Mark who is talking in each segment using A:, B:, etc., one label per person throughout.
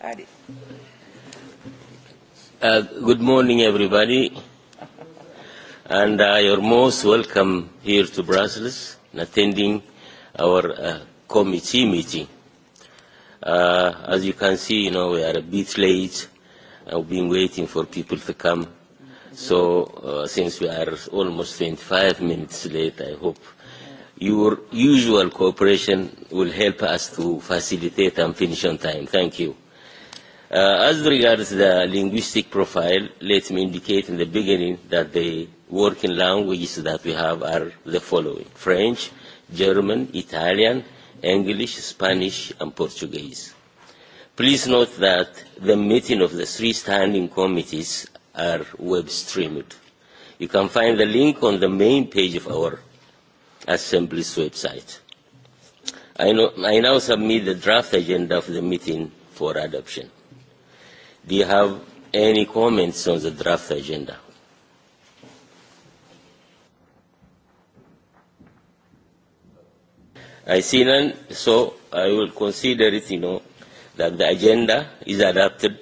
A: Allez.
B: Uh, good morning, everybody. And uh, you're most welcome here to Brussels and attending our uh, committee meeting. Uh, as you can see, you know, we are a bit late. I've been waiting for people to come. So uh, since we are almost 25 minutes late, I hope your usual cooperation will help us to facilitate and finish on time. Thank you. Uh, as regards the linguistic profile, let me indicate in the beginning that the working languages that we have are the following. French, German, Italian, English, Spanish, and Portuguese. Please note that the meeting of the three standing committees are web streamed. You can find the link on the main page of our Assembly's website. I, know, I now submit the draft agenda of the meeting for adoption. Do you have any comments on the draft agenda? I see none, so I will consider it, you know, that the agenda is adopted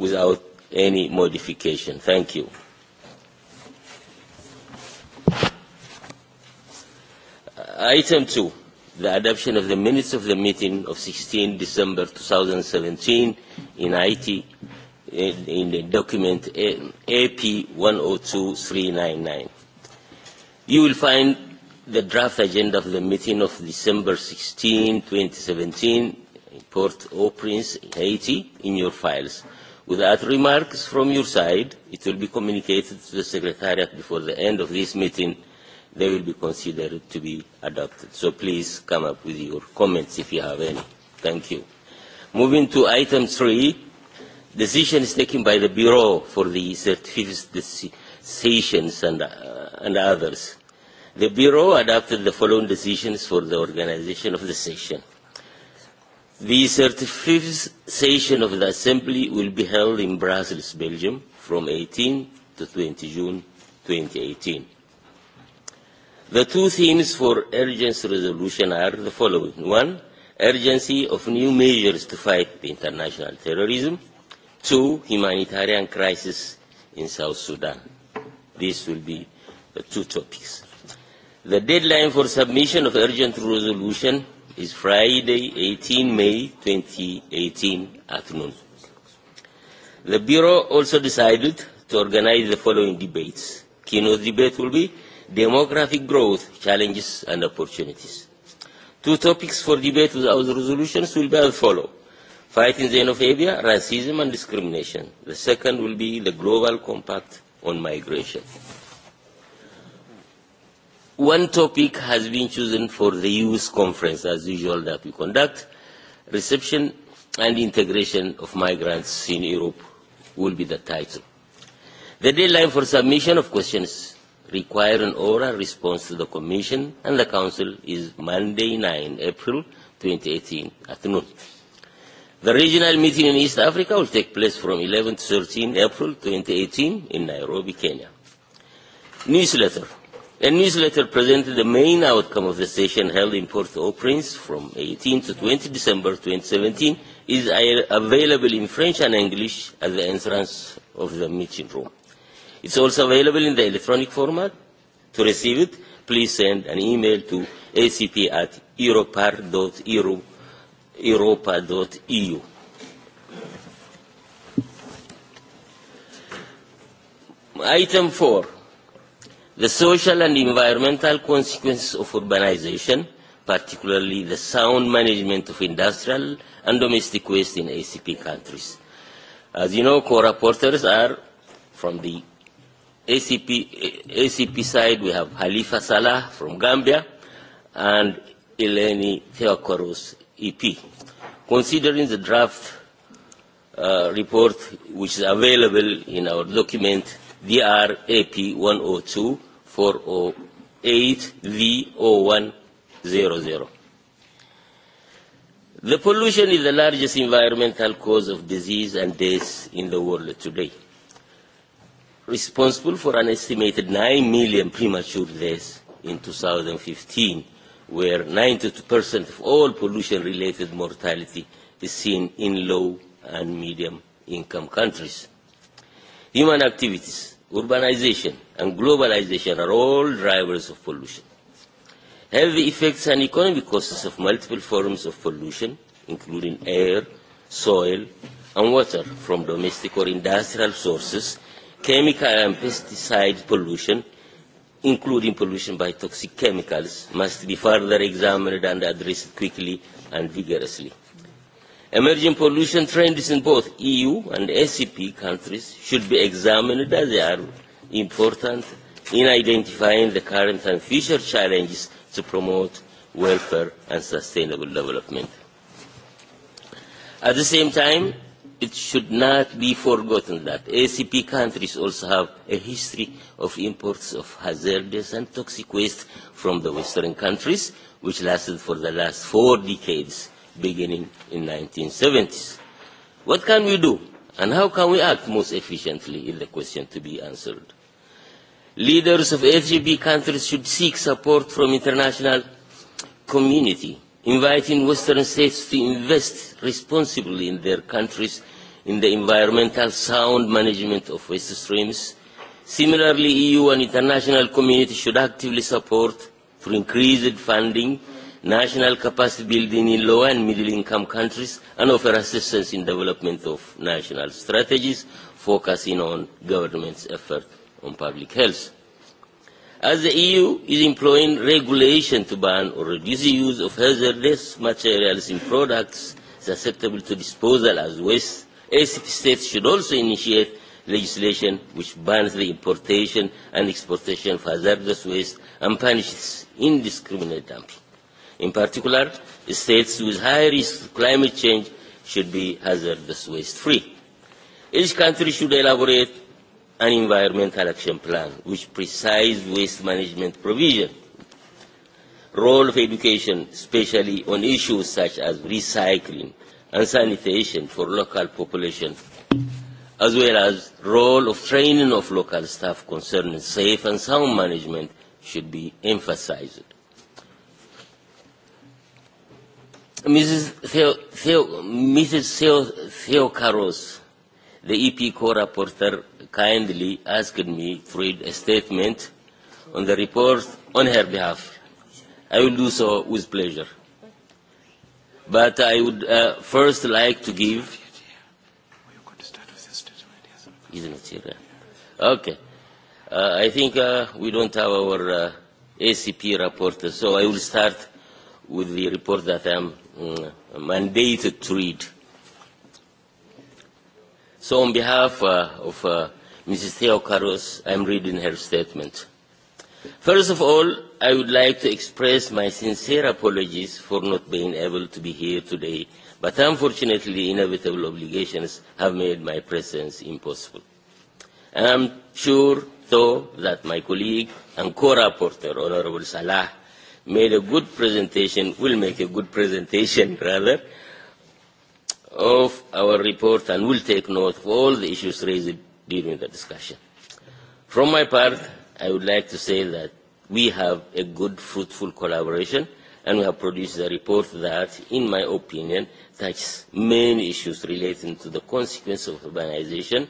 B: without any modification. Thank you. Uh, item 2, the adoption of the minutes of the meeting of 16 December 2017 in Haiti in, in the document AP 102399. You will find the draft agenda of the meeting of December 16, 2017, in Port-au-Prince, in Haiti, in your files. Without remarks from your side, it will be communicated to the Secretariat before the end of this meeting. They will be considered to be adopted. So please come up with your comments if you have any. Thank you. Moving to item three, decision is taken by the Bureau for the certifications and, uh, and others. The Bureau adopted the following decisions for the organization of the session. The 35th session of the Assembly will be held in Brussels, Belgium, from 18 to 20 June 2018. The two themes for urgency resolution are the following. One, urgency of new measures to fight international terrorism two humanitarian crises in South Sudan. These will be the two topics. The deadline for submission of urgent resolution is Friday, 18 May 2018 at noon. The Bureau also decided to organize the following debates. Keynote debate will be demographic growth, challenges and opportunities. Two topics for debate without resolutions will be as follows fighting xenophobia, racism and discrimination. The second will be the Global Compact on Migration. One topic has been chosen for the youth conference, as usual, that we conduct. Reception and integration of migrants in Europe will be the title. The deadline for submission of questions require an oral response to the Commission and the Council is Monday 9 April 2018 at noon. The regional meeting in East Africa will take place from 11 to 13 April 2018 in Nairobi, Kenya. Newsletter. A newsletter presented the main outcome of the session held in Port-au-Prince from 18 to 20 December 2017 is available in French and English at the entrance of the meeting room. It's also available in the electronic format. To receive it, please send an email to acp at europar.eu europa.eu. Item 4. The social and environmental consequences of urbanization, particularly the sound management of industrial and domestic waste in ACP countries. As you know, co-rapporteurs are from the ACP, ACP side, we have Halifa Salah from Gambia and Eleni Theokoros EP. Considering the draft uh, report which is available in our document DRAP 102 408 V0100. The pollution is the largest environmental cause of disease and death in the world today, responsible for an estimated 9 million premature deaths in 2015 where 92% of all pollution-related mortality is seen in low and medium-income countries. Human activities, urbanization, and globalization are all drivers of pollution. Heavy effects and economic causes of multiple forms of pollution, including air, soil, and water from domestic or industrial sources, chemical and pesticide pollution, including pollution by toxic chemicals, must be further examined and addressed quickly and vigorously. Emerging pollution trends in both EU and ACP e countries should be examined as they are important in identifying the current and future challenges to promote welfare and sustainable development. At the same time, it should not be forgotten that ACP countries also have a history of imports of hazardous and toxic waste from the Western countries, which lasted for the last four decades, beginning in 1970s. What can we do, and how can we act most efficiently is the question to be answered. Leaders of ACP countries should seek support from international community inviting Western states to invest responsibly in their countries in the environmental sound management of waste streams. Similarly, EU and international community should actively support through increased funding national capacity building in low and middle income countries and offer assistance in development of national strategies focusing on government's effort on public health. As the EU is employing regulation to ban or reduce the use of hazardous materials in products susceptible to disposal as waste, ACP states should also initiate legislation which bans the importation and exportation of hazardous waste and punishes indiscriminate dumping. In particular, states with high risk of climate change should be hazardous waste free. Each country should elaborate an environmental action plan which precise waste management provision, role of education, especially on issues such as recycling and sanitation for local population, as well as role of training of local staff concerning safe and sound management should be emphasized. Mrs. Theo, Theo, Mrs. Theo, Theocaros The EP co-rapporteur kindly asked me for a statement on the report on her behalf. I will do so with pleasure. But I would uh, first like to give... Is not here. Okay. Uh, I think uh, we don't have our uh, ACP report, so I will start with the report that I'm um, mandated to read. Uh, So on behalf uh, of uh, Mrs. Theocaros, I'm reading her statement. First of all, I would like to express my sincere apologies for not being able to be here today, but unfortunately inevitable obligations have made my presence impossible. And I'm sure, though, that my colleague and co-rapporteur, Honorable Salah, made a good presentation, will make a good presentation, rather, of our report and will take note of all the issues raised during the discussion. From my part, I would like to say that we have a good, fruitful collaboration and we have produced a report that, in my opinion, touches many issues relating to the consequences of urbanization,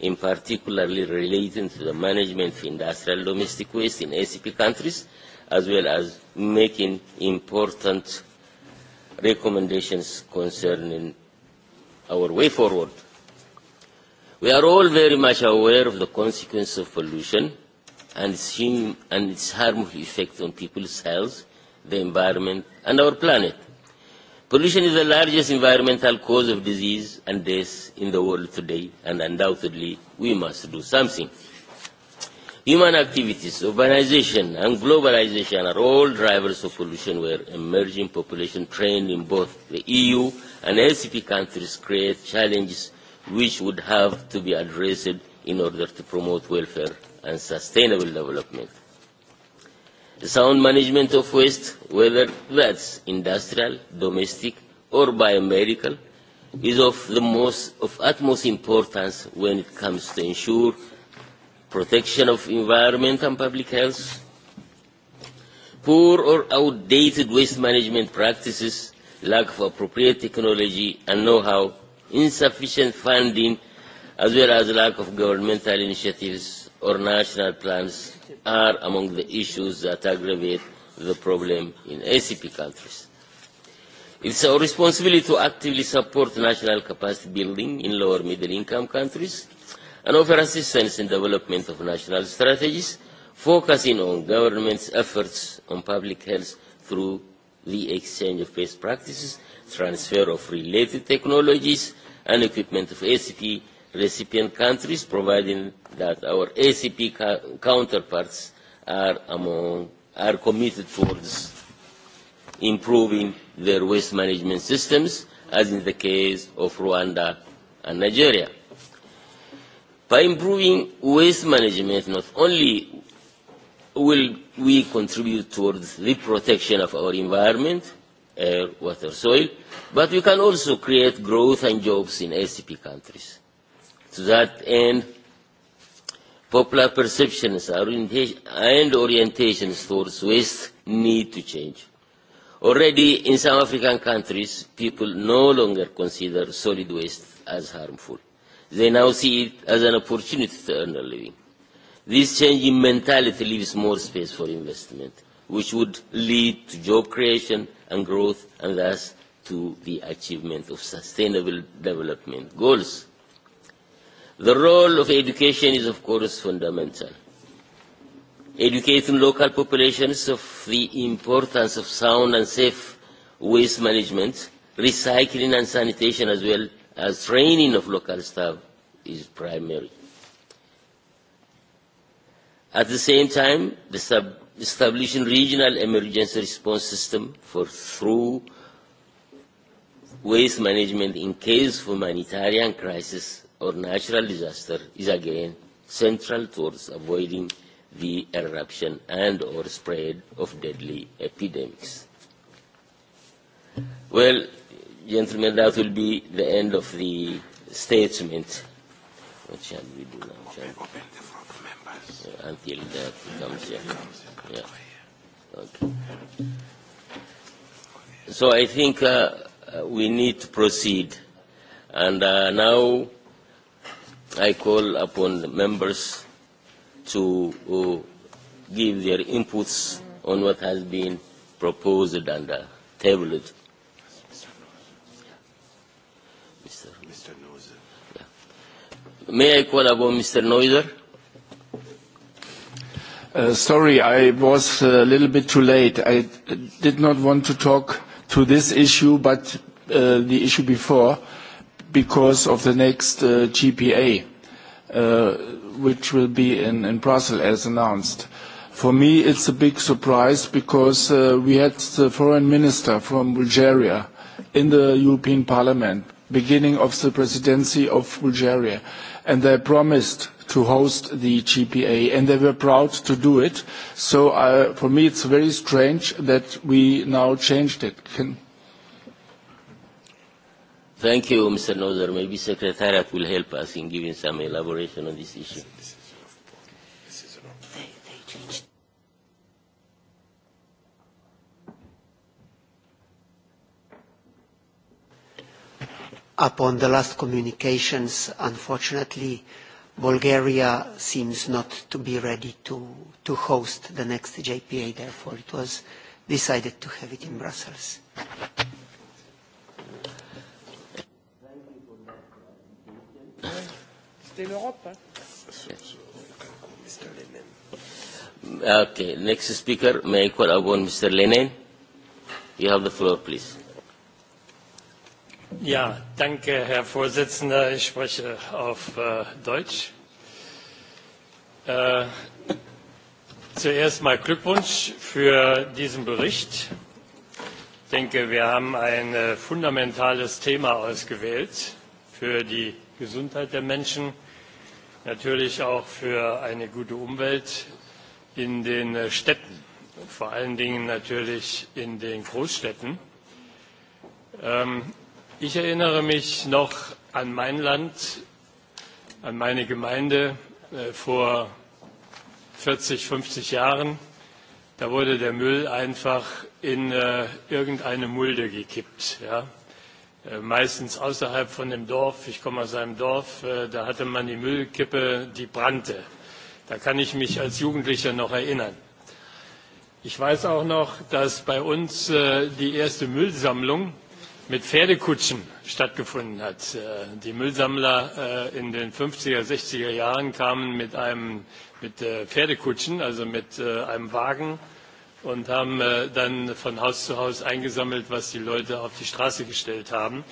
B: in particularly relating to the management of industrial domestic waste in ACP countries, as well as making important recommendations concerning our way forward. We are all very much aware of the consequences of pollution and its, hum- and its harmful effects on people's health, the environment, and our planet. Pollution is the largest environmental cause of disease and death in the world today, and undoubtedly we must do something. Human activities, urbanization, and globalization are all drivers of pollution where emerging population trained in both the EU and ACP countries create challenges which would have to be addressed in order to promote welfare and sustainable development. The sound management of waste, whether that's industrial, domestic, or biomedical, is of, the most, of utmost importance when it comes to ensure protection of environment and public health, poor or outdated waste management practices, lack of appropriate technology and know-how, insufficient funding, as well as lack of governmental initiatives or national plans are among the issues that aggravate the problem in ACP countries. It's our responsibility to actively support national capacity building in lower middle income countries and offer assistance in development of national strategies focusing on government's efforts on public health through the exchange of best practices, transfer of related technologies and equipment of ACP recipient countries, providing that our ACP ca counterparts are, among, are committed towards improving their waste management systems, as in the case of Rwanda and Nigeria. By improving waste management, not only will we contribute towards the protection of our environment, air, water, soil, but we can also create growth and jobs in ACP countries. To that end, popular perceptions and orientations towards waste need to change. Already in some African countries, people no longer consider solid waste as harmful They now see it as an opportunity to earn a living. This change in mentality leaves more space for investment, which would lead to job creation and growth, and thus to the achievement of sustainable development goals. The role of education is, of course, fundamental. Educating local populations of the importance of sound and safe waste management, recycling and sanitation as well as training of local staff is primary. At the same time, the sub establishing regional emergency response system for through waste management in case of humanitarian crisis or natural disaster is again central towards avoiding the eruption and or spread of deadly epidemics. Well, Gentlemen, that will be the end of the statement. What shall we do now? Shall we open the floor to members? Yeah, until that comes here. Yeah. yeah. Okay. So I think uh, uh, we need to proceed. And uh, now I call upon the members to uh, give their inputs on what has been proposed and uh, tabled. May I call upon Mr. Neuser?
C: Uh, sorry, I was a little bit too late. I did not want to talk to this issue, but uh, the issue before, because of the next uh, GPA, uh, which will be in, in Brussels as announced. For me, it's a big surprise because uh, we had the foreign minister from Bulgaria in the European Parliament, beginning of the presidency of Bulgaria. Uh, and they promised to host the GPA, and they were proud to do it. So uh, for me, it's very strange that we now changed it. Can
B: Thank you, Mr. Nozer. Maybe Secretariat will help us in giving some elaboration on this issue. Upon the last communications, unfortunately, Bulgaria seems not to be ready to, to host the next JPA. Therefore, it was decided
D: to have it in Brussels.
A: C'était l'Europe. Hein?
D: Mr.
B: Lenin. Okay, next speaker, may I call upon Mr. Lenin? You have the floor, please.
E: Ja, danke, Herr Vorsitzender. Ich spreche auf äh, Deutsch. Äh, zuerst mal Glückwunsch für diesen Bericht. Ich denke, wir haben ein äh, fundamentales Thema ausgewählt für die Gesundheit der Menschen, natürlich auch für eine gute Umwelt in den äh, Städten, vor allen Dingen natürlich in den Großstädten. Ähm, Ich erinnere mich noch an mein Land, an meine Gemeinde äh, vor 40, 50 Jahren. Da wurde der Müll einfach in äh, irgendeine Mulde gekippt. Ja? Äh, meistens außerhalb von dem Dorf. Ich komme aus einem Dorf, äh, da hatte man die Müllkippe, die brannte. Da kann ich mich als Jugendlicher noch erinnern. Ich weiß auch noch, dass bei uns äh, die erste Müllsammlung mit Pferdekutschen stattgefunden hat. Äh, die Müllsammler äh, in den 50er, 60er Jahren kamen mit, einem, mit äh, Pferdekutschen, also mit einem Wagen und haben dann von Haus zu Haus eingesammelt, was die Leute auf die Straße gestellt haben.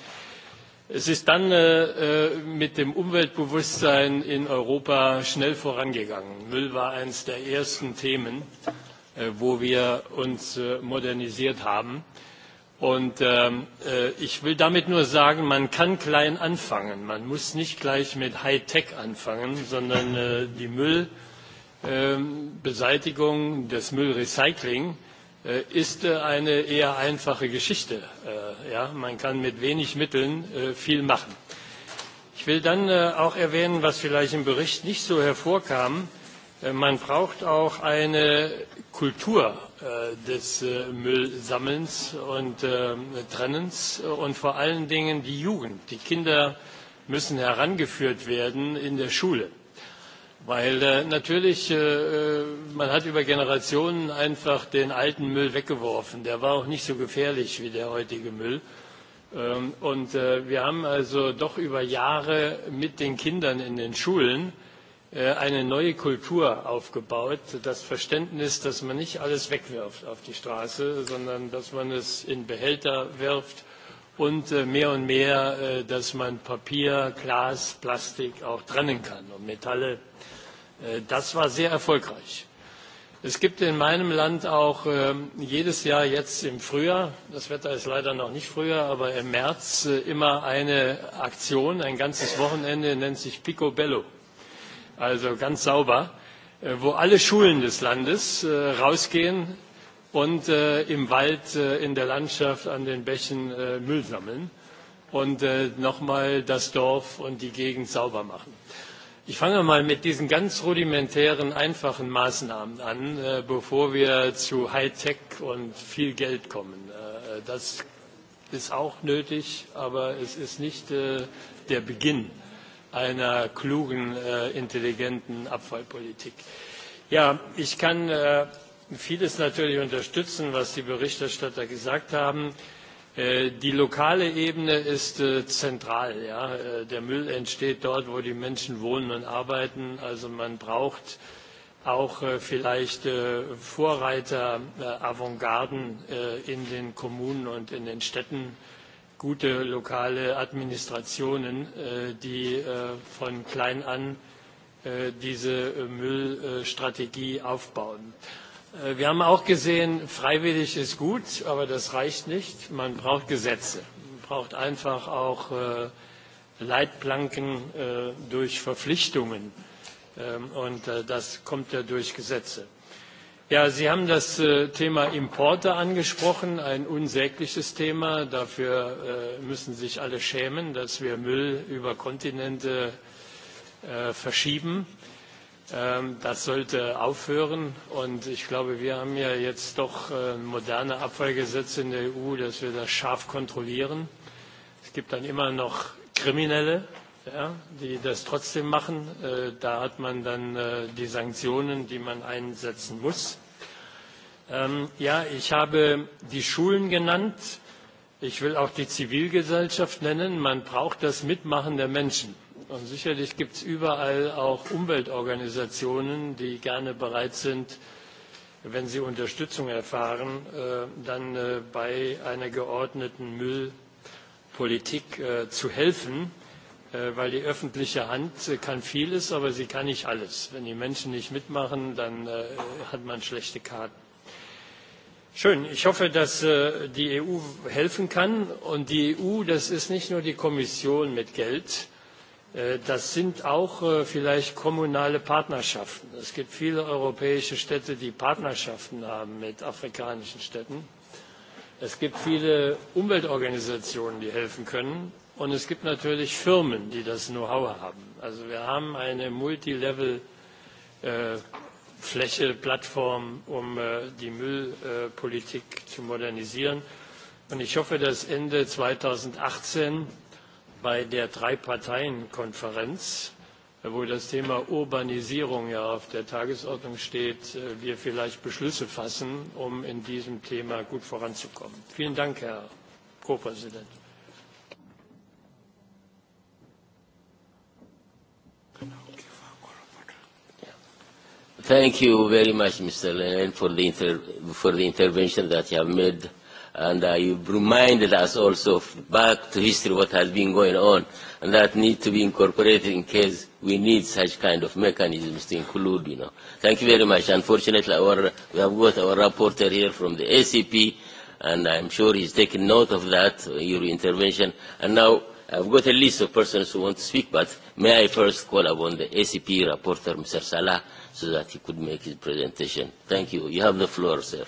E: Es ist dann äh, mit dem Umweltbewusstsein in Europa schnell vorangegangen. Müll war eines der ersten Themen, äh, wo wir uns äh, modernisiert haben. Äh, Und ähm, äh, ich will damit nur sagen, man kann klein anfangen. Man muss nicht gleich mit Hightech anfangen, sondern äh, die Müllbeseitigung, ähm, äh, das Müllrecycling äh, ist äh, eine eher einfache Geschichte. Äh, ja? Man kann mit wenig Mitteln äh, viel machen. Ich will dann äh, auch erwähnen, was vielleicht im Bericht nicht so hervorkam. Äh, man braucht auch eine Kultur Äh, des äh, Müllsammelns und äh, Trennens und vor allen Dingen die Jugend. Die Kinder müssen herangeführt werden in der Schule. Weil äh, natürlich, äh, äh, man hat über Generationen einfach den alten Müll weggeworfen. Der war auch nicht so gefährlich wie der heutige Müll. Ähm, und äh, wir haben also doch über Jahre mit den Kindern in den Schulen Äh, eine neue Kultur aufgebaut, das Verständnis, dass man nicht alles wegwirft auf die Straße, sondern dass man es in Behälter wirft und äh, mehr und mehr, äh, dass man Papier, Glas, Plastik auch trennen kann und Metalle. Das war sehr erfolgreich. Es gibt in meinem Land auch ähm, jedes Jahr jetzt im Frühjahr, das Wetter ist leider noch nicht früher, aber im März immer eine Aktion, ein ganzes Wochenende, nennt sich Picobello also ganz sauber, äh, wo alle Schulen des Landes äh, rausgehen und äh, im Wald, in der Landschaft, an den Bächen Müll sammeln und nochmal das Dorf und die Gegend sauber machen. Ich fange mal mit diesen ganz rudimentären, einfachen Maßnahmen an, äh, bevor wir zu Hightech und viel Geld kommen. Äh, das ist auch nötig, aber es ist nicht äh, der Beginn einer klugen, äh, intelligenten Abfallpolitik. Ja, ich kann äh, vieles natürlich unterstützen, was die Berichterstatter gesagt haben. Äh, die lokale Ebene ist zentral. Ja. Der Müll entsteht dort, wo die Menschen wohnen und arbeiten. Also man braucht auch vielleicht Vorreiter, Avantgarden in den Kommunen und in den Städten gute lokale Administrationen, äh, die äh, von klein an äh, diese Müllstrategie aufbauen. Wir haben auch gesehen, freiwillig ist gut, aber das reicht nicht. Man braucht Gesetze. Man braucht einfach auch Leitplanken durch Verpflichtungen. Ähm, und das kommt ja durch Gesetze. Ja, Sie haben das äh, Thema Importe angesprochen, ein unsägliches Thema. Dafür äh, müssen sich alle schämen, dass wir Müll über Kontinente äh, verschieben. Ähm, das sollte aufhören. Und ich glaube, wir haben ja jetzt doch moderne Abfallgesetze in der EU, dass wir das scharf kontrollieren. Es gibt dann immer noch Kriminelle, ja, die das trotzdem machen. Da hat man dann die Sanktionen, die man einsetzen muss. Ähm, ja, ich habe die Schulen genannt. Ich will auch die Zivilgesellschaft nennen. Man braucht das Mitmachen der Menschen. Und sicherlich gibt es überall auch Umweltorganisationen, die gerne bereit sind, wenn sie Unterstützung erfahren, äh, dann äh, bei einer geordneten Müllpolitik äh, zu helfen, äh, weil die öffentliche Hand äh, kann vieles, aber sie kann nicht alles. Wenn die Menschen nicht mitmachen, dann äh, hat man schlechte Karten. Schön. Ich hoffe, dass äh, die EU helfen kann. Und die EU, das ist nicht nur die Kommission mit Geld, äh, das sind auch äh, vielleicht kommunale Partnerschaften. Es gibt viele europäische Städte, die Partnerschaften haben mit afrikanischen Städten. Es gibt viele Umweltorganisationen, die helfen können. Und es gibt natürlich Firmen, die das Know-how haben. Also wir haben eine Multilevel äh, Fläche, Plattform, um äh, die Müllpolitik äh, zu modernisieren. Und ich hoffe, dass Ende 2018 bei der Drei-Parteien-Konferenz, äh, wo das Thema Urbanisierung ja auf der Tagesordnung steht, wir vielleicht Beschlüsse fassen, um in diesem Thema gut voranzukommen. Vielen Dank, Herr Co-Präsident.
B: Thank you very much, Mr. Lennon, for the, inter for the intervention that you have made. And uh, you've reminded us also back to history what has been going on. And that needs to be incorporated in case we need such kind of mechanisms to include, you know. Thank you very much. Unfortunately, our, we have got our reporter here from the ACP, and I'm sure he's taking note of that, your intervention. And now I've got a list of persons who want to speak, but may I first call upon the ACP reporter, Mr. Salah, so that he could make his presentation. Thank you. You have the floor, sir.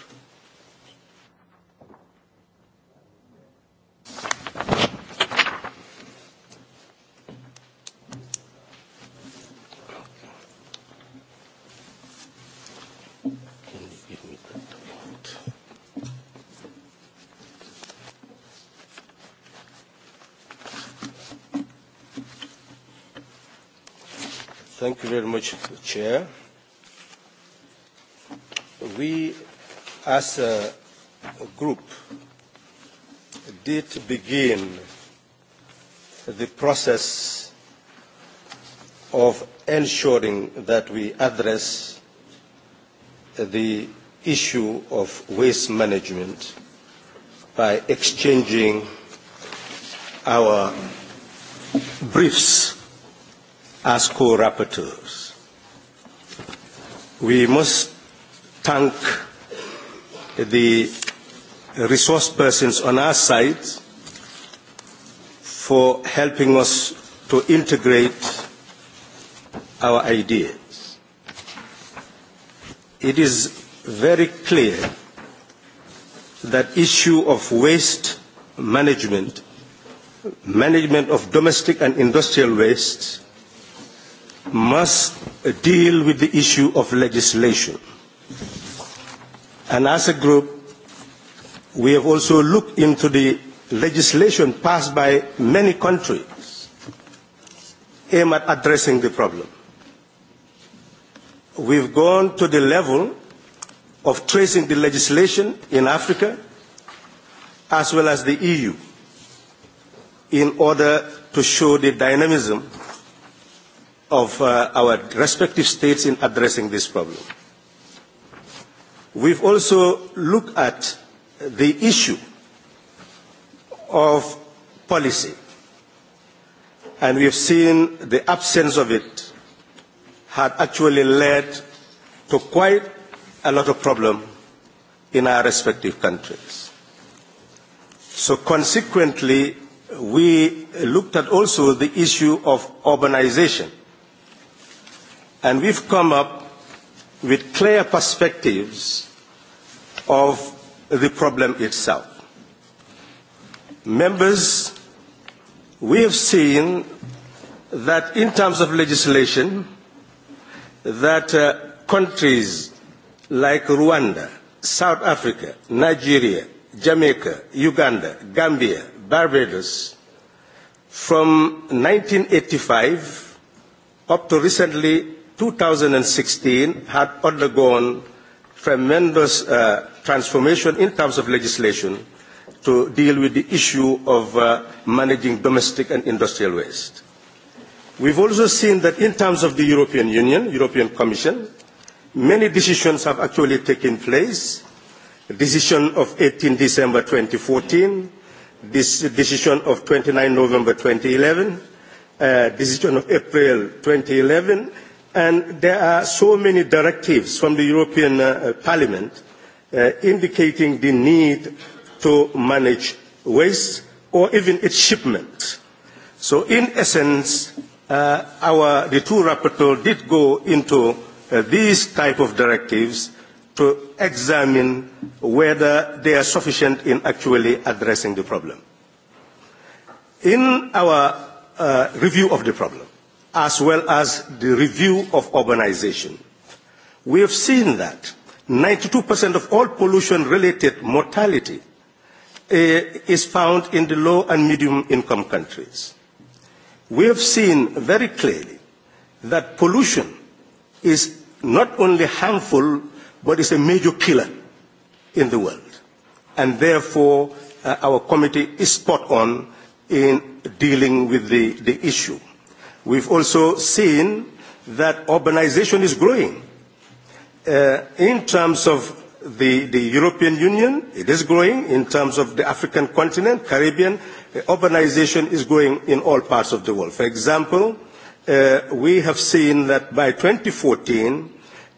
F: Thank you very much, Chair we as a group did begin the process of ensuring that we address the issue of waste management by exchanging our briefs as co-rapporteurs. We must thank the resource persons on our side for helping us to integrate our ideas. It is very clear that issue of waste management, management of domestic and industrial waste, must deal with the issue of legislation. And as a group, we have also looked into the legislation passed by many countries aimed at addressing the problem. We've gone to the level of tracing the legislation in Africa as well as the EU in order to show the dynamism of uh, our respective states in addressing this problem. We've also looked at the issue of policy, and we've seen the absence of it had actually led to quite a lot of problem in our respective countries. So consequently, we looked at also the issue of urbanization, and we've come up with clear perspectives of the problem itself. Members, we have seen that in terms of legislation, that uh, countries like Rwanda, South Africa, Nigeria, Jamaica, Uganda, Gambia, Barbados, from 1985 up to recently 2016 had undergone tremendous uh, transformation in terms of legislation to deal with the issue of uh, managing domestic and industrial waste. We've also seen that in terms of the European Union, European Commission, many decisions have actually taken place. The decision of 18 December 2014, this decision of 29 November 2011, uh, decision of April 2011, And there are so many directives from the European uh, uh, Parliament uh, indicating the need to manage waste or even its shipment. So in essence, uh, our, the two rapporteurs did go into uh, these type of directives to examine whether they are sufficient in actually addressing the problem. In our uh, review of the problem, as well as the review of urbanization. We have seen that 92% of all pollution-related mortality uh, is found in the low and medium-income countries. We have seen very clearly that pollution is not only harmful, but is a major killer in the world. And therefore, uh, our committee is spot on in dealing with the, the issue. We've also seen that urbanization is growing. Uh, in terms of the, the European Union, it is growing. In terms of the African continent, Caribbean, uh, urbanization is growing in all parts of the world. For example, uh, we have seen that by 2014,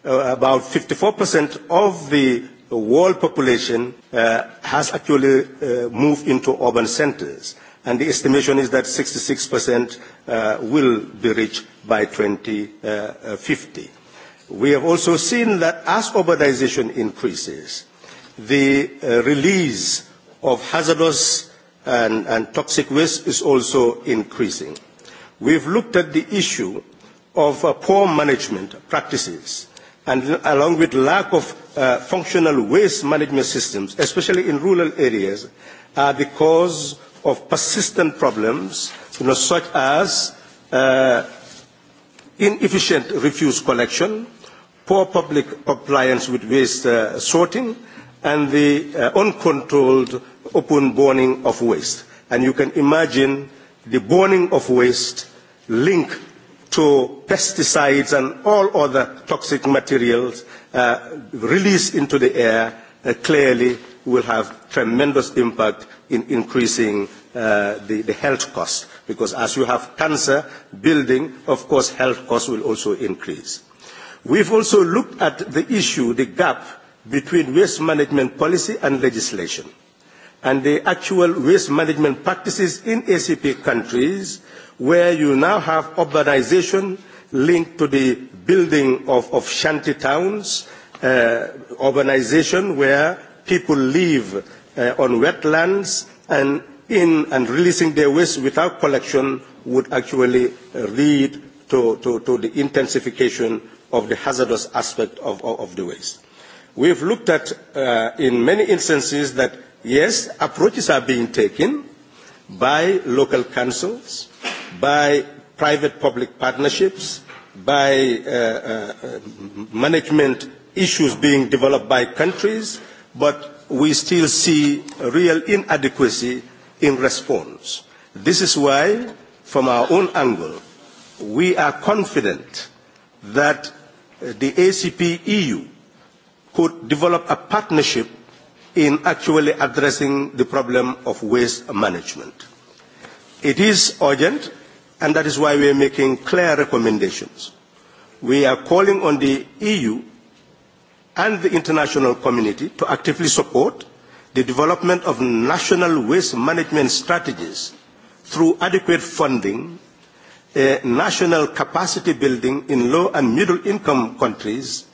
F: uh, about 54% of the world population uh, has actually uh, moved into urban centers and the estimation is that 66% uh, will be reached by 2050. Uh, We have also seen that as urbanization increases, the uh, release of hazardous and, and toxic waste is also increasing. We've looked at the issue of uh, poor management practices and along with lack of uh, functional waste management systems, especially in rural areas, are the cause of persistent problems, you know, such as uh, inefficient refuse collection, poor public compliance with waste uh, sorting, and the uh, uncontrolled open burning of waste. And you can imagine the burning of waste linked to pesticides and all other toxic materials uh, released into the air uh, clearly will have tremendous impact in increasing uh, the, the health costs. Because as you have cancer building, of course, health costs will also increase. We've also looked at the issue, the gap between waste management policy and legislation, and the actual waste management practices in ACP countries, where you now have urbanization linked to the building of, of shanty towns, uh, urbanization where people live uh, on wetlands and in and releasing their waste without collection would actually lead to, to, to the intensification of the hazardous aspect of, of, of the waste. We've looked at, uh, in many instances, that yes, approaches are being taken by local councils, by private-public partnerships, by uh, uh, management issues being developed by countries, uh, but we still see real inadequacy in response. This is why, from our own angle, we are confident that uh, the ACP EU could develop a partnership in actually addressing the problem of waste management. It is urgent, and that is why we are making clear recommendations. We are calling on the EU and the international community to actively support the development of national waste management strategies through adequate funding, uh, national capacity building in low and middle income countries,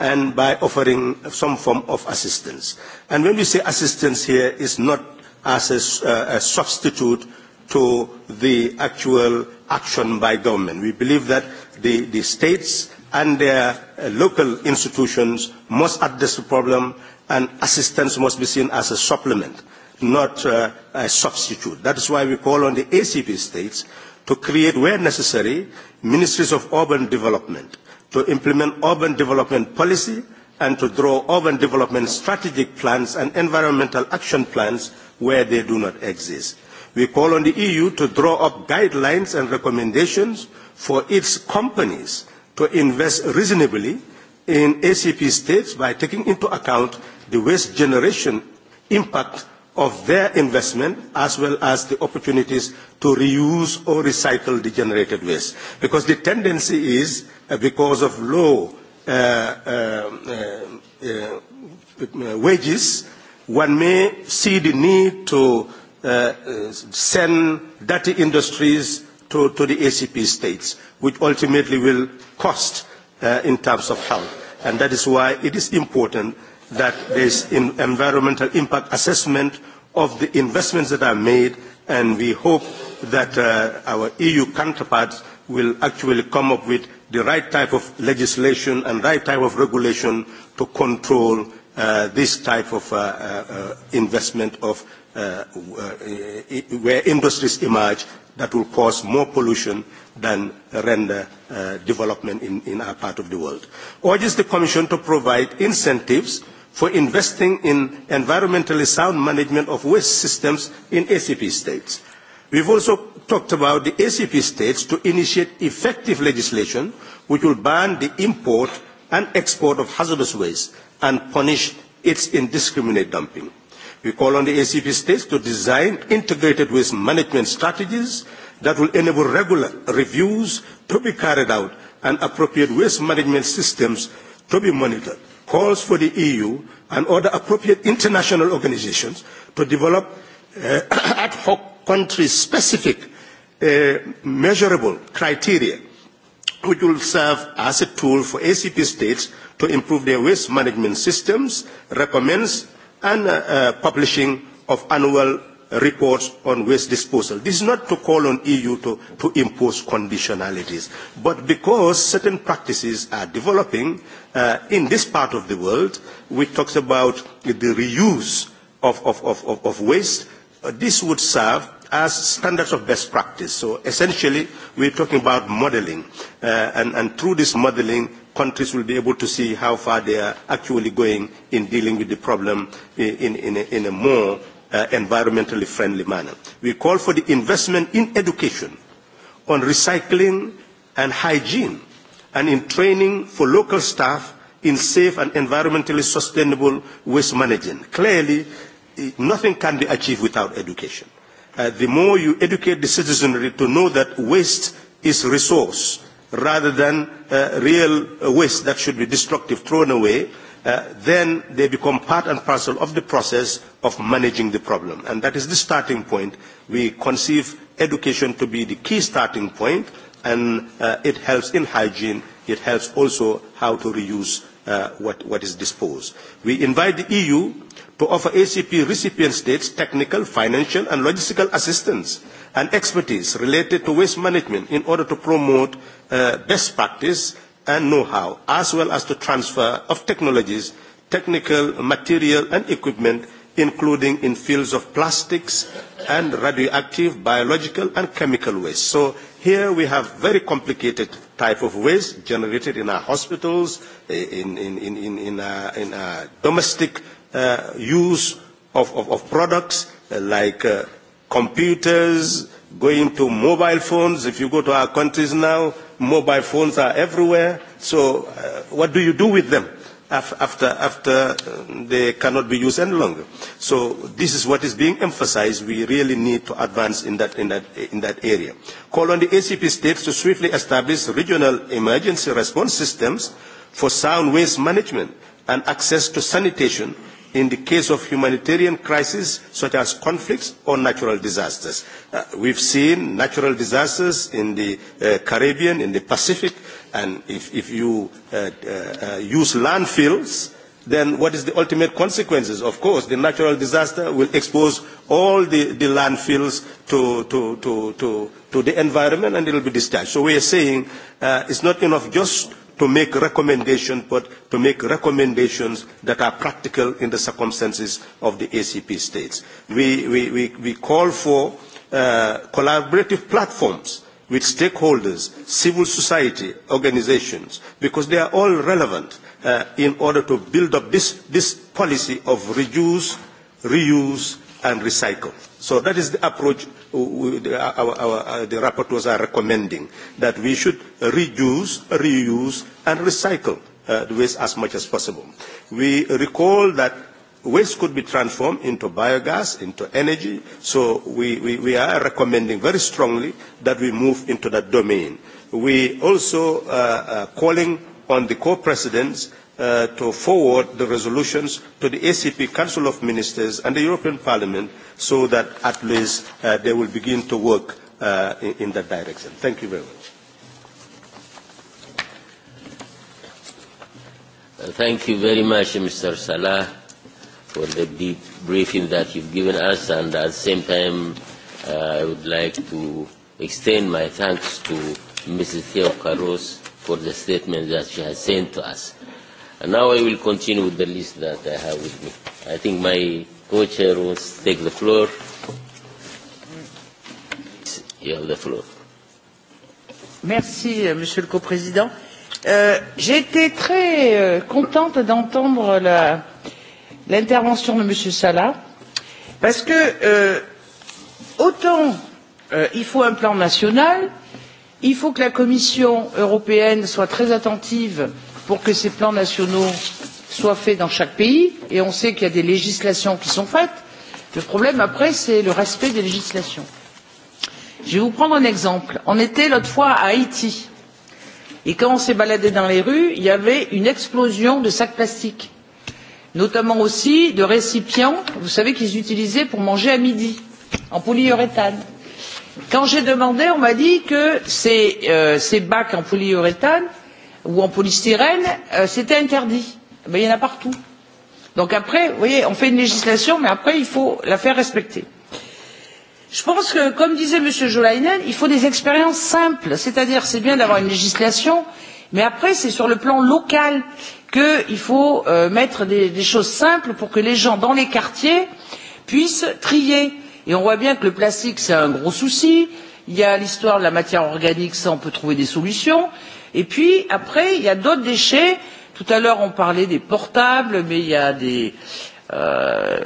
F: and by offering some form of assistance. And when we say assistance here, it's not as a, uh, a substitute to the actual action by government. We believe that the, the states and their uh, local institutions must address the problem and assistance must be seen as a supplement, not uh, a substitute. That is why we call on the ACP states to create, where necessary, ministries of urban development, to implement urban development policy and to draw urban development strategic plans and environmental action plans where they do not exist. We call on the EU to draw up guidelines and recommendations for its companies to invest reasonably in ACP states by taking into account the waste generation impact of their investment as well as the opportunities to reuse or recycle the generated waste. Because the tendency is, uh, because of low uh, uh, uh, uh, wages, one may see the need to uh, uh, send dirty industries to, to the ACP states, which ultimately will cost uh, in terms of health. And that is why it is important that there is in environmental impact assessment of the investments that are made, and we hope that uh, our EU counterparts will actually come up with the right type of legislation and right type of regulation to control uh, this type of uh, uh, investment of uh, uh, where industries emerge that will cause more pollution than render uh, development in, in our part of the world. Urges the Commission to provide incentives for investing in environmentally sound management of waste systems in ACP states. We've also talked about the ACP states to initiate effective legislation which will ban the import and export of hazardous waste and punish its indiscriminate dumping. We call on the ACP states to design integrated waste management strategies that will enable regular reviews to be carried out and appropriate waste management systems to be monitored. Calls for the EU and other appropriate international organizations to develop uh, ad hoc country-specific uh, measurable criteria which will serve as a tool for ACP states to improve their waste management systems, recommends and uh, uh, publishing of annual reports on waste disposal. This is not to call on EU to, to impose conditionalities, but because certain practices are developing uh, in this part of the world, which talks about the reuse of, of, of, of waste, Uh, this would serve as standards of best practice. So essentially, we're talking about modeling. Uh, and, and through this modeling, countries will be able to see how far they are actually going in dealing with the problem in, in, a, in a more uh, environmentally friendly manner. We call for the investment in education, on recycling and hygiene, and in training for local staff in safe and environmentally sustainable waste management. Clearly, nothing can be achieved without education. Uh, the more you educate the citizenry to know that waste is resource rather than uh, real waste that should be destructive, thrown away, uh, then they become part and parcel of the process of managing the problem. And that is the starting point. We conceive education to be the key starting point, and uh, it helps in hygiene. It helps also how to reuse uh, what, what is disposed. We invite the EU to offer ACP recipient states technical, financial and logistical assistance and expertise related to waste management in order to promote uh, best practice and know-how, as well as the transfer of technologies, technical material and equipment, including in fields of plastics and radioactive, biological and chemical waste. So here we have very complicated type of waste generated in our hospitals, eh, in, in, in, in, in, our, uh, in our uh, domestic uh, use of, of, of products uh, like uh, computers, going to mobile phones. If you go to our countries now, mobile phones are everywhere. So uh, what do you do with them? after, after uh, they cannot be used any longer. So this is what is being emphasized. We really need to advance in that, in that, in that area. Call on the ACP states to swiftly establish regional emergency response systems for sound waste management and access to sanitation in the case of humanitarian crises such as conflicts or natural disasters. Uh, we've seen natural disasters in the uh, Caribbean, in the Pacific, and if, if you uh, uh, use landfills, then what is the ultimate consequences? Of course, the natural disaster will expose all the, the landfills to, to, to, to, to the environment and it will be discharged. So we are saying uh, it's not enough just to make recommendation but to make recommendations that are practical in the circumstances of the ACP states. We, we, we, we call for uh, collaborative platforms with stakeholders, civil society organizations, because they are all relevant uh, in order to build up this, this policy of reduce, reuse, and recycle. So that is the approach uh, uh, the, uh, our, our, the rapporteurs are recommending, that we should reduce, reuse, and recycle uh, the waste as much as possible. We recall that waste could be transformed into biogas, into energy, so we, we, we are recommending very strongly that we move into that domain. We also uh, uh, calling on the co-presidents uh, to forward the resolutions to the ACP Council of Ministers and the European Parliament so that at least uh, they will begin to work uh, in, in that direction. Thank you very much.
B: Thank you very much, Mr. Salah, for the deep briefing that you've given us. And at the same time, uh, I would like to extend my thanks to Mrs. Theo Caros for the statement that she has sent to us. And now I will continue with the list that I have with me. I think my co-chair wants to take the floor. You have the floor.
A: Merci, euh, Monsieur le Co-président. Euh, J'ai été très euh, contente d'entendre l'intervention de Monsieur Salah, parce que euh, autant euh, il faut un plan national, il faut que la Commission européenne soit très attentive euh, pour que ces plans nationaux soient faits dans chaque pays et on sait qu'il y a des législations qui sont faites. Le problème après, c'est le respect des législations. Je vais vous prendre un exemple. On était l'autre fois à Haïti et quand on s'est baladé dans les rues, il y avait une explosion de sacs plastiques, notamment aussi de récipients, vous savez, qu'ils utilisaient pour manger à midi, en polyuréthane. Quand j'ai demandé, on m'a dit que ces, euh, ces bacs en polyuréthane ou en polystyrène, euh, c'était interdit. Mais eh il y en a partout. Donc après, vous voyez, on fait une législation, mais après, il faut la faire respecter. Je pense que, comme disait M. Jolainen, il faut des expériences simples. C'est-à-dire, c'est bien d'avoir une législation, mais après, c'est sur le plan local qu'il faut euh, mettre des, des choses simples pour que les gens dans les quartiers puissent trier. Et on voit bien que le plastique, c'est un gros souci. Il y a l'histoire de la matière organique, ça, on peut trouver des solutions Et puis, après, il y a d'autres déchets. Tout à l'heure, on parlait des portables, mais il y a des. Euh,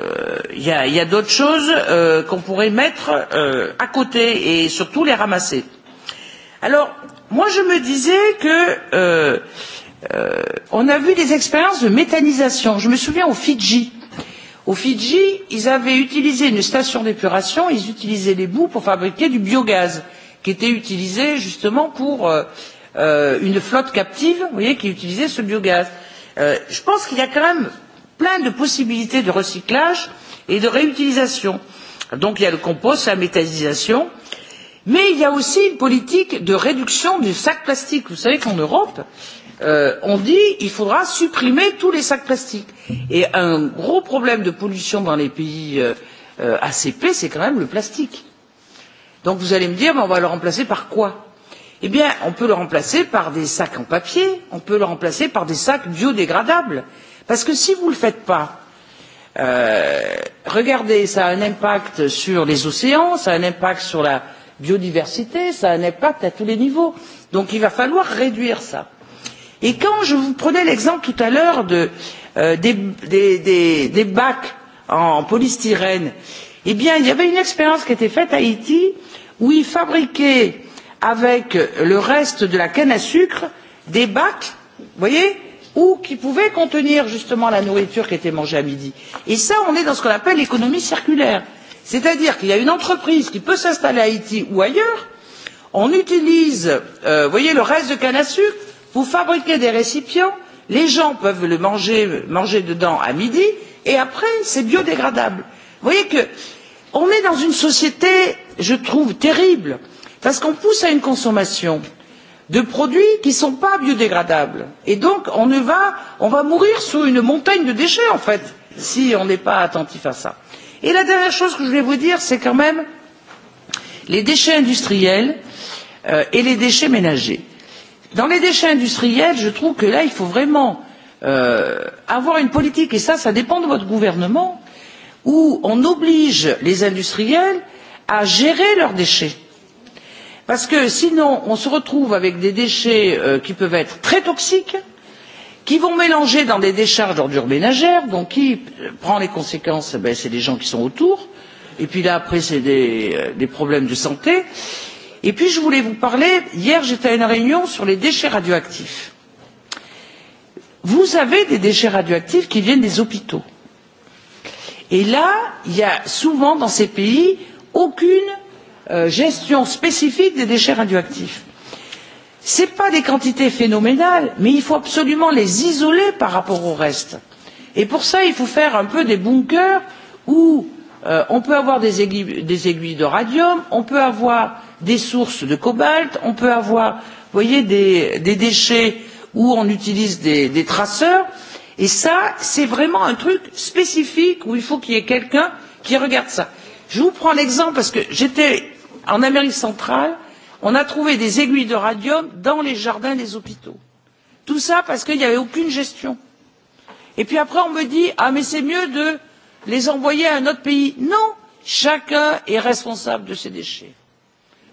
A: il y a, il y a d'autres choses euh, qu'on pourrait mettre euh, à côté et surtout les ramasser. Alors, moi, je me disais que euh, euh, on a vu des expériences de méthanisation. Je me souviens aux Fidji. Aux Fidji, ils avaient utilisé une station d'épuration, ils utilisaient les boues pour fabriquer du biogaz qui était utilisé justement pour euh, euh, une flotte captive vous voyez, qui utilisait ce biogaz. Euh, je pense qu'il y a quand même plein de possibilités de recyclage et de réutilisation. Donc il y a le compost, la méthanisation, mais il y a aussi une politique de réduction du sac plastique. Vous savez qu'en Europe, euh, on dit qu'il faudra supprimer tous les sacs plastiques. Et un gros problème de pollution dans les pays euh, euh, ACP, c'est quand même le plastique. Donc vous allez me dire, ben, on va le remplacer par quoi eh bien on peut le remplacer par des sacs en papier, on peut le remplacer par des sacs biodégradables. Parce que si vous ne le faites pas, euh, regardez, ça a un impact sur les océans, ça a un impact sur la biodiversité, ça a un impact à tous les niveaux. Donc il va falloir réduire ça. Et quand je vous prenais l'exemple tout à l'heure de, euh, des, des, des, des bacs en, en polystyrène, eh bien il y avait une expérience qui était faite à Haïti où ils fabriquaient euh, avec le reste de la canne à sucre des bacs, vous voyez, ou qui pouvaient contenir justement la nourriture qui était mangée à midi. Et ça, on est dans ce qu'on appelle l'économie circulaire. C'est-à-dire qu'il y a une entreprise qui peut s'installer à Haïti ou ailleurs, on utilise, euh, vous voyez, le reste de canne à sucre pour fabriquer des récipients, les gens peuvent le manger, manger dedans à midi, et après, c'est biodégradable. Vous voyez que on est dans une société, je trouve, terrible. Euh, parce qu'on pousse à une consommation de produits qui ne sont pas biodégradables et donc on, va, on va mourir sous une montagne de déchets en fait si on n'est pas attentif à cela. et la dernière chose que je voulais vous dire c'est quand même les déchets industriels euh, et les déchets ménagers. dans les déchets industriels je trouve que là il faut vraiment euh, avoir une politique et ça ça dépend de votre gouvernement où on oblige les industriels à gérer leurs déchets parce que sinon on se retrouve avec des déchets euh, qui peuvent être très toxiques qui vont mélanger dans des décharges d'ordures ménagères donc qui euh, prend les conséquences ben, c'est les gens qui sont autour et puis là après c'est des, euh, des problèmes de santé et puis je voulais vous parler hier j'étais à une réunion sur les déchets radioactifs vous avez des déchets radioactifs qui viennent des hôpitaux et là il y a souvent dans ces pays aucune euh, gestion spécifique des déchets radioactifs. Ce ne sont pas des quantités phénoménales, mais il faut absolument les isoler par rapport au reste. Et pour ça, il faut faire un peu des bunkers où euh, on peut avoir des aiguilles, des aiguilles de radium, on peut avoir des sources de cobalt, on peut avoir, vous voyez, des, des déchets où on utilise des, des traceurs. Et ça, c'est vraiment un truc spécifique où il faut qu'il y ait quelqu'un qui regarde ça. Je vous prends l'exemple parce que j'étais en amérique centrale on a trouvé des aiguilles de radium dans les jardins des hôpitaux. tout cela parce qu'il n'y avait aucune gestion. et puis après on me dit ah mais c'est mieux de les envoyer à un autre pays. non chacun est responsable de ses déchets.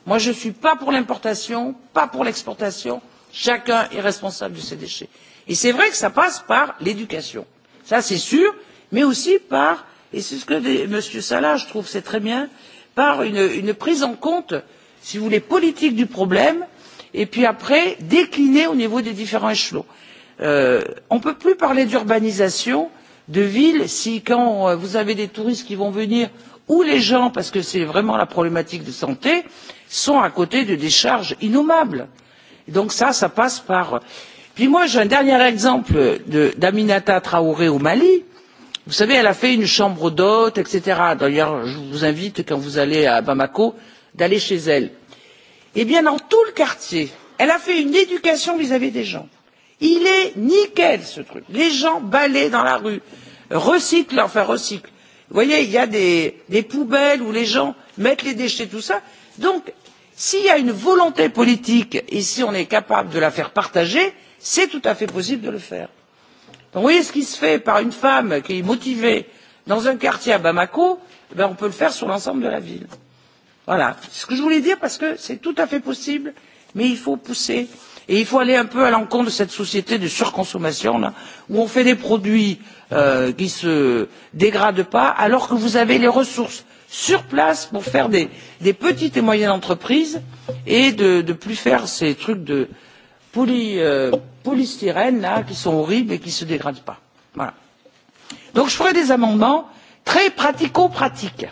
A: moi je ne suis pas pour l'importation pas pour l'exportation chacun est responsable de ses déchets. et c'est vrai que ça passe par l'éducation ça c'est sûr mais aussi par et c'est ce que des, m. salah je trouve c'est très bien par une, une prise en compte si vous voulez politique du problème et puis après déclinée au niveau des différents échelons. Euh, on ne peut plus parler d'urbanisation de ville si quand euh, vous avez des touristes qui vont venir ou les gens parce que c'est vraiment la problématique de santé sont à côté de décharges innommables. Et donc ça ça passe par. Euh, puis moi j'ai un dernier exemple d'aminata traoré au mali. Euh, Vous savez, elle a fait une chambre d'hôte, etc. D'ailleurs, je vous invite, quand vous allez à Bamako, d'aller chez elle. Eh bien, dans tout le quartier, elle a fait une éducation vis-à-vis -vis des gens. Il est nickel, ce truc. Les gens balaient dans la rue, recyclent, enfin recyclent. Vous voyez, il y a des, des poubelles où les gens mettent les déchets, tout ça. Donc, s'il y a une volonté politique, et si on est capable de la faire partager, c'est tout à fait possible de le faire Donc vous voyez ce qui se fait par une femme qui est motivée dans un quartier à Bamako, eh bien, on peut le faire sur l'ensemble de la ville. Voilà ce que je voulais dire parce que c'est tout à fait possible, mais il faut pousser et il faut aller un peu à l'encontre de cette société de surconsommation là, où on fait des produits euh, qui ne se dégradent pas alors que vous avez les ressources sur place pour faire des, des petites et moyennes entreprises et de ne plus faire ces trucs de, euh, poly, euh, polystyrène là, qui sont horribles et qui ne se dégradent pas. Voilà. Donc je ferai des amendements très pratico pratiques.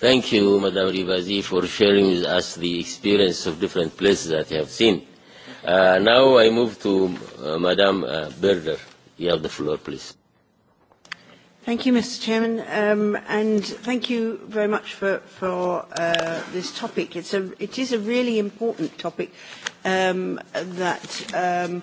B: Thank you, Madame Rivazi, for sharing with us the experience of different places that you have seen. Uh, now I move to uh, Madame uh, Berger. You have the floor, please.
D: Thank you, Mr. Chairman, um, and thank you very much for, for uh, this topic. It's a, it is a really important topic um, that um,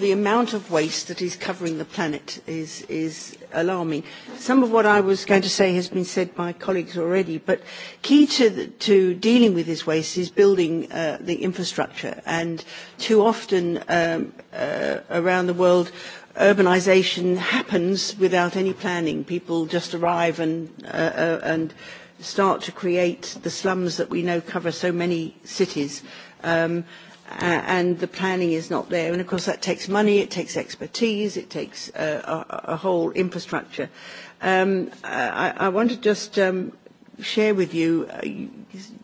D: the amount of waste that is covering the planet is, is alarming. Some of what I was going to say has been said by colleagues already, but key to, the, to dealing with this waste is building uh, the infrastructure. And too often um, uh, around the world, uh, urbanization happens without any planning. People just arrive and, uh, uh, and start to create the slums that we know cover so many cities. Um, and the planning is not there. And of course that takes money, it takes expertise, it takes uh, a, a whole infrastructure. Um, I, I want to just um, share with you, uh, you,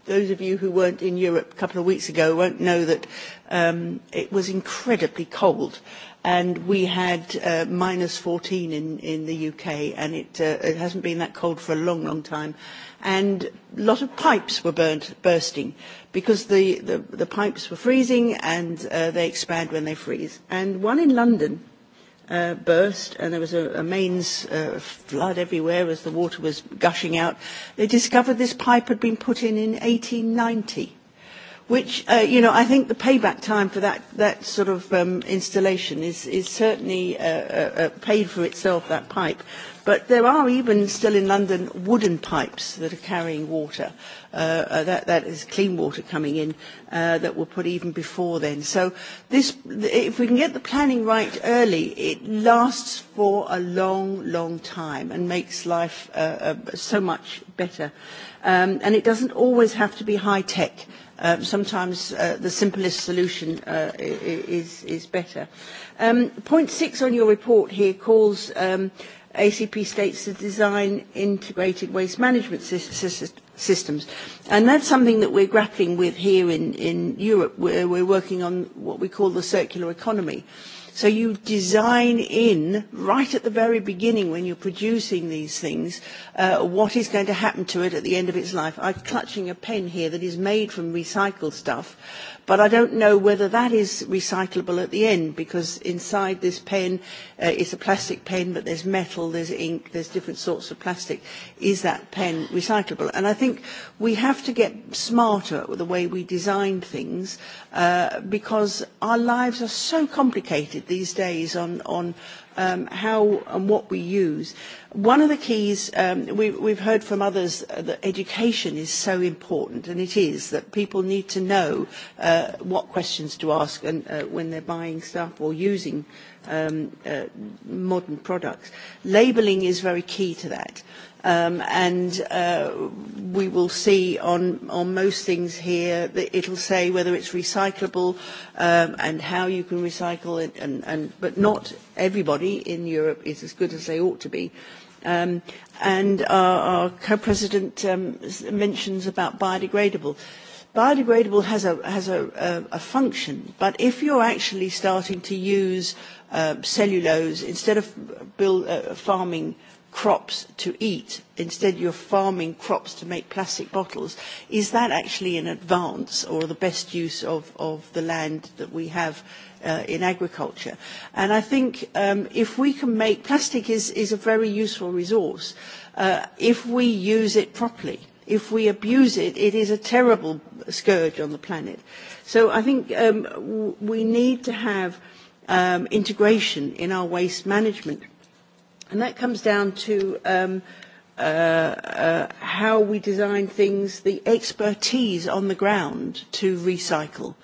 D: those of you who weren't in Europe a couple of weeks ago won't know that um, it was incredibly cold and we had uh, minus 14 in, in the UK, and it, uh, it hasn't been that cold for a long, long time. And a lot of pipes were burnt, bursting because the, the, the pipes were freezing and uh, they expand when they freeze. And one in London uh, burst, and there was a, a mains uh, flood everywhere as the water was gushing out. They discovered this pipe had been put in in 1890 which, uh, you know, I think the payback time for that, that sort of um, installation is, is certainly uh, uh, uh paid for itself, that pipe. But there are even still in London wooden pipes that are carrying water. Uh, uh, that, that is clean water coming in uh, that were put even before then. So this, if we can get the planning right early, it lasts for a long, long time and makes life uh, uh, so much better. Um, and it doesn't always have to be high tech. Uh, uh, sometimes uh, the simplest solution uh, is, is better. Um, point six on your report here calls um, ACP states to design integrated waste management systems. And that's something that we're grappling with here in, in Europe. We're, we're working on what we call the circular economy. Uh, So you design in, right at the very beginning when you're producing these things, uh, what is going to happen to it at the end of its life. I'm clutching a pen here that is made from recycled stuff, but I don't know whether that is recyclable at the end because inside this pen uh, is a plastic pen, but there's metal, there's ink, there's different sorts of plastic. Is that pen recyclable? And I think we have to get smarter with the way we design things uh, because our lives are so complicated debated these days on, on um, how and what we use. One of the keys, um, we, we've heard from others that education is so important, and it is, that people need to know uh, what questions to ask and, uh, when they're buying stuff or using um, uh, modern products. Labelling is very key to that. Um, and uh, we will see on, on most things here that it'll say whether it's recyclable um, and how you can recycle it, and, and, but not everybody in Europe is as good as they ought to be. Um, and our, our co-president um, mentions about biodegradable. Biodegradable has a, has a, a, a function, but if you're actually starting to use uh, cellulose instead of uh, build, uh, farming uh, crops to eat. Instead, you're farming crops to make plastic bottles. Is that actually an advance or the best use of, of the land that we have uh, in agriculture? And I think um, if we can make plastic is, is a very useful resource uh, if we use it properly. If we abuse it, it is a terrible scourge on the planet. So I think um, w- we need to have um, integration in our waste management And that comes down to um, uh, uh, how we design things, the expertise on the ground to recycle.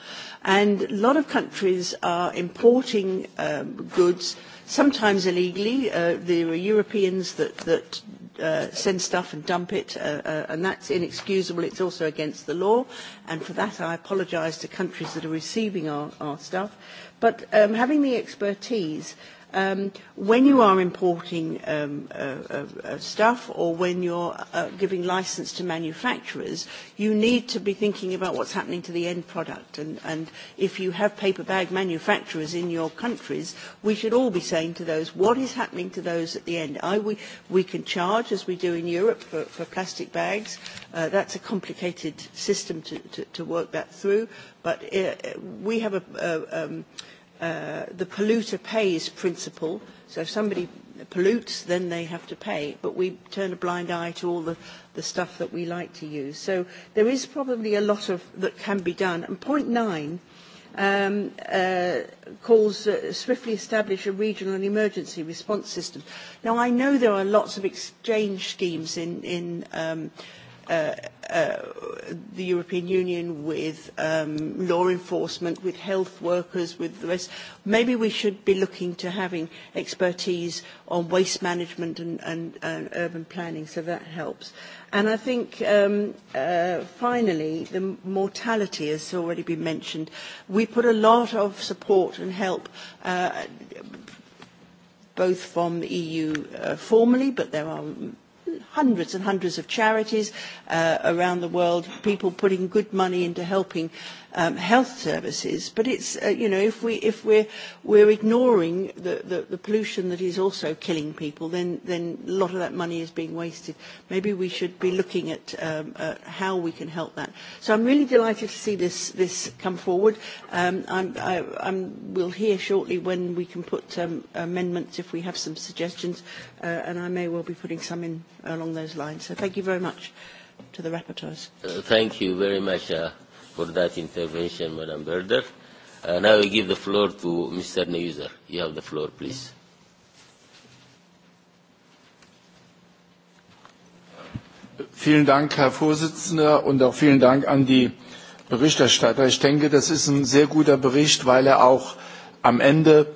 D: And a lot of countries are importing um, goods, sometimes illegally. Uh, there are Europeans that, that uh, send stuff and dump it, uh, uh, and that's inexcusable. It's also against the law. And for that, I apologise to countries that are receiving our, our stuff. But um, having the expertise, uh, um, when you are importing um, uh, uh, uh, stuff or when you're uh, giving license to manufacturers, you need to be thinking about what's happening to the end product. And, and if you have paper bag manufacturers in your countries, we should all be saying to those, what is happening to those at the end? I, we, we can charge, as we do in Europe, for, for plastic bags. Uh, that's a complicated system to, to, to work that through. But uh, we have a... Uh, um, uh, the polluter pays principle. So if somebody pollutes, then they have to pay. But we turn a blind eye to all the, the stuff that we like to use. So there is probably a lot of that can be done. And point nine um, uh, calls uh, swiftly establish a regional and emergency response system. Now I know there are lots of exchange schemes in, in um, uh, uh, uh, the European Union, with um, law enforcement, with health workers, with the rest. Maybe we should be looking to having expertise on waste management and, and, and urban planning, so that helps. And I think um, uh, finally, the mortality has already been mentioned. We put a lot of support and help uh, both from the EU uh, formally, but there are hundreds and hundreds of charities uh, around the world, people putting good money into helping um, health services. But it's, uh, you know, if, we, if we're, we're ignoring the, the, the pollution that is also killing people, then, then a lot of that money is being wasted. Maybe we should be looking at, um, at how we can help that. So I'm really delighted to see this, this come forward. Um, I'm, I, I'm, we'll hear shortly when we can put um, amendments if we have some suggestions, uh, and I may well be putting some in along those lines. So thank you very much to the rapporteurs.
B: Uh, thank you very much. Uh, for that intervention, Madam Berder. Uh, now I give the floor to Mr. Neuser. You have the floor, please.
C: Vielen Dank, Herr Vorsitzender, und auch vielen Dank an die Berichterstatter. Ich denke, das ist ein sehr guter Bericht, weil er auch am Ende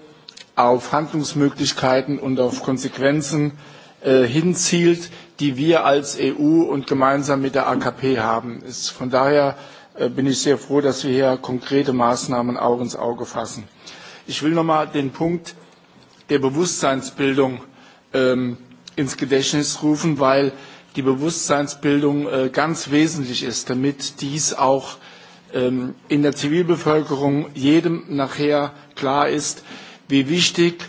C: auf Handlungsmöglichkeiten und auf Konsequenzen äh, hinzielt, die wir als EU und gemeinsam mit der AKP haben. Ist von daher Äh, bin ich sehr froh, dass wir hier konkrete Maßnahmen Auge ins Auge fassen. Ich will nochmal den Punkt der Bewusstseinsbildung ähm, ins Gedächtnis rufen, weil die Bewusstseinsbildung äh, ganz wesentlich ist, damit dies auch ähm, in der Zivilbevölkerung jedem nachher klar ist, wie wichtig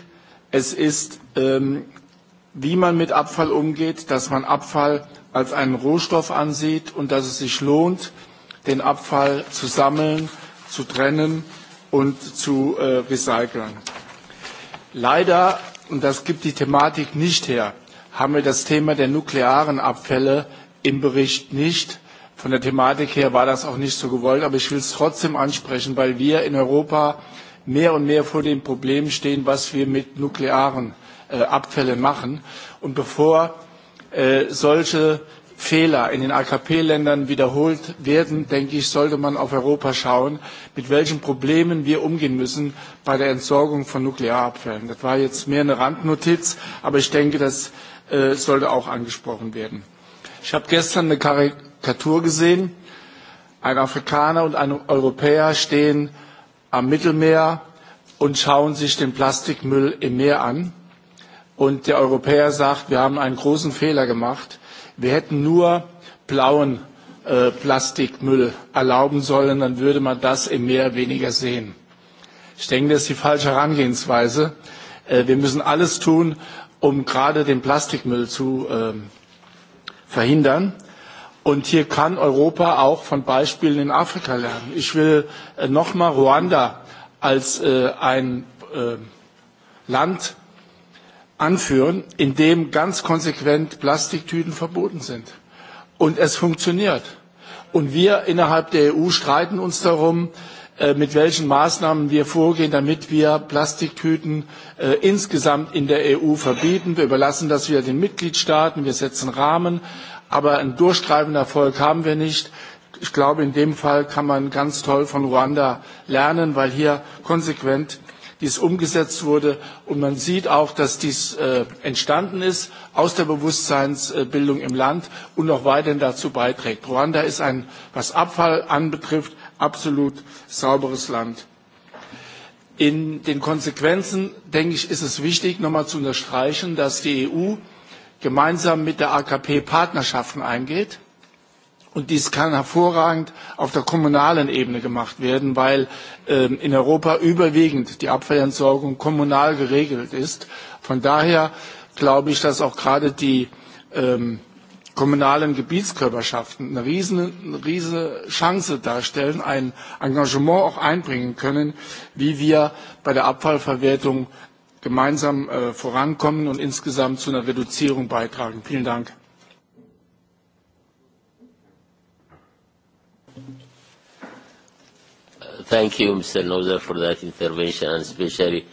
C: es ist, ähm, wie man mit Abfall umgeht, dass man Abfall als einen Rohstoff ansieht und dass es sich lohnt, den Abfall zu sammeln, zu trennen und zu äh, recyceln. Leider, und das gibt die Thematik nicht her, haben wir das Thema der nuklearen Abfälle im Bericht nicht. Von der Thematik her war das auch nicht so gewollt, aber ich will es trotzdem ansprechen, weil wir in Europa mehr und mehr vor dem Problem stehen, was wir mit nuklearen äh, Abfällen machen. Und bevor äh, solche Fehler in den AKP-Ländern wiederholt werden, denke ich, sollte man auf Europa schauen, mit welchen Problemen wir umgehen müssen bei der Entsorgung von Nuklearabfällen. Das war jetzt mehr eine Randnotiz, aber ich denke, das äh, sollte auch angesprochen werden. Ich habe gestern eine Karikatur gesehen. Ein Afrikaner und ein Europäer stehen am Mittelmeer und schauen sich den Plastikmüll im Meer an. Und der Europäer sagt, wir haben einen großen Fehler gemacht Wir hätten nur blauen äh, Plastikmüll erlauben sollen, dann würde man das im Meer weniger sehen. Ich denke, das ist die falsche Herangehensweise. Äh, wir müssen alles tun, um gerade den Plastikmüll zu äh, verhindern. Und hier kann Europa auch von Beispielen in Afrika lernen. Ich will äh, nochmal Ruanda als äh, ein äh, Land anführen, in dem ganz konsequent Plastiktüten verboten sind. Und es funktioniert. Und wir innerhalb der EU streiten uns darum, äh, mit welchen Maßnahmen wir vorgehen, damit wir Plastiktüten äh, insgesamt in der EU verbieten. Wir überlassen das wieder den Mitgliedstaaten, wir setzen Rahmen, aber einen durchgreifenden Erfolg haben wir nicht. Ich glaube, in dem Fall kann man ganz toll von Ruanda lernen, weil hier konsequent dies umgesetzt wurde. Und man sieht auch, dass dies äh, entstanden ist aus der Bewusstseinsbildung im Land und noch weiterhin dazu beiträgt. Ruanda ist ein, was Abfall anbetrifft, absolut sauberes Land. In den Konsequenzen, denke ich, ist es wichtig, nochmal zu unterstreichen, dass die EU gemeinsam mit der AKP Partnerschaften eingeht Und dies kann hervorragend auf der kommunalen Ebene gemacht werden, weil ähm, in Europa überwiegend die Abfallentsorgung kommunal geregelt ist. Von daher glaube ich, dass auch gerade die ähm, kommunalen Gebietskörperschaften eine riesen, eine riesige Chance darstellen, ein Engagement auch einbringen können, wie wir bei der Abfallverwertung gemeinsam äh, vorankommen und insgesamt zu einer Reduzierung beitragen. Vielen Dank.
B: thank you, Mr. Nozer, for that intervention, and especially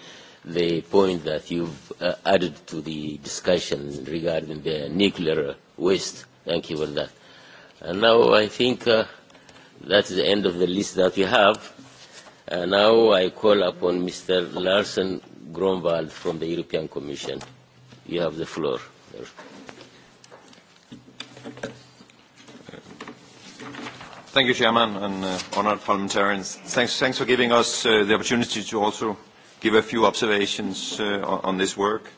B: the point that you've uh, added to the discussion regarding the nuclear waste. Thank you for that. And now I think uh, that's the end of the list that we have. And uh, now I call upon Mr. Larsen Gromwald from the European Commission. You have the floor.
G: There. Thank you, Chairman, and uh, honored parliamentarians. Thanks, thanks for giving us uh, the opportunity to also give a few observations uh, on this work.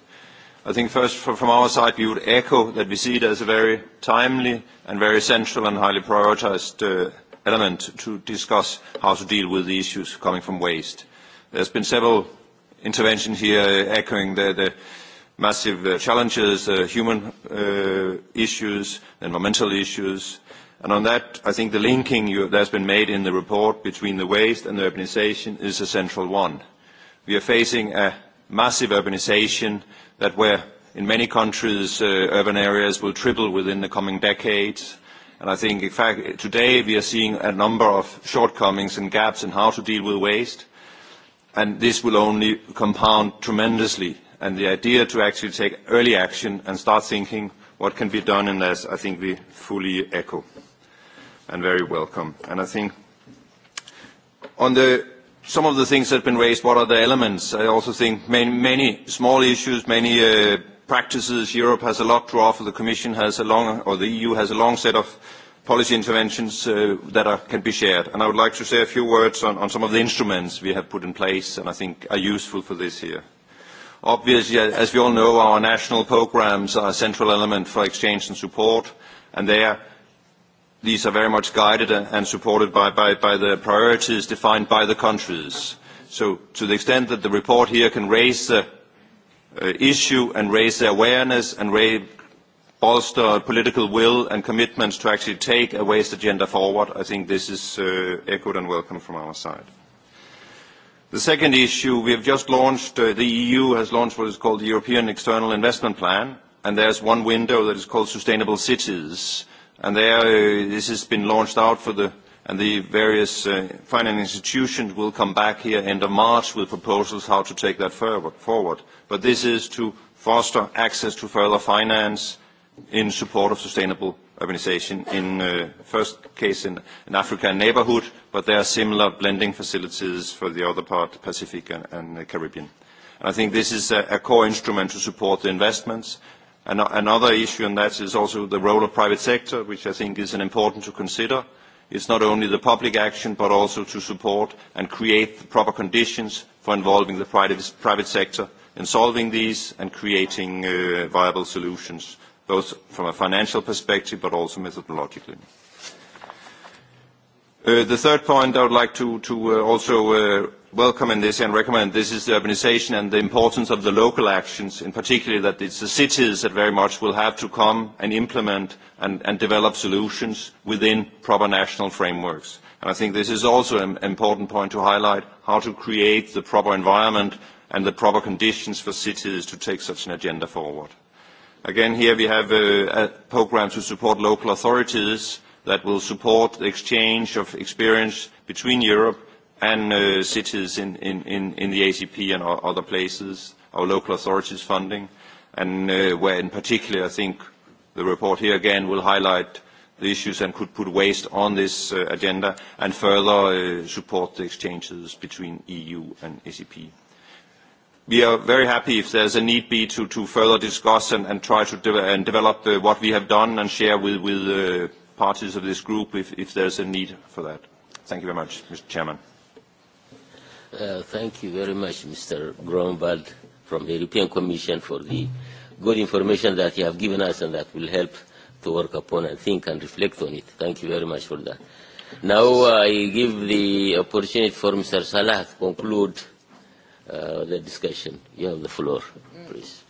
G: I think first from our side, we would echo that we see it as a very timely and very central and highly prioritized uh, element to discuss how to deal with the issues coming from waste. There's been several interventions here echoing the, the massive uh, challenges, uh, human uh, issues, environmental issues, uh, And on that, I think the linking you, that's been made in the report between the waste and the urbanization is a central one. We are facing a massive urbanization that where in many countries uh, urban areas will triple within the coming decades. And I think, in fact, today we are seeing a number of shortcomings and gaps in how to deal with waste. And this will only compound tremendously. And the idea to actually take early action and start thinking what can be done in this, I think we fully echo and very welcome. And I think on the, some of the things that have been raised, what are the elements? I also think many, many small issues, many uh, practices. Europe has a lot to offer. The Commission has a long, or the EU has a long set of policy interventions uh, that are, can be shared. And I would like to say a few words on, on some of the instruments we have put in place and I think are useful for this here. Obviously, as we all know, our national programs are a central element for exchange and support, and there These are very much guided and supported by, by, by the priorities defined by the countries. So to the extent that the report here can raise the uh, issue and raise the awareness and raise, bolster political will and commitments to actually take a waste agenda forward, I think this is uh, echoed and welcome from our side. The second issue, we have just launched, uh, the EU has launched what is called the European External Investment Plan, and there's one window that is called Sustainable Cities, and there, uh, this has been launched out for the and the various uh, financial institutions will come back here end of March with proposals how to take that forward. But this is to foster access to further finance in support of sustainable urbanization in uh, first case in, in Africa and neighborhood, but there are similar blending facilities for the other part, Pacific and, and the Caribbean. And I think this is a, a core instrument to support the investments An another issue on that is also the role of private sector, which I think is important to consider. It's not only the public action, but also to support and create the proper conditions for involving the private, private sector in solving these and creating uh, viable solutions, both from a financial perspective, but also methodologically. Uh, the third point I would like to, to uh, also uh, welcome in this and recommend this is the urbanization and the importance of the local actions, in particular that it's the cities that very much will have to come and implement and, and develop solutions within proper national frameworks. And I think this is also an important point to highlight, how to create the proper environment and the proper conditions for cities to take such an agenda forward. Again, here we have a, a program to support local authorities that will support the exchange of experience between Europe and uh, cities in, in, in, in the ACP and our other places, our local authorities funding, and uh, where in particular I think the report here again will highlight the issues and could put waste on this uh, agenda and further uh, support the exchanges between EU and ACP. We are very happy if there's a need be to, to further discuss and, and try to de and develop the, uh, what we have done and share with, with uh, parties of this group if, if there's a need for that. Thank you very much, Mr. Chairman.
B: Uh, thank you very much, Mr. Gromwald from the European Commission for the good information that you have given us and that will help to work upon and think and reflect on it. Thank you very much for that. Now uh, I give the opportunity for Mr. Salah to conclude uh, the discussion. You have the floor, please.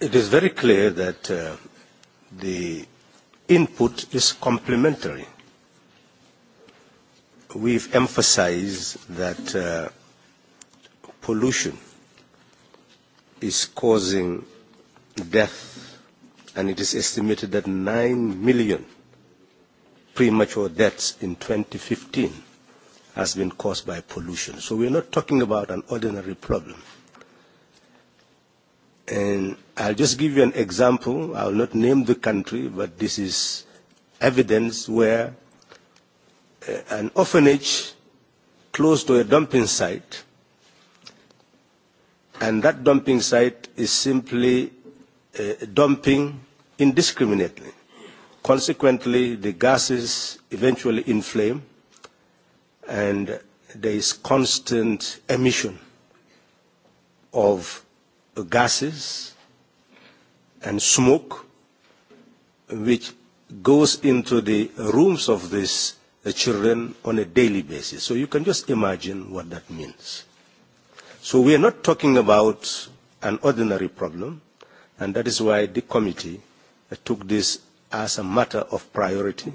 F: It is very clear that uh, the input is complementary we've emphasized that uh, pollution is causing death, and it is estimated that 9 million premature deaths in 2015 has been caused by pollution. So we're not talking about an ordinary problem. And I'll just give you an example. I'll not name the country, but this is evidence where an orphanage close to a dumping site, and that dumping site is simply uh, dumping indiscriminately. Consequently, the gases eventually inflame, and there is constant emission of gases and smoke, which goes into the rooms of these uh, children on a daily basis. So you can just imagine what that means. So we are not talking about an ordinary problem, and that is why the committee uh, took this as a matter of priority,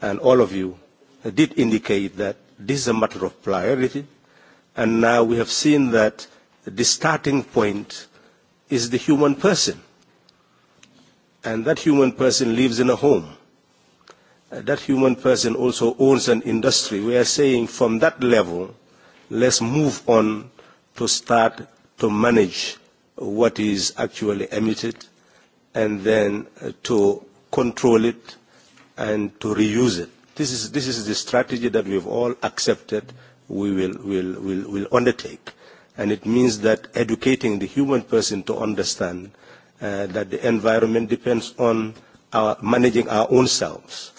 F: and all of you uh, did indicate that this is a matter of priority, and now we have seen that the starting point is the human person, and that human person lives in a home that human person also owns an industry. We are saying from that level, let's move on to start to manage what is actually emitted and then uh, to control it and to reuse it. This is, this is the strategy that we've all accepted we will, will, will, will undertake. And it means that educating the human person to understand uh, that the environment depends on our managing our own selves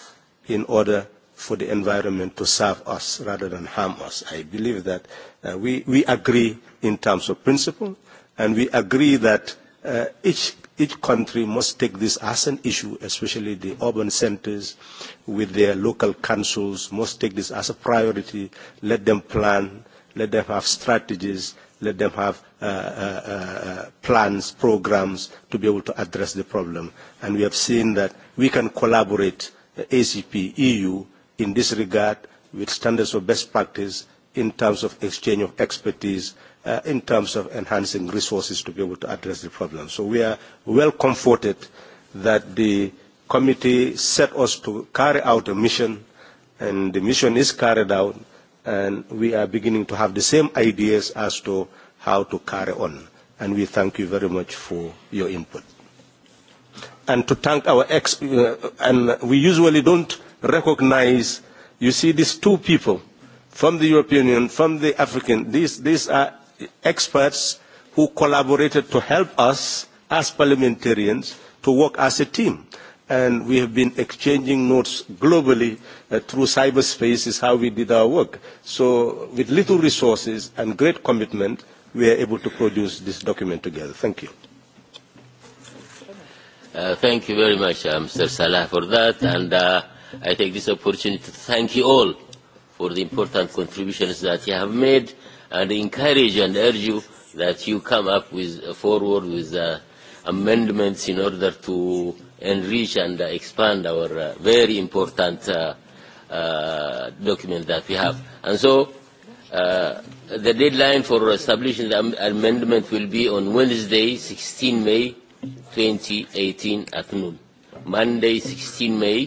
F: in order for the environment to serve us rather than harm us. I believe that uh, we, we agree in terms of principle, and we agree that uh, each, each country must take this as an issue, especially the urban centers with their local councils must take this as a priority, let them plan, let them have strategies, let them have uh, uh, uh, plans, programs to be able to address the problem. And we have seen that we can collaborate the ACP EU in this regard with standards of best practice in terms of exchange of expertise, uh, in terms of enhancing resources to be able to address the problem. So we are well comforted that the committee set us to carry out a mission, and the mission is carried out, and we are beginning to have the same ideas as to how to carry on. And we thank you very much for your input and to thank our ex. Uh, and we usually don't recognize, you see, these two people from the European Union, from the African, these, these are experts who collaborated to help us as parliamentarians to work as a team. And we have been exchanging notes globally uh, through cyberspace is how we did our work. So with little resources and great commitment, we are able to produce this document together. Thank you.
B: Uh, thank you very much, uh, Mr. Salah, for that. And uh, I take this opportunity to thank you all for the important contributions that you have made and encourage and urge you that you come up with uh, forward with uh, amendments in order to enrich and uh, expand our uh, very important uh, uh, document that we have. And so uh, the deadline for establishing the am amendment will be on Wednesday, 16 May 2018 at noon. Monday, 16 May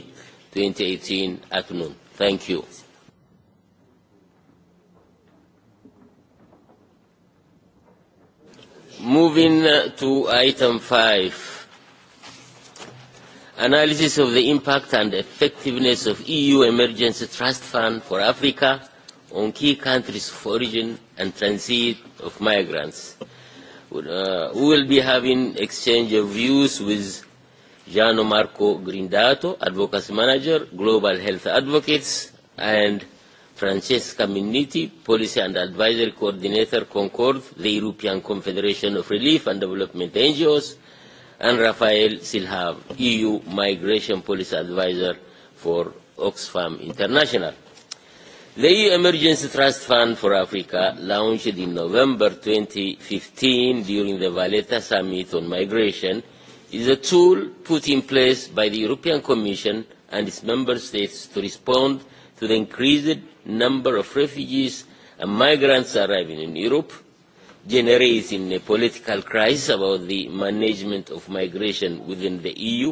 B: 2018 at noon. Thank you. Moving uh, to item five, analysis of the impact and effectiveness of EU Emergency Trust Fund for Africa on key countries of origin and transit of migrants uh, we will be having exchange of views with Gianno Marco Grindato, Advocacy Manager, Global Health Advocates, and Francesca Minniti, Policy and Advisory Coordinator, Concord, the European Confederation of Relief and Development NGOs, and Rafael Silhav, EU Migration Policy Advisor for Oxfam International. The EU Emergency Trust Fund for Africa, launched in November 2015 during the Valletta Summit on Migration, is a tool put in place by the European Commission and its member states to respond to the increased number of refugees and migrants arriving in Europe, generating a political crisis about the management of migration within the EU,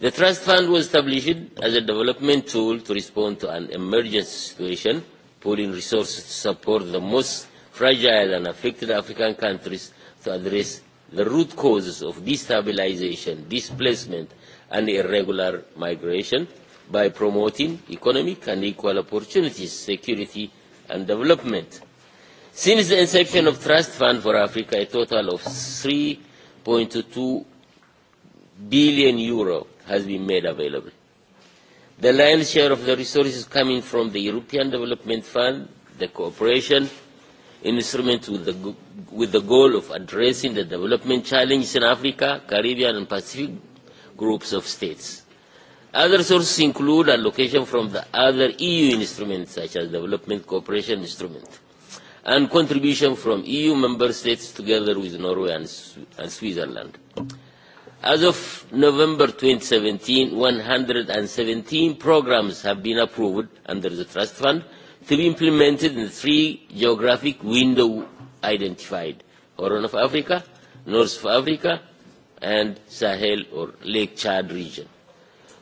B: The Trust Fund was established as a development tool to respond to an emergency situation, pooling resources to support the most fragile and affected African countries to address the root causes of destabilization, displacement, and irregular migration by promoting economic and equal opportunities, security, and development. Since the inception of Trust Fund for Africa, a total of 3.2 billion euro has been made available. The lion's share of the resources coming from the European Development Fund, the cooperation instruments with the, with the goal of addressing the development challenges in Africa, Caribbean and Pacific groups of states. Other sources include allocation from the other EU instruments such as Development Cooperation Instrument and contribution from EU member states together with Norway and, and Switzerland. Mm -hmm. As of November 2017, 117 programs have been approved under the Trust Fund to be implemented in three geographic windows identified, Horn of Africa, North of Africa, and Sahel or Lake Chad region,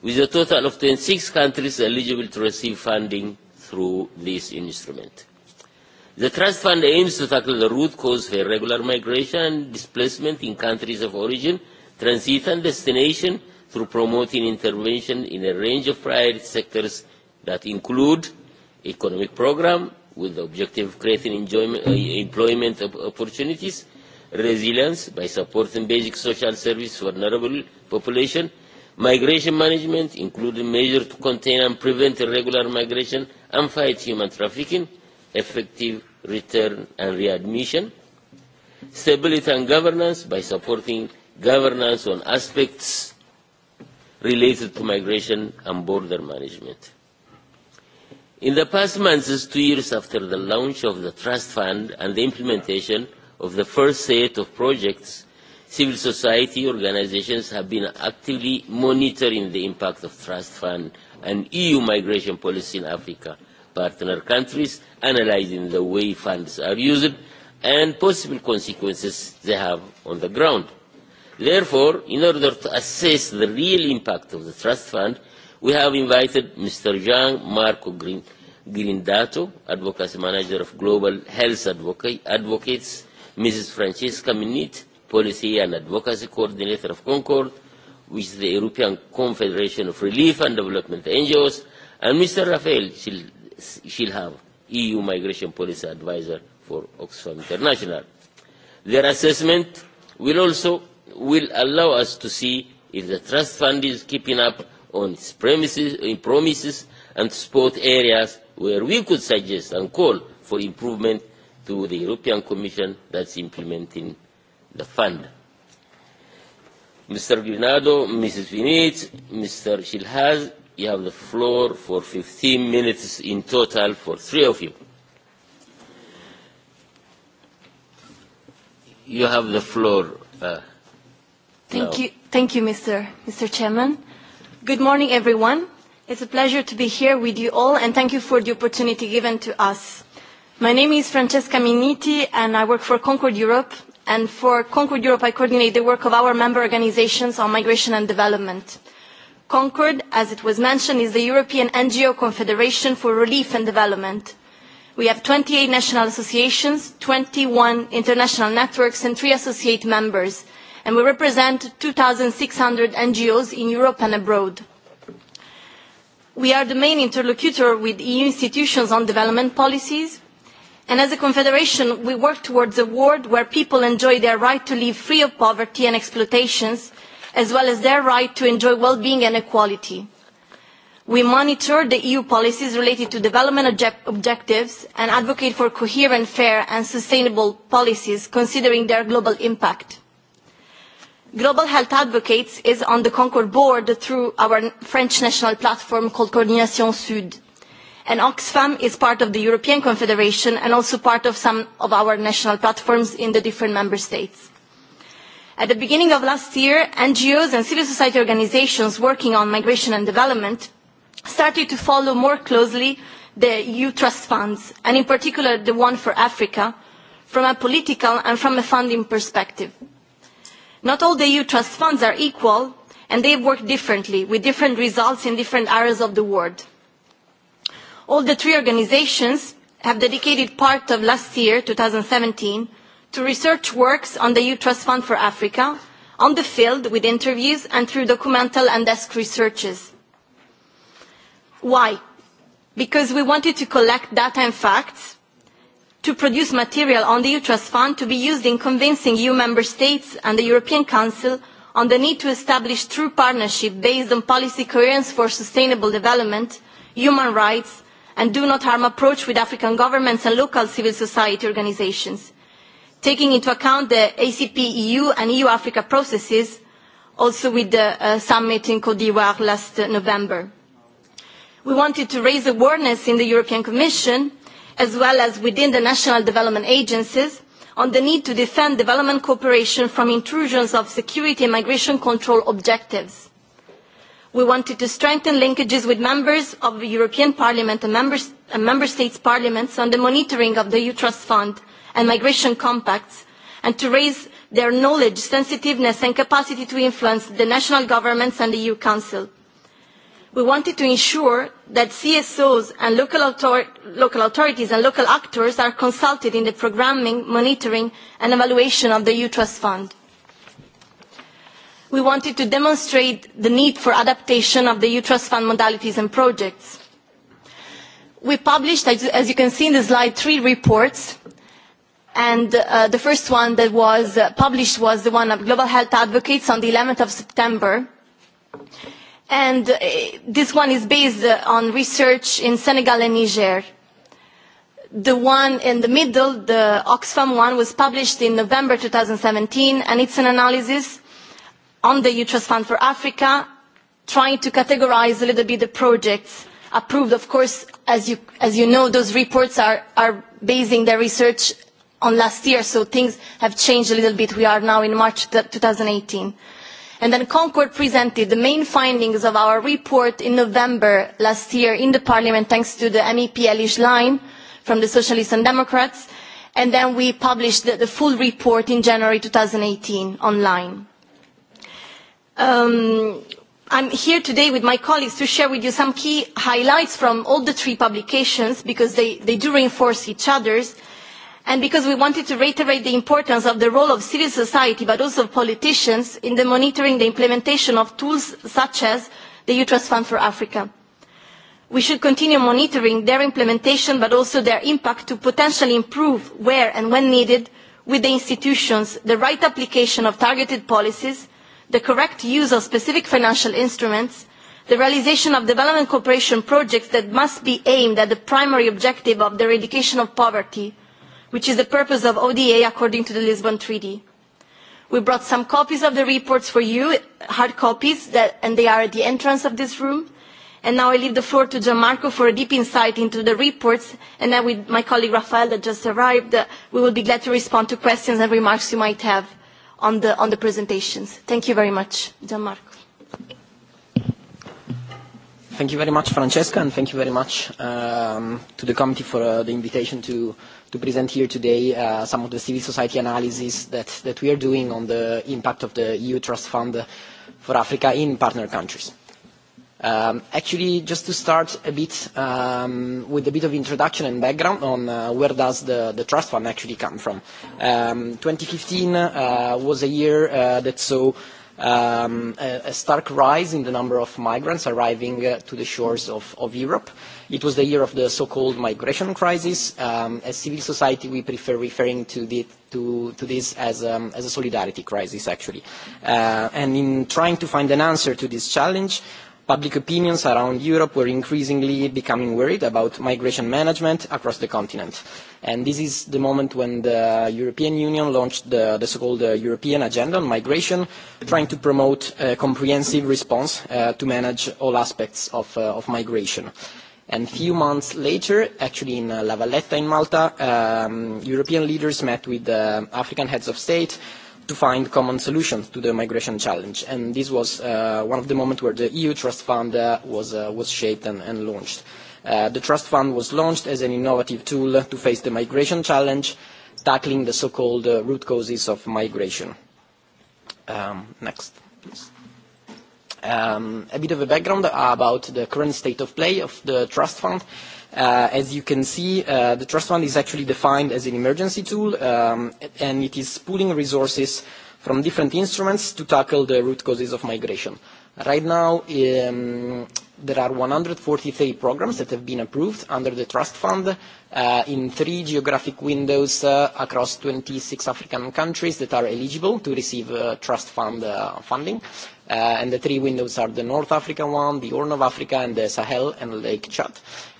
B: with a total of 26 countries eligible to receive funding through this instrument. The Trust Fund aims to tackle the root cause for irregular migration and displacement in countries of origin – transit and destination through promoting intervention in a range of priority sectors that include economic program with the objective of creating enjoyment, uh, employment opportunities, resilience by supporting basic social services for vulnerable population, migration management, including measures to contain and prevent irregular migration and fight human trafficking, effective return and readmission, stability and governance by supporting governance on aspects related to migration and border management. In the past months, two years after the launch of the Trust Fund and the implementation of the first set of projects, civil society organizations have been actively monitoring the impact of Trust Fund and EU migration policy in Africa, partner countries, analyzing the way funds are used and possible consequences they have on the ground. Therefore, in order to assess the real impact of the trust fund, we have invited Mr. Jean Marco Green, Grindato, Advocacy Manager of Global Health Advocate, Advocates, Mrs. Francesca Minit, Policy and Advocacy Coordinator of Concord, with the European Confederation of Relief and Development NGOs, and Mr. Rafael Shilhav, EU Migration Policy Advisor for Oxfam International. Their assessment will also will allow us to see if the trust fund is keeping up on its premises, in promises and support areas where we could suggest and call for improvement to the European Commission that's implementing the fund. Mr. Grinado, Mrs. Vinit, Mr. Shilhaz, you have the floor for 15 minutes in total for three of you. You have the floor. Uh,
H: Thank no. you, thank you, Mr. Mr. Chairman. Good morning, everyone. It's a pleasure to be here with you all, and thank you for the opportunity given to us. My name is Francesca Minniti, and I work for Concord Europe. And for Concord Europe, I coordinate the work of our member organizations on migration and development. Concord, as it was mentioned, is the European NGO Confederation for Relief and Development. We have 28 national associations, 21 international networks, and three associate members – and we represent 2,600 NGOs in Europe and abroad. We are the main interlocutor with EU institutions on development policies, and as a confederation, we work towards a world where people enjoy their right to live free of poverty and exploitations, as well as their right to enjoy well-being and equality. We monitor the EU policies related to development object objectives and advocate for coherent, fair and sustainable policies considering their global impact. Global Health Advocates is on the Concord board through our French national platform called Coordination Sud. And Oxfam is part of the European Confederation and also part of some of our national platforms in the different member states. At the beginning of last year, NGOs and civil society organizations working on migration and development started to follow more closely the EU trust funds, and in particular the one for Africa, from a political and from a funding perspective. Not all the EU trust funds are equal, and they work differently, with different results in different areas of the world. All the three organizations have dedicated part of last year, 2017, to research works on the EU Trust Fund for Africa, on the field with interviews and through documental and desk researches. Why? Because we wanted to collect data and facts to produce material on the EU Trust Fund to be used in convincing EU Member States and the European Council on the need to establish true partnership based on policy coherence for sustainable development, human rights, and do not harm approach with African governments and local civil society organizations. Taking into account the ACP EU and EU Africa processes, also with the uh, summit in Cote d'Ivoire last uh, November. We wanted to raise awareness in the European Commission as well as within the national development agencies, on the need to defend development cooperation from intrusions of security and migration control objectives. We wanted to strengthen linkages with members of the European Parliament and member, and member states' parliaments on the monitoring of the EU Trust Fund and migration compacts, and to raise their knowledge, sensitiveness and capacity to influence the national governments and the EU Council we wanted to ensure that CSOs and local, author local authorities and local actors are consulted in the programming, monitoring and evaluation of the U-Trust Fund. We wanted to demonstrate the need for adaptation of the U-Trust Fund modalities and projects. We published, as, as you can see in the slide, three reports and uh, the first one that was uh, published was the one of Global Health Advocates on the 11th of September and uh, this one is based uh, on research in Senegal and Niger. The one in the middle, the Oxfam one, was published in November 2017, and it's an analysis on the Utrust Fund for Africa, trying to categorize a little bit the projects approved. Of course, as you, as you know, those reports are, are basing their research on last year, so things have changed a little bit. We are now in March 2018. And then Concord presented the main findings of our report in November last year in the Parliament, thanks to the MEP Elish Line from the Socialists and Democrats. And then we published the, the full report in January 2018 online. Um, I'm here today with my colleagues to share with you some key highlights from all the three publications because they, they do reinforce each other's. Uh, and because we wanted to reiterate the importance of the role of civil society but also of politicians in the monitoring the implementation of tools such as the utrust fund for africa. we should continue monitoring their implementation but also their impact to potentially improve where and when needed with the institutions the right application of targeted policies the correct use of specific financial instruments the realisation of development cooperation projects that must be aimed at the primary objective of the eradication of poverty which is the purpose of ODA according to the Lisbon Treaty. We brought some copies of the reports for you, hard copies, that, and they are at the entrance of this room. And now I leave the floor to Gianmarco for a deep insight into the reports, and then with my colleague Rafael that just arrived, uh, we will be glad to respond to questions and remarks you might have on the, on the presentations. Thank you very much, Gianmarco.
I: Thank you very much, Francesca, and thank you very much um, to the committee for uh, the invitation to uh, to present here today uh, some of the civil society analysis that, that we are doing on the impact of the EU Trust Fund for Africa in partner countries. Um, actually, just to start a bit um, with a bit of introduction and background on uh, where does the, the trust fund actually come from. Um, 2015 uh, was a year uh, that saw um, a, a stark rise in the number of migrants arriving uh, to the shores of, of Europe. It was the year of the so-called migration crisis. Um, as civil society, we prefer referring to, the, to, to this as, um, as a solidarity crisis, actually. Uh, and in trying to find an answer to this challenge, Public opinions around Europe were increasingly becoming worried about migration management across the continent. And this is the moment when the European Union launched the, the so-called uh, European Agenda on Migration, trying to promote a comprehensive response uh, to manage all aspects of, uh, of migration. And a few months later, actually in uh, La Valletta in Malta, um, European leaders met with uh, African heads of state, uh, to find common solutions to the migration challenge. And this was uh, one of the moments where the EU Trust Fund uh, was, uh, was shaped and, and launched. Uh, the Trust Fund was launched as an innovative tool to face the migration challenge, tackling the so-called uh, root causes of migration. Um, next, please. Um, a bit of a background about the current state of play of the Trust Fund. Uh, Uh, as you can see, uh, the Trust Fund is actually defined as an emergency tool, um, and it is pooling resources from different instruments to tackle the root causes of migration. Right now, um, there are 143 programs that have been approved under the Trust Fund uh, in three geographic windows uh, across 26 African countries that are eligible to receive uh, Trust Fund uh, funding. Uh, and the three windows are the North African one, the Horn of Africa, and the Sahel and Lake Chad.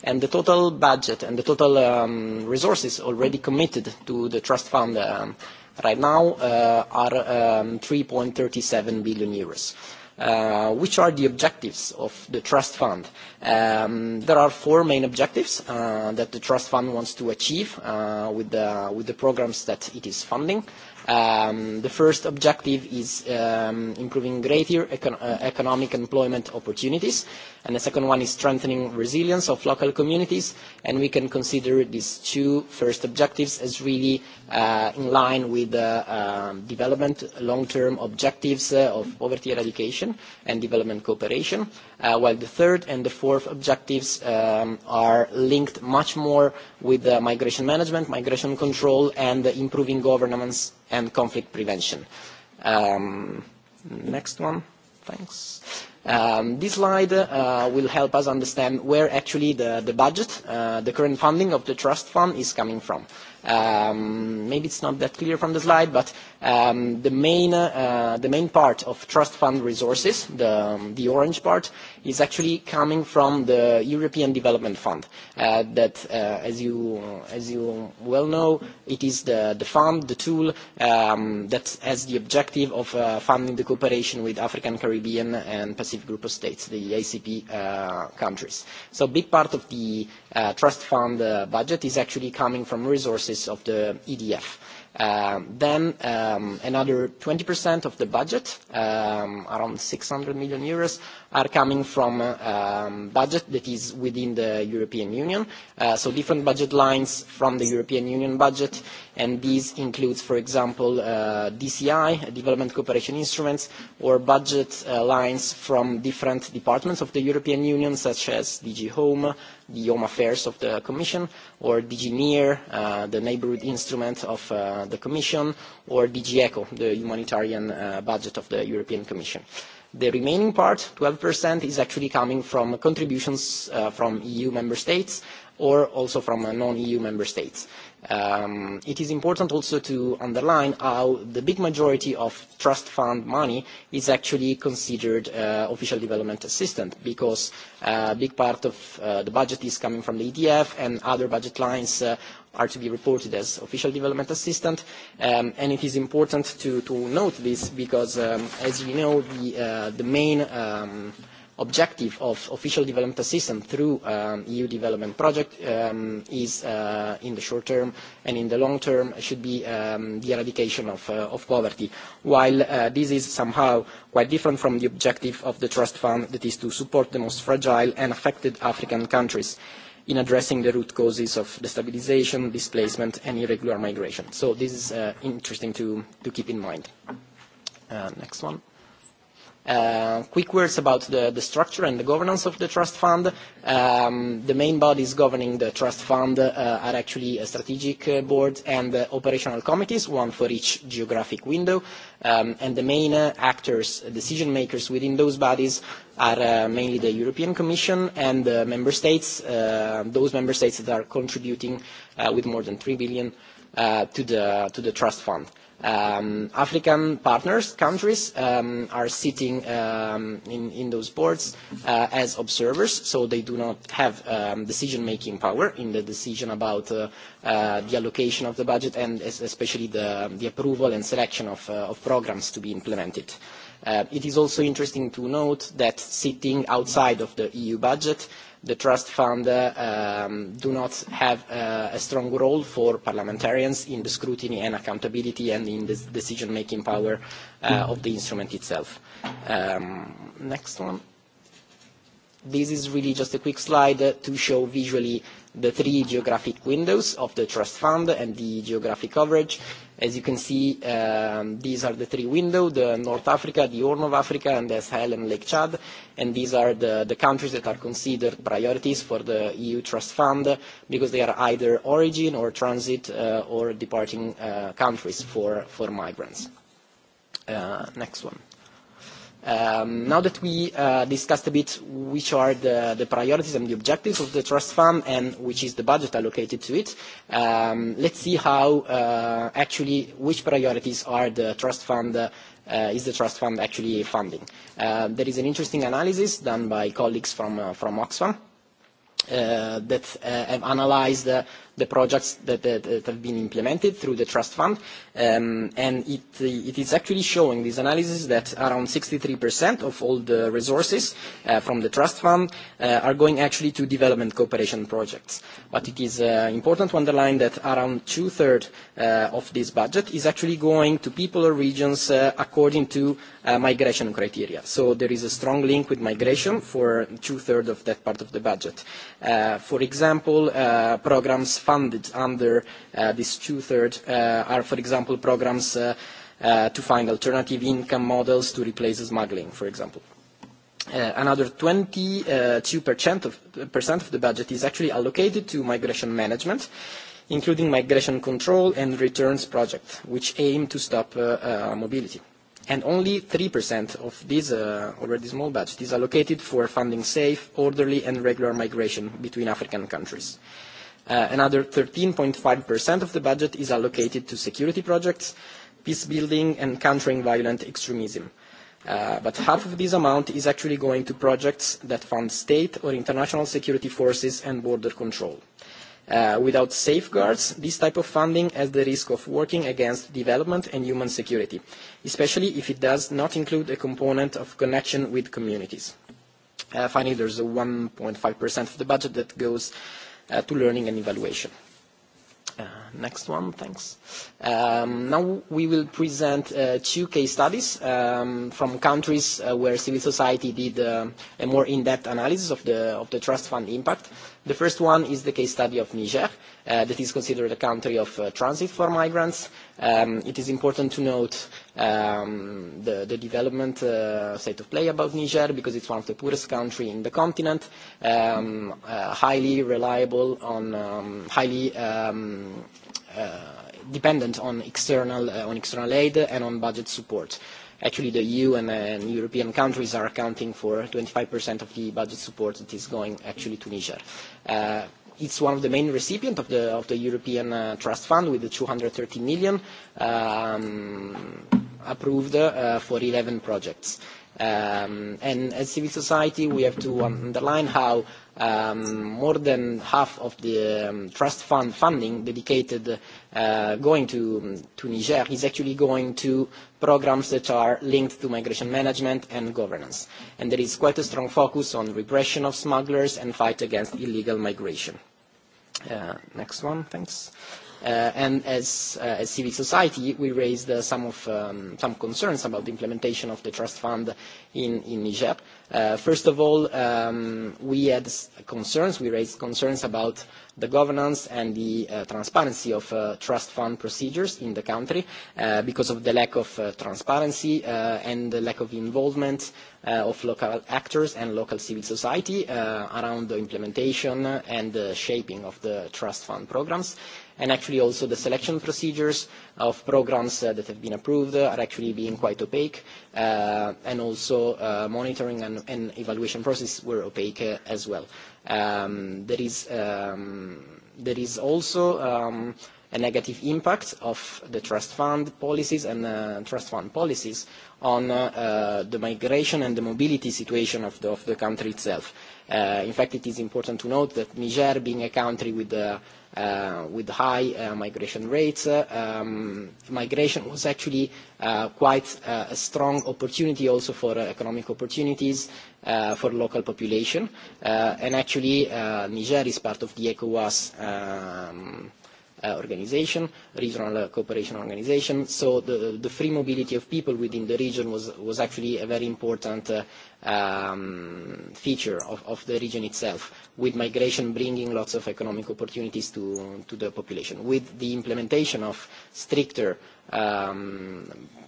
I: And the total budget and the total um, resources already committed to the Trust Fund um, right now uh, are um, 3.37 billion euros. Uh, Uh, which are the objectives of the trust fund? Um, there are four main objectives uh, that the trust fund wants to achieve uh, with, the, with the programs that it is funding. Um, the first objective is um, improving greater econ uh, economic employment opportunities. And the second one is strengthening resilience of local communities. And we can consider these two first objectives as really uh, in line with the uh, um, development long-term objectives uh, of poverty eradication and development cooperation, uh, while the third and the fourth objectives um, are linked much more with uh, migration management, migration control, and uh, improving governance and conflict prevention. Um, next one. Thanks. Um, this slide uh, will help us understand where actually the, the budget, uh, the current funding of the trust fund is coming from. Um, maybe it's not that clear from the slide, but um, the, main, uh, the main part of trust fund resources, the, um, the orange part, is actually coming from the European Development Fund. Uh, that, uh, as you uh, as you well know, it is the the fund, the tool um, that has the objective of uh, funding the cooperation with African, Caribbean, and Pacific Group of States, the ACP uh, countries. So, a big part of the uh, trust fund uh, budget is actually coming from resources of the EDF. Uh, um, then um, another 20% of the budget, um, around 600 million euros, are coming from um, budget that is within the European Union, uh, so different budget lines from the European Union budget, and these includes, for example, uh, DCI, Development Cooperation Instruments, or budget uh, lines from different departments of the European Union, such as DG Home, the Home Affairs of the Commission, or DG NEAR, uh, the neighborhood instrument of uh, the Commission, or DG ECHO, the humanitarian uh, budget of the European Commission. Uh, The remaining part, 12%, is actually coming from contributions uh, from EU member states or also from uh, non-EU member states. Um, it is important also to underline how the big majority of trust fund money is actually considered uh, official development assistance because a uh, big part of uh, the budget is coming from the EDF and other budget lines uh, are to be reported as official development assistant. Um, and it is important to, to note this because, um, as you know, the, uh, the main um, objective of official development assistance through um, EU development project um, is uh, in the short term and in the long term should be um, the eradication of, uh, of poverty, while uh, this is somehow quite different from the objective of the trust fund that is to support the most fragile and affected African countries. Uh, in addressing the root causes of destabilization, displacement, and irregular migration. So this is uh, interesting to, to keep in mind. Uh, next one. Uh, Uh, quick words about the, the structure and the governance of the trust fund. Um, the main bodies governing the trust fund uh, are actually a uh, strategic uh, board and uh, operational committees, one for each geographic window. Um, and the main uh, actors, decision makers within those bodies are uh, mainly the European Commission and the member states, uh, those member states that are contributing uh, with more than 3 billion uh, to, the, to the trust fund. Uh, Um, African partners, countries, um, are sitting um, in, in those boards uh, as observers, so they do not have um, decision-making power in the decision about uh, uh, the allocation of the budget and especially the, the approval and selection of, uh, of programs to be implemented. Uh, it is also interesting to note that sitting outside of the EU budget, uh, the trust fund uh, um, do not have uh, a strong role for parliamentarians in the scrutiny and accountability and in the decision-making power uh, of the instrument itself. Um, next one. This is really just a quick slide uh, to show visually uh, the three geographic windows of the trust fund and the geographic coverage. As you can see, um, these are the three windows, the North Africa, the Horn of Africa, and the Sahel and Lake Chad. And these are the, the countries that are considered priorities for the EU Trust Fund because they are either origin or transit uh, or departing uh, countries for, for migrants. Uh, next one. Um, now that we uh, discussed a bit which are the, the priorities and the objectives of the trust fund and which is the budget allocated to it, um, let's see how uh, actually which priorities are the trust fund uh, uh, is the trust fund actually funding. Uh, there is an interesting analysis done by colleagues from, uh, from Oxfam uh, that uh, have analyzed uh, the projects that, that, that have been implemented through the trust fund. Um, and it, it is actually showing this analysis that around 63% of all the resources uh, from the trust fund uh, are going actually to development cooperation projects. But it is uh, important to underline that around two-thirds uh, of this budget is actually going to people or regions uh, according to uh, migration criteria. So there is a strong link with migration for two-thirds of that part of the budget. Uh, for example, uh, programs funded under uh, this two-thirds uh, are, for example, programs uh, uh, to find alternative income models to replace smuggling, for example. Uh, another 22% uh, of, percent of the budget is actually allocated to migration management, including migration control and returns project, which aim to stop uh, uh, mobility. And only 3% of this uh, already small budget is allocated for funding safe, orderly, and regular migration between African countries. Uh, Uh, another 13.5% of the budget is allocated to security projects, peace building, and countering violent extremism. Uh, but half of this amount is actually going to projects that fund state or international security forces and border control. Uh, without safeguards, this type of funding has the risk of working against development and human security, especially if it does not include a component of connection with communities. Uh, finally, there's a 1.5% of the budget that goes uh, uh, to learning and evaluation. Uh, next one, thanks. Um, now we will present uh, two case studies um, from countries uh, where civil society did uh, a more in-depth analysis of the, of the trust fund impact. The first one is the case study of Niger, uh, that is considered a country of uh, transit for migrants. Um, it is important to note uh, um, the, the development uh, state of play about Niger because it's one of the poorest countries in the continent, um, uh, highly reliable on, um, highly um, uh, dependent on external, uh, on external aid and on budget support. Actually, the EU and, uh, and European countries are accounting for 25% of the budget support that is going actually to Niger. Uh, it's one of the main recipients of the, of the European uh, Trust Fund with the 230 million um, approved uh, for 11 projects. Um, and as civil society, we have to underline how um, more than half of the um, trust fund funding dedicated uh, going to, um, to Niger is actually going to programs that are linked to migration management and governance. And there is quite a strong focus on repression of smugglers and fight against illegal migration. Uh, next one, thanks. Uh, Uh, and as, uh, as civic society, we raised uh, some, of, um, some concerns about the implementation of the trust fund in, in Niger. Uh, first of all, um, we had concerns, we raised concerns about the governance and the uh, transparency of uh, trust fund procedures in the country uh, because of the lack of uh, transparency uh, and the lack of involvement uh, of local actors and local civil society uh, around the implementation and the shaping of the trust fund programs. Uh, and actually also the selection procedures of programs uh, that have been approved uh, are actually being quite opaque, uh, and also uh, monitoring and, and evaluation process were opaque uh, as well. Um, there, is, um, there is also um, a negative impact of the trust fund policies and uh, trust fund policies on uh, uh, the migration and the mobility situation of the, of the country itself. Uh, in fact, it is important to note that Niger, being a country with uh, uh, with high uh, migration rates. Uh, um, migration was actually uh, quite uh, a strong opportunity also for uh, economic opportunities uh, for local population. Uh, and actually, uh, Niger is part of the ECOWAS um, uh, uh, organization, regional uh, cooperation organization. So the, the free mobility of people within the region was, was actually a very important uh, um, feature of, of the region itself, with migration bringing lots of economic opportunities to, to the population. With the implementation of stricter uh, um,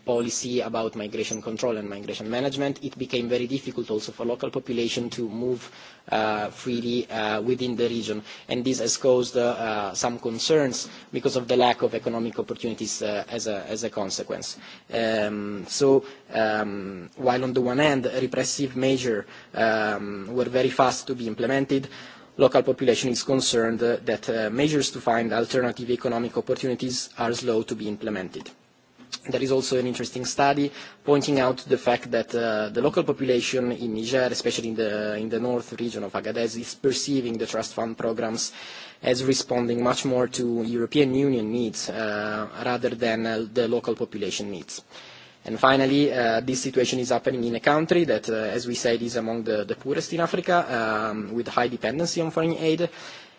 I: policy about migration control and migration management, it became very difficult also for local population to move uh, freely uh, within the region. And this has caused uh, uh, some concerns because of the lack of economic opportunities uh, as, a, as a consequence. Um, so um, while on the one hand, repressive measures um, were very fast to be implemented, local population is concerned, uh, that uh, measures to find alternative economic opportunities are slow to be implemented. There is also an interesting study pointing out the fact that uh, the local population in Niger, especially in the, in the north region of Agadez, is perceiving the trust fund programs as responding much more to European Union needs uh, rather than uh, the local population needs. Uh, And finally, uh, this situation is happening in a country that, uh, as we said, is among the, the poorest in Africa, um, with high dependency on foreign aid,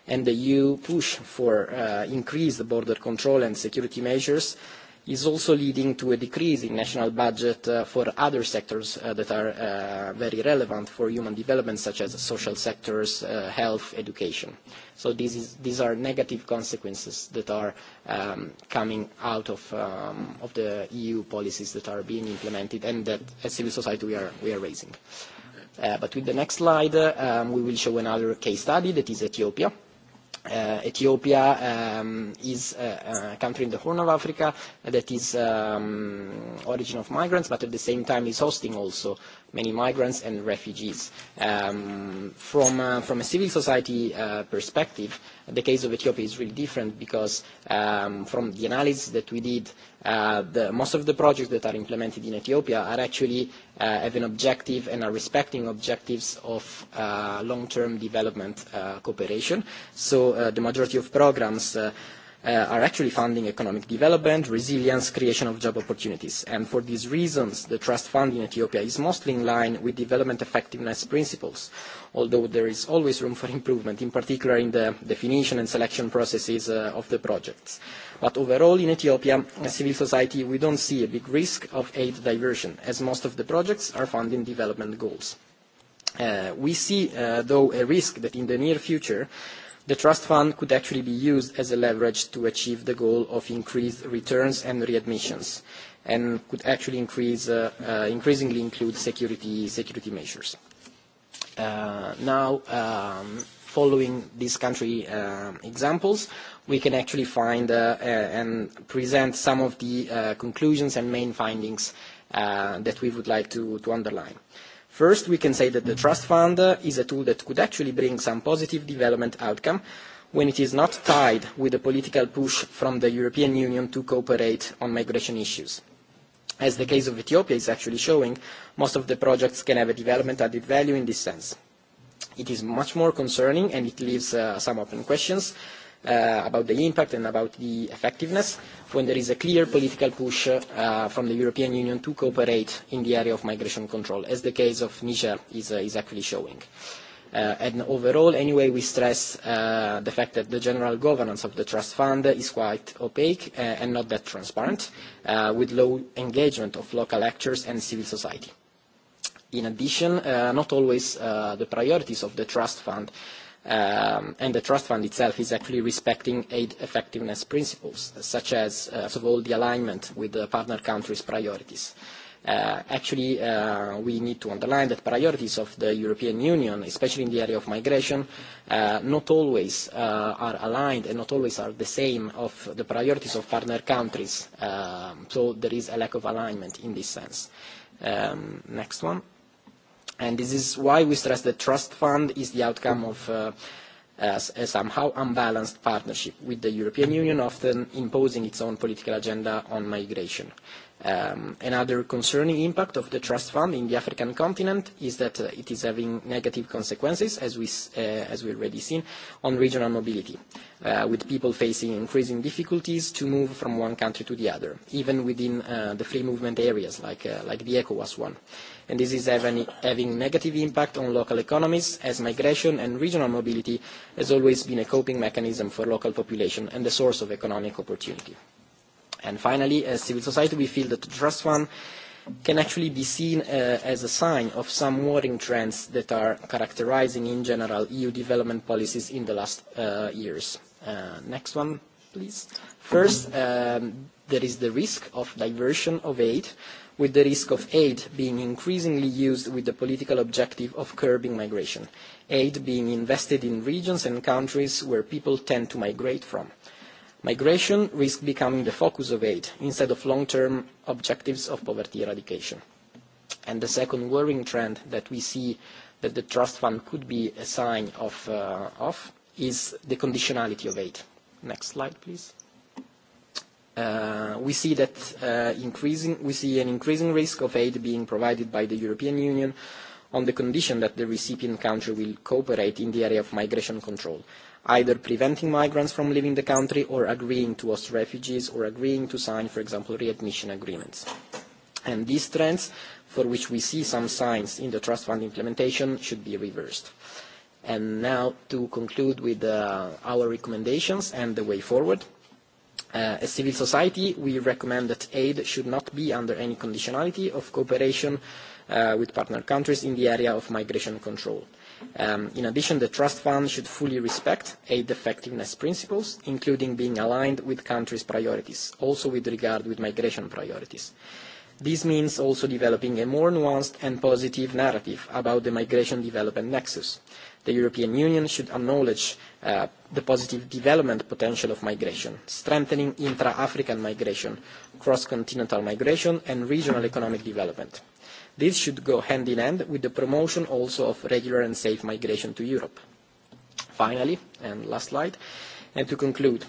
I: and the EU push for uh, increased border control and security measures uh, is also leading to a decrease in national budget uh, for other sectors uh, that are uh, very relevant for human development, such as social sectors, uh, health, education. So this is, these are negative consequences that are um, coming out of, um, of the EU policies that are being implemented and that, as civil society, we are, we are raising. Uh, but with the next slide, uh, um, we will show another case study that is Ethiopia. Uh, uh, Ethiopia um, is a, a country in the Horn of Africa that is um, origin of migrants, but at the same time is hosting also many migrants and refugees. Um, from, uh, from a civil society uh, perspective, the case of Ethiopia is really different because um, from the analysis that we did, uh, the, most of the projects that are implemented in Ethiopia are actually uh, have an objective and are respecting objectives of uh, long-term development uh, cooperation. So uh, the majority of programs uh, uh, are actually funding economic development, resilience, creation of job opportunities. And for these reasons, the trust fund in Ethiopia is mostly in line with development effectiveness principles, although there is always room for improvement, in particular in the definition and selection processes uh, of the projects. But overall, in Ethiopia, as civil society, we don't see a big risk of aid diversion, as most of the projects are funding development goals. Uh, we see, uh, though, a risk that in the near future, uh, The trust fund could actually be used as a leverage to achieve the goal of increased returns and readmissions, and could actually increase, uh, uh, increasingly include security, security measures. Uh, now, um, following these country uh, examples, we can actually find uh, uh, and present some of the uh, conclusions and main findings uh, that we would like to, to underline. Uh, First, we can say that the trust fund uh, is a tool that could actually bring some positive development outcome when it is not tied with a political push from the European Union to cooperate on migration issues. As the case of Ethiopia is actually showing, most of the projects can have a development added value in this sense. It is much more concerning and it leaves uh, some open questions uh, about the impact and about the effectiveness when there is a clear political push uh, from the European Union to cooperate in the area of migration control, as the case of Niger is, uh, is actually showing. Uh, and overall, anyway, we stress uh, the fact that the general governance of the trust fund is quite opaque uh, and not that transparent, uh, with low engagement of local actors and civil society. In addition, uh, not always uh, the priorities of the trust fund uh, um, and the trust fund itself is actually respecting aid effectiveness principles, such as, uh, first of all, the alignment with the partner countries' priorities. Uh, actually, uh, we need to underline that priorities of the European Union, especially in the area of migration, uh, not always uh, are aligned and not always are the same of the priorities of partner countries. Um, so there is a lack of alignment in this sense. Um, next one. And this is why we stress the trust fund is the outcome of uh, as a somehow unbalanced partnership with the European Union, often imposing its own political agenda on migration. Um, another concerning impact of the trust fund in the African continent is that uh, it is having negative consequences, as, we, uh, as we've already seen, on regional mobility, uh, with people facing increasing difficulties to move from one country to the other, even within uh, the free movement areas like, uh, like the ECOWAS one. Uh, and this is having, having negative impact on local economies as migration and regional mobility has always been a coping mechanism for local population and a source of economic opportunity. And finally, as civil society, we feel that the trust fund can actually be seen uh, as a sign of some worrying trends that are characterizing, in general, EU development policies in the last uh, years. Uh, next one, please. First, um, there is the risk of diversion of aid with the risk of aid being increasingly used with the political objective of curbing migration, aid being invested in regions and countries where people tend to migrate from. Migration risks becoming the focus of aid instead of long-term objectives of poverty eradication. And the second worrying trend that we see that the trust fund could be a sign of, uh, of is the conditionality of aid. Next slide, please. Uh, we see that uh, increasing, we see an increasing risk of aid being provided by the European Union on the condition that the recipient country will cooperate in the area of migration control, either preventing migrants from leaving the country or agreeing to host refugees or agreeing to sign, for example, readmission agreements. And these trends, for which we see some signs in the trust fund implementation, should be reversed. And now to conclude with uh, our recommendations and the way forward. Uh, Uh, as civil society, we recommend that aid should not be under any conditionality of cooperation uh, with partner countries in the area of migration control. Um, in addition, the Trust Fund should fully respect aid effectiveness principles, including being aligned with countries' priorities, also with regard with migration priorities. This means also developing a more nuanced and positive narrative about the migration development nexus, The European Union should acknowledge uh, the positive development potential of migration, strengthening intra-African migration, cross-continental migration, and regional economic development. This should go hand in hand with the promotion also of regular and safe migration to Europe. Finally, and last slide, and to conclude,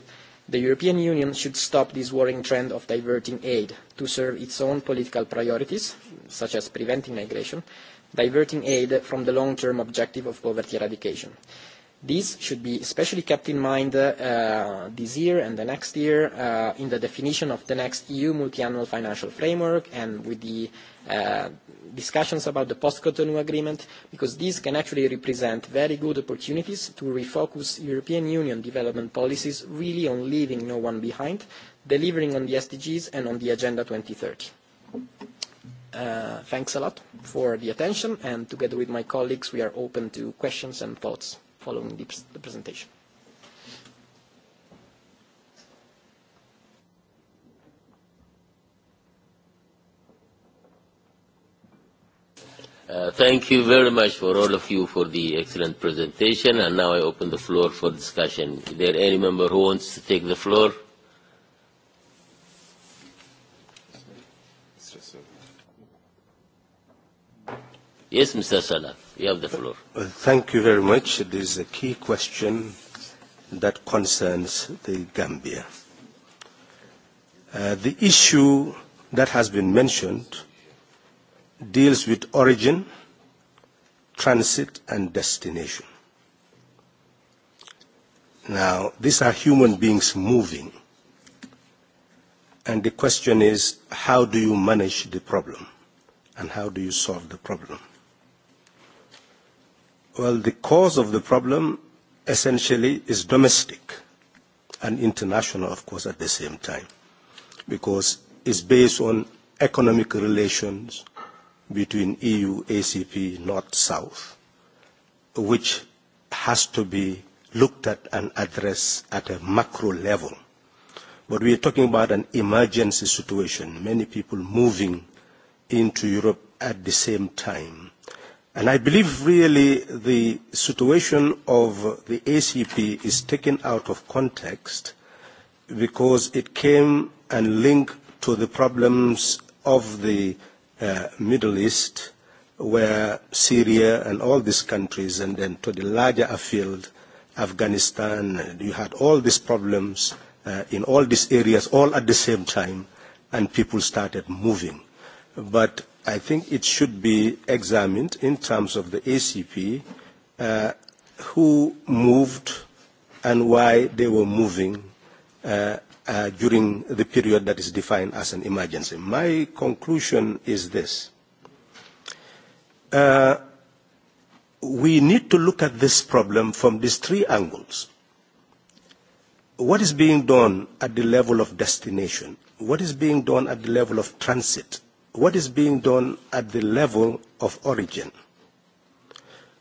I: the European Union should stop this worrying trend of diverting aid to serve its own political priorities, such as preventing migration, diverting aid from the long-term objective of poverty eradication. This should be especially kept in mind uh, this year and the next year uh, in the definition of the next EU multi-annual financial framework and with the uh, discussions about the post-Cotonou agreement, because these can actually represent very good opportunities to refocus European Union development policies really on leaving no one behind, delivering on the SDGs and on the Agenda 2030. Uh, thanks a lot for the attention, and together with my colleagues, we are open to questions and thoughts following the, the presentation.
B: Uh, thank you very much for all of you for the excellent presentation. And now I open the floor for discussion. Is there any member who wants to take the floor?
F: Yes, Mr. Salah, you have the floor. Thank you very much. This is a key question that concerns the Gambia. Uh, the issue that has been mentioned deals with origin, transit, and destination. Now, these are human beings moving. And the question is, how do you manage the problem? And how do you solve the problem? Well, the cause of the problem essentially is domestic and international, of course, at the same time, because it's based on economic relations between EU, ACP, North, South, which has to be looked at and addressed at a macro level. But we are talking about an emergency situation, many people moving into Europe at the same time And I believe really the situation of the ACP is taken out of context because it came and linked to the problems of the uh, Middle East where Syria and all these countries and then to the larger field, Afghanistan, you had all these problems uh, in all these areas all at the same time and people started moving. But I think it should be examined in terms of the ACP, uh, who moved and why they were moving uh, uh, during the period that is defined as an emergency. My conclusion is this. Uh, we need to look at this problem from these three angles. What is being done at the level of destination? What is being done at the level of transit? what is being done at the level of origin?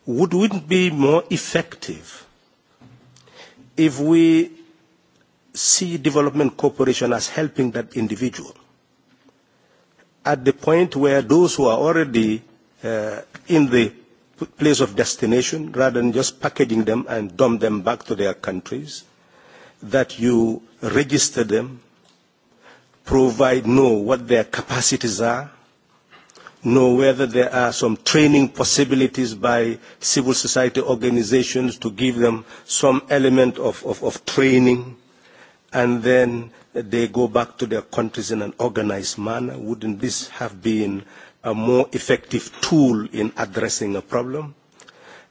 F: Would it be more effective if we see development cooperation as helping that individual at the point where those who are already uh, in the place of destination, rather than just packaging them and dump them back to their countries, that you register them, provide, know what their capacities are, know whether there are some training possibilities by civil society organizations to give them some element of, of, of training, and then they go back to their countries in an organized manner. Wouldn't this have been a more effective tool in addressing a problem?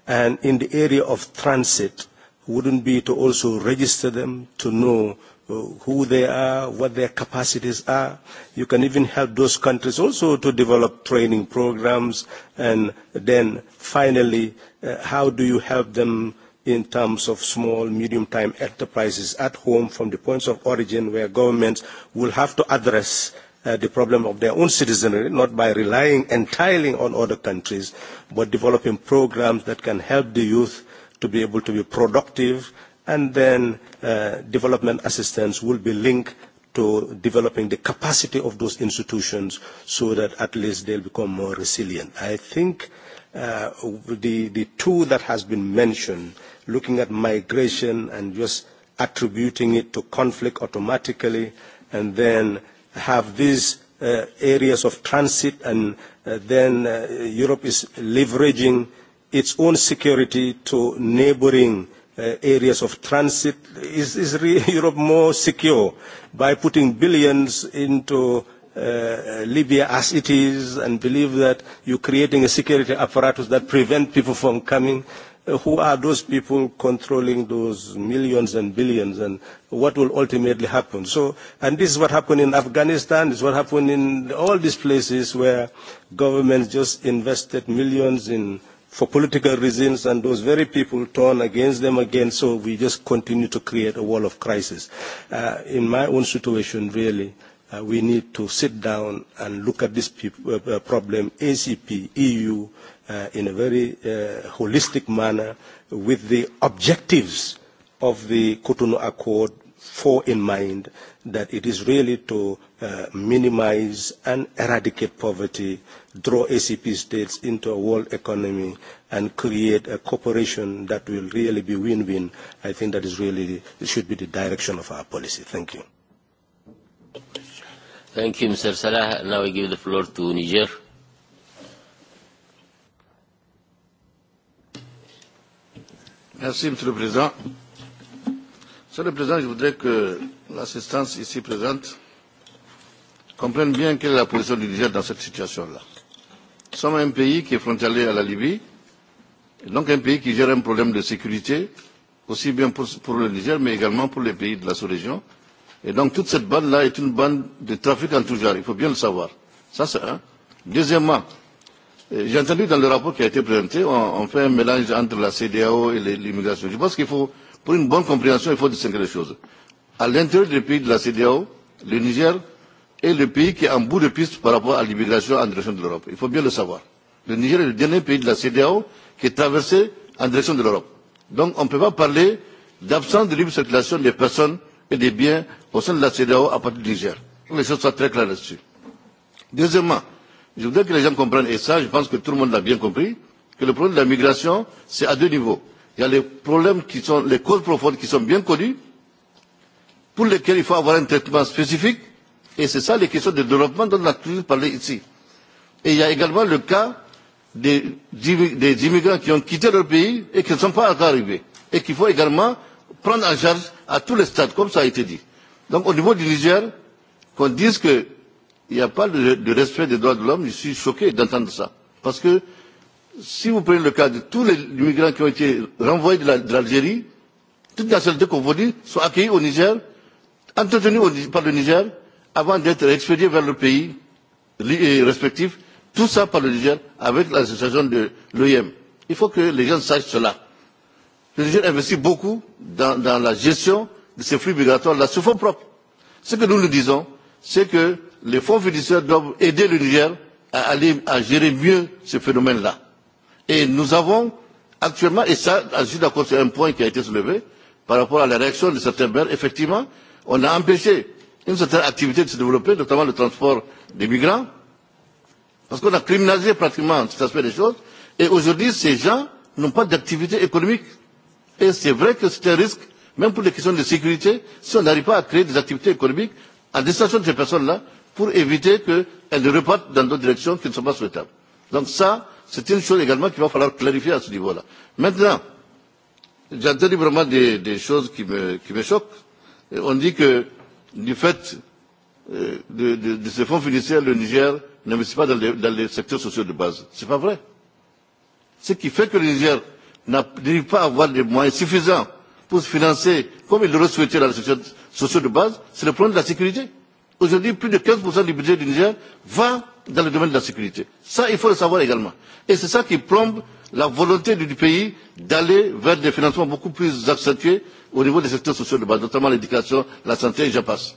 F: And in the area of transit, wouldn't be to also register them to know who they are, what their capacities are. You can even help those countries also to develop training programs. And then finally, uh, how do you help them in terms of small, medium-time enterprises at home from the points of origin where governments will have to address uh, the problem of their own citizenry, not by relying entirely on other countries, but developing programs that can help the youth to be able to be productive and then uh, development assistance will be linked to developing the capacity of those institutions so that at least they'll become more resilient. I think uh, the, the two that has been mentioned, looking at migration and just attributing it to conflict automatically, and then have these uh, areas of transit, and uh, then uh, Europe is leveraging its own security to neighboring uh, uh, areas of transit? Is, is re- Europe more secure by putting billions into uh, uh Libya as it is and believe that you're creating a security apparatus that prevent people from coming? Uh, who are those people controlling those millions and billions and what will ultimately happen? So, and this is what happened in Afghanistan, this is what happened in all these places where governments just invested millions in for political reasons and those very people turn against them again so we just continue to create a wall of crisis. Uh, in my own situation really uh, we need to sit down and look at this people, uh, uh, problem ACP, EU uh, in a very uh, holistic manner with the objectives of the Cotonou Accord for in mind that it is really to uh, minimize and eradicate poverty, draw ACP states into a world economy, and create a cooperation that will really be win-win, I think that is really should be the direction of our policy. Thank you.
B: Thank you, Mr. Salah. Now I give the floor to Niger. Merci, Monsieur le Président. Monsieur
J: le Président, je voudrais que l'assistance ici présente comprennent bien quelle est la position du Niger dans cette situation-là. Nous sommes un pays qui est frontalier à la Libye, et donc un pays qui gère un problème de sécurité, aussi bien pour, pour le Niger, mais également pour les pays de la sous-région. Et donc toute cette bande-là est une bande de trafic en tout genre, il faut bien le savoir. Ça, c'est un. Deuxièmement, euh, j'ai entendu dans le rapport qui a été présenté, on, on fait un mélange entre la CDAO et l'immigration. Je pense qu'il faut, pour une bonne compréhension, il faut distinguer les choses. À l'intérieur des pays de la CDAO, le Niger est le pays qui est en bout de piste par rapport à l'immigration en direction de l'Europe. Il faut bien le savoir. Le Niger est le dernier pays de la CDAO qui est traversé en direction de l'Europe. Donc on ne peut pas parler d'absence de libre circulation des personnes et des biens au sein de la CDAO à partir du Niger. Les choses soient très claires là-dessus. Deuxièmement, je voudrais que les gens comprennent, et ça je pense que tout le monde l'a bien compris, que le problème de la migration, c'est à deux niveaux. Il y a les problèmes qui sont les causes profondes qui sont bien connues, pour lesquelles il faut avoir un traitement spécifique, Et c'est ça les questions de développement dont la Tunisie parlait ici. Et il y a également le cas des, des immigrants qui ont quitté leur pays et qui ne sont pas encore arrivés. Et qu'il faut également prendre en charge à tous les stades, comme ça a été dit. Donc au niveau du Niger, qu'on dise qu'il n'y a pas de, de respect des droits de l'homme, je suis choqué d'entendre ça. Parce que si vous prenez le cas de tous les migrants qui ont été renvoyés de l'Algérie, la, toutes les nationalités qu'on vous dit sont accueillies au Niger, entretenues au, par le Niger, avant d'être expédiés vers le pays euh, respectif, tout ça par le Niger avec l'association de l'OIM. Il faut que les gens sachent cela. Le Niger investit beaucoup dans, dans la gestion de ces flux migratoires là sur fonds propres. Ce que nous nous disons, c'est que les fonds fiduciaires doivent aider le Niger à aller à gérer mieux ce phénomène là. Et nous avons actuellement, et ça, je suis d'accord sur un point qui a été soulevé, par rapport à la réaction de certains maires, effectivement, on a empêché une certaine activité de se développer, notamment le transport des migrants, parce qu'on a criminalisé pratiquement cet aspect des choses, et aujourd'hui, ces gens n'ont pas d'activité économique. Et c'est vrai que c'est un risque, même pour les questions de sécurité, si on n'arrive pas à créer des activités économiques à destination de ces personnes-là, pour éviter qu'elles ne repartent dans d'autres directions qui ne sont pas souhaitables. Donc ça, c'est une chose également qu'il va falloir clarifier à ce niveau-là. Maintenant, j'entends librement des, des choses qui me, qui me choquent. Et on dit que du fait euh, de, de, de ces fonds fiduciaires, le Niger n'investit pas dans les, dans les secteurs sociaux de base. Ce n'est pas vrai. Ce qui fait que le Niger n'arrive pas à avoir les moyens suffisants pour se financer comme il l'aurait souhaité dans les secteurs sociaux de base, c'est le problème de la sécurité. Aujourd'hui, plus de 15% du budget du Niger va dans le domaine de la sécurité. Ça, il faut le savoir également. Et c'est ça qui plombe euh, la volonté du pays d'aller vers des financements beaucoup plus accentués au niveau des secteurs sociaux de base, notamment l'éducation, la santé et j'en passe.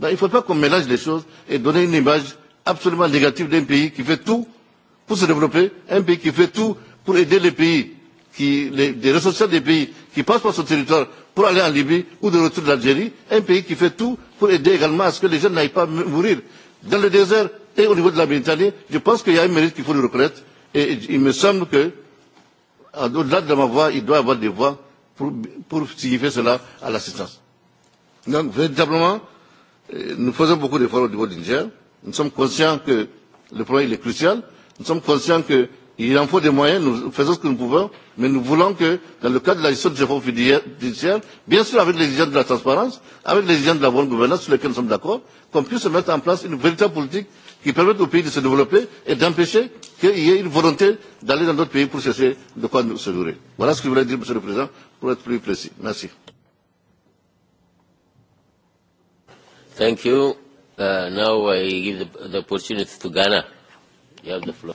J: Ben, il ne faut pas qu'on mélange les choses et donner une image absolument négative d'un pays qui fait tout pour se développer, un pays qui fait tout pour aider les pays, qui, les, les ressources des pays qui passent par son territoire pour aller en Libye ou de retour d'Algérie, un pays qui fait tout pour aider également à ce que les jeunes n'aillent pas mourir dans le désert et au niveau de la Méditerranée. Je pense qu'il y a un mérite qu'il faut le reconnaître et il me semble que au-delà de ma voix, il doit y avoir des voix pour, pour signifier cela à l'assistance. Donc, véritablement, euh, nous faisons beaucoup d'efforts au niveau du Niger. Nous sommes conscients que le problème il est crucial. Nous sommes conscients qu'il en faut des moyens. Nous faisons ce que nous pouvons, mais nous voulons que, dans le cadre de la gestion des efforts judiciaires, bien sûr avec l'exigence de la transparence, avec l'exigence de la bonne gouvernance sur lesquelles nous sommes d'accord, qu'on puisse mettre en place une véritable politique qui permettent au pays de se développer et d'empêcher qu'il y ait une volonté d'aller dans d'autres pays pour chercher de quoi se nourrir. Voilà ce que je voulais dire, Monsieur le Président, pour être plus précis. Merci.
B: Thank you. Uh, now I give the, the opportunity
K: to Ghana. You have the floor.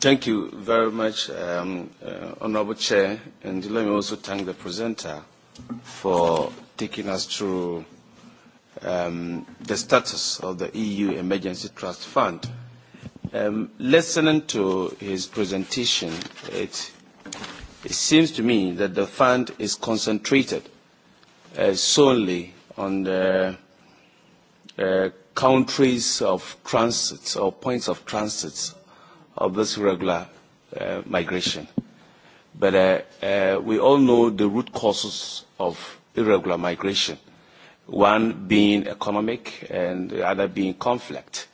K: Thank you very much, um, uh, Honorable Chair, and let me also thank the presenter for taking us through um, the status of the EU Emergency Trust Fund. Um, listening to his presentation, it, it seems to me that the fund is concentrated uh, solely on the uh, countries of transit or points of transit of this irregular uh, migration. But uh, uh, we all know the root causes of irregular migration. Uh, one being economic and the other being conflict.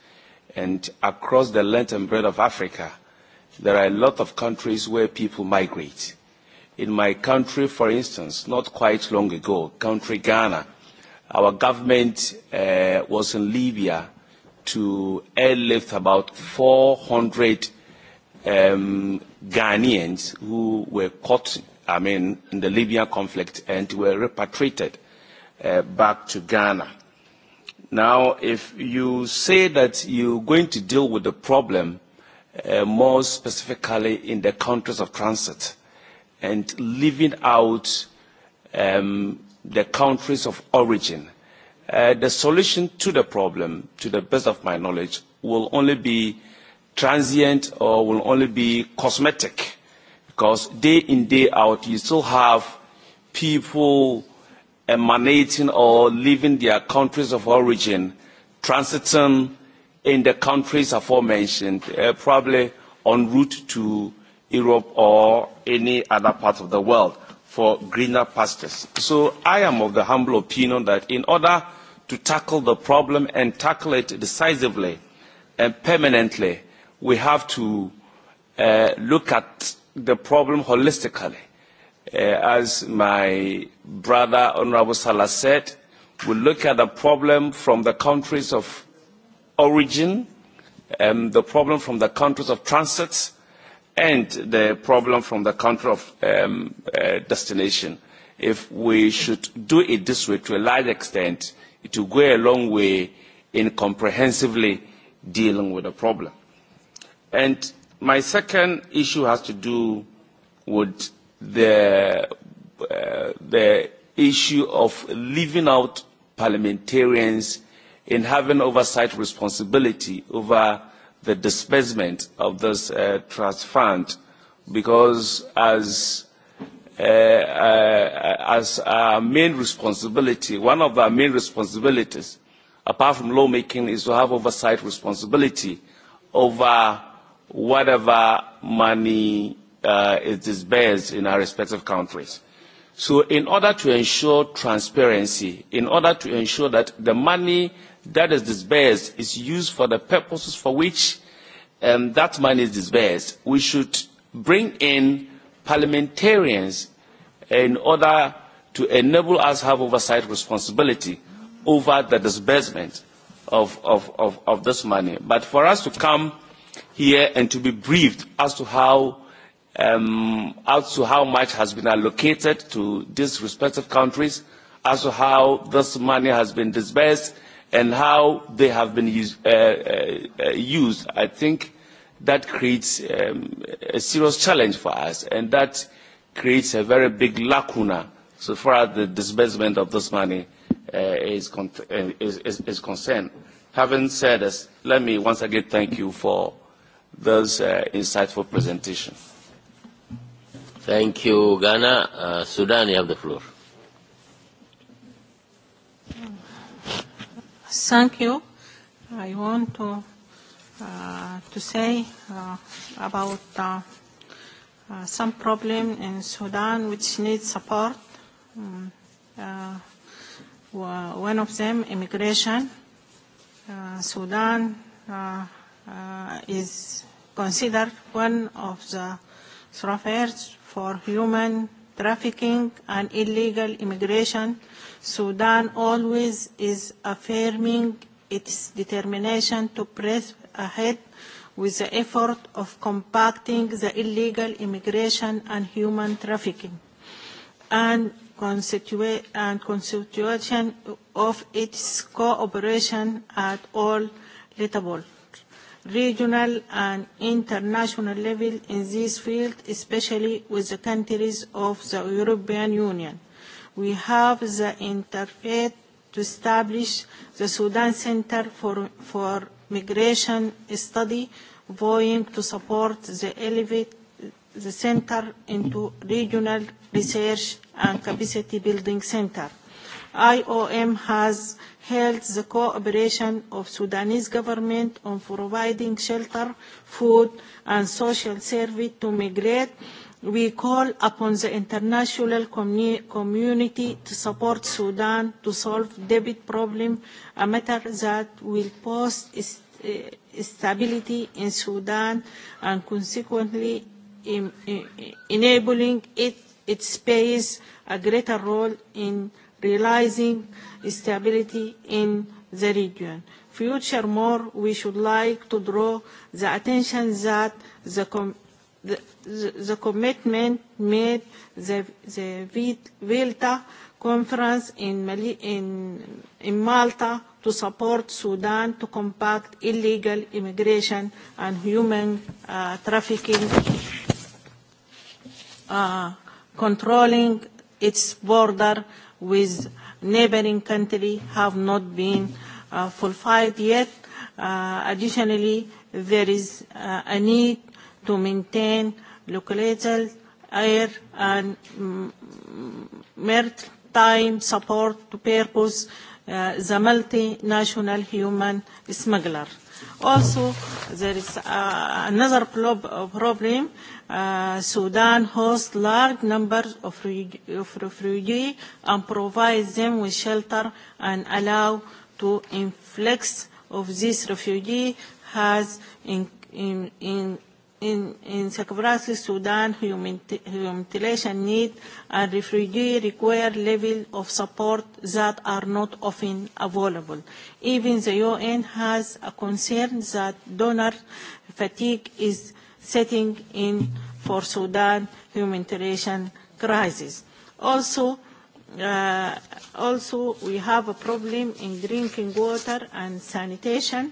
K: And across the length and breadth of Africa, there are a lot of countries where people migrate. In my country, for instance, not quite long ago, country Ghana, our government uh, was in Libya to airlift about 400 um, Ghanaians who were caught, I mean, in the Libyan conflict and were repatriated uh, back to Ghana. Now, if you say that you're going to deal with the problem uh, more specifically in the countries of transit and leaving out um, the countries of origin, uh, the solution to the problem, to the best of my knowledge, will only be transient or will only be cosmetic because day in, day out, you still have people emanating or leaving their countries of origin, transiting in the countries aforementioned, uh, probably en route to Europe or any other part of the world for greener pastures. So I am of the humble opinion that in order to tackle the problem and tackle it decisively and permanently, we have to uh, look at the problem holistically uh, as my brother Honorable Salah said, we look at the problem from the countries of origin, um, the problem from the countries of transit, and the problem from the country of um, uh, destination. If we should do it this way to a large extent, it will go a long way in comprehensively dealing with the problem. And my second issue has to do with the, uh, the issue of leaving out parliamentarians in having oversight responsibility over the disbursement of this uh, trust fund because as uh, uh, as our main responsibility, one of our main responsibilities, apart from lawmaking, is to have oversight responsibility over whatever money uh, it is based in our respective countries. So in order to ensure transparency, in order to ensure that the money that is disbursed is used for the purposes for which um, that money is disbursed, we should bring in parliamentarians in order to enable us to have oversight responsibility over the disbursement of, of, of, of this money. But for us to come here and to be briefed as to how um, as to how much has been allocated to these respective countries, as to how this money has been disbursed, and how they have been use, uh, uh, uh, used. I think that creates um, a serious challenge for us, and that creates a very big lacuna so far as the disbursement of this money uh, is, con- uh, is, is, is concerned. Having said this, let me once again thank you for this uh, insightful presentation. Mm-hmm.
B: Thank you, Ghana. Uh, Sudan, you have the floor.
L: Thank you. I want to uh, to say uh, about uh, uh, some problem in Sudan which needs support. Um, uh, one of them, immigration. Uh, Sudan uh, uh, is considered one of the thoroughfares for human trafficking and illegal immigration, Sudan always is affirming its determination to press ahead with the effort of compacting the illegal immigration and human trafficking and, constitua and constitution of its cooperation at all levels regional and international level in this field, especially with the countries of the European Union. We have the interfaith to establish the Sudan Center for, for Migration Study, going to support the elevate the center into regional research and capacity building center. IOM has held the cooperation of Sudanese government on providing shelter, food, and social service to migrate. We call upon the international communi community to support Sudan to solve debit problem, a matter that will pose eh, stability in Sudan and consequently in, in, enabling it, its space a greater role in realizing stability in the region. Furthermore, we should like to draw the attention that the, com the, the, the commitment made the, the Vilta conference in, Mali in, in Malta to support Sudan to combat illegal immigration and human uh, trafficking, uh, controlling its border with neighboring country have not been uh, fulfilled yet. Uh, additionally, there is uh, a need to maintain local air and mm, maritime support to purpose uh, uh, the multinational human smuggler. Also, there is uh, another prob problem. Uh, Sudan hosts large numbers of, of refugees and provides them with shelter and allow to influx of these refugees has in, in, in in, in Sakabras, Sudan, humanitarian need and refugee require level of support that are not often available. Even the UN has a concern that donor fatigue is setting in for Sudan humanitarian crisis. Also, uh, also we have a problem in drinking water and sanitation.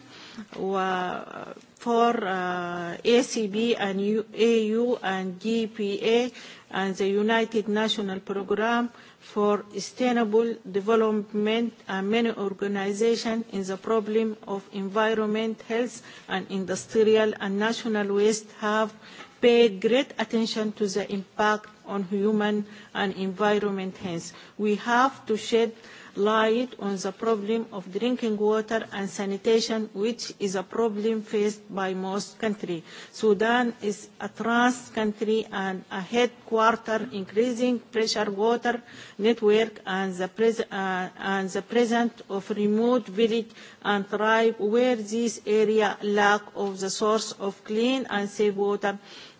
L: Uh, for uh, ACB and U, AU and GPA and the United Nations Programme for Sustainable Development and many organizations in the problem of environment, health, and industrial and national waste have paid great attention to the impact on human and environment. Hence, we have to shed uh, light on the problem of drinking water and sanitation, which is a problem faced by most countries. Sudan is a trans country and a headquarter increasing pressure water network and the, pres uh, and the presence of remote village and tribe where this area lack of the source of clean and safe water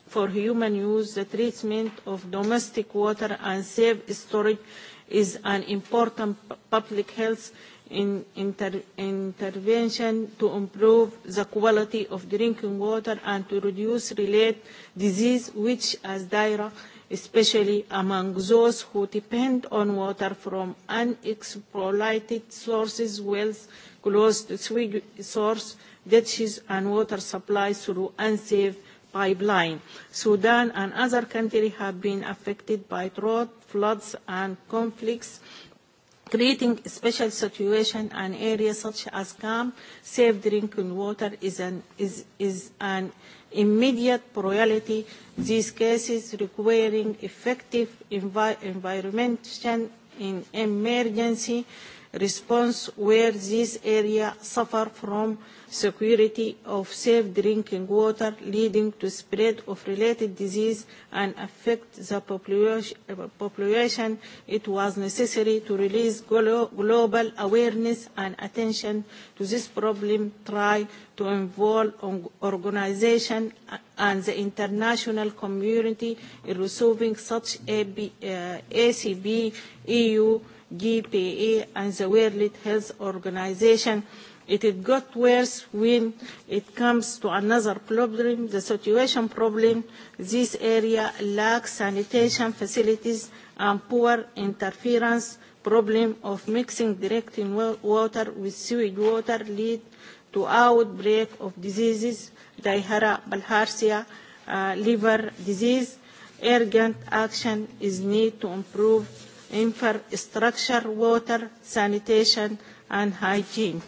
L: for human use, the treatment of domestic water and safe storage is an important public health in inter intervention to improve the quality of drinking water and to reduce related disease which as diarrhea especially among those who depend on water from unexploited sources, wells, closed source, ditches and water supplies through unsafe pipeline. Sudan and other countries have been affected by drought floods and conflicts, creating special situation and areas such as camp, safe drinking water is an, is, is an immediate priority. These cases requiring effective envi environmental in emergency response where this area suffer from uh, security of safe drinking water leading to spread of related disease and affect the population, it was necessary to release global awareness and attention to this problem, try to involve organization and the international community in resolving such AB, uh, ACB, EU, GPA, and the World Health Organization. Uh, It, it got worse when it comes to another problem, the situation problem. This area lacks sanitation facilities and poor interference problem of mixing direct in water with sewage water lead to outbreak of diseases, dihara, balharsia, uh, liver disease. Urgent action is need to improve infrastructure, water, sanitation, and hygiene.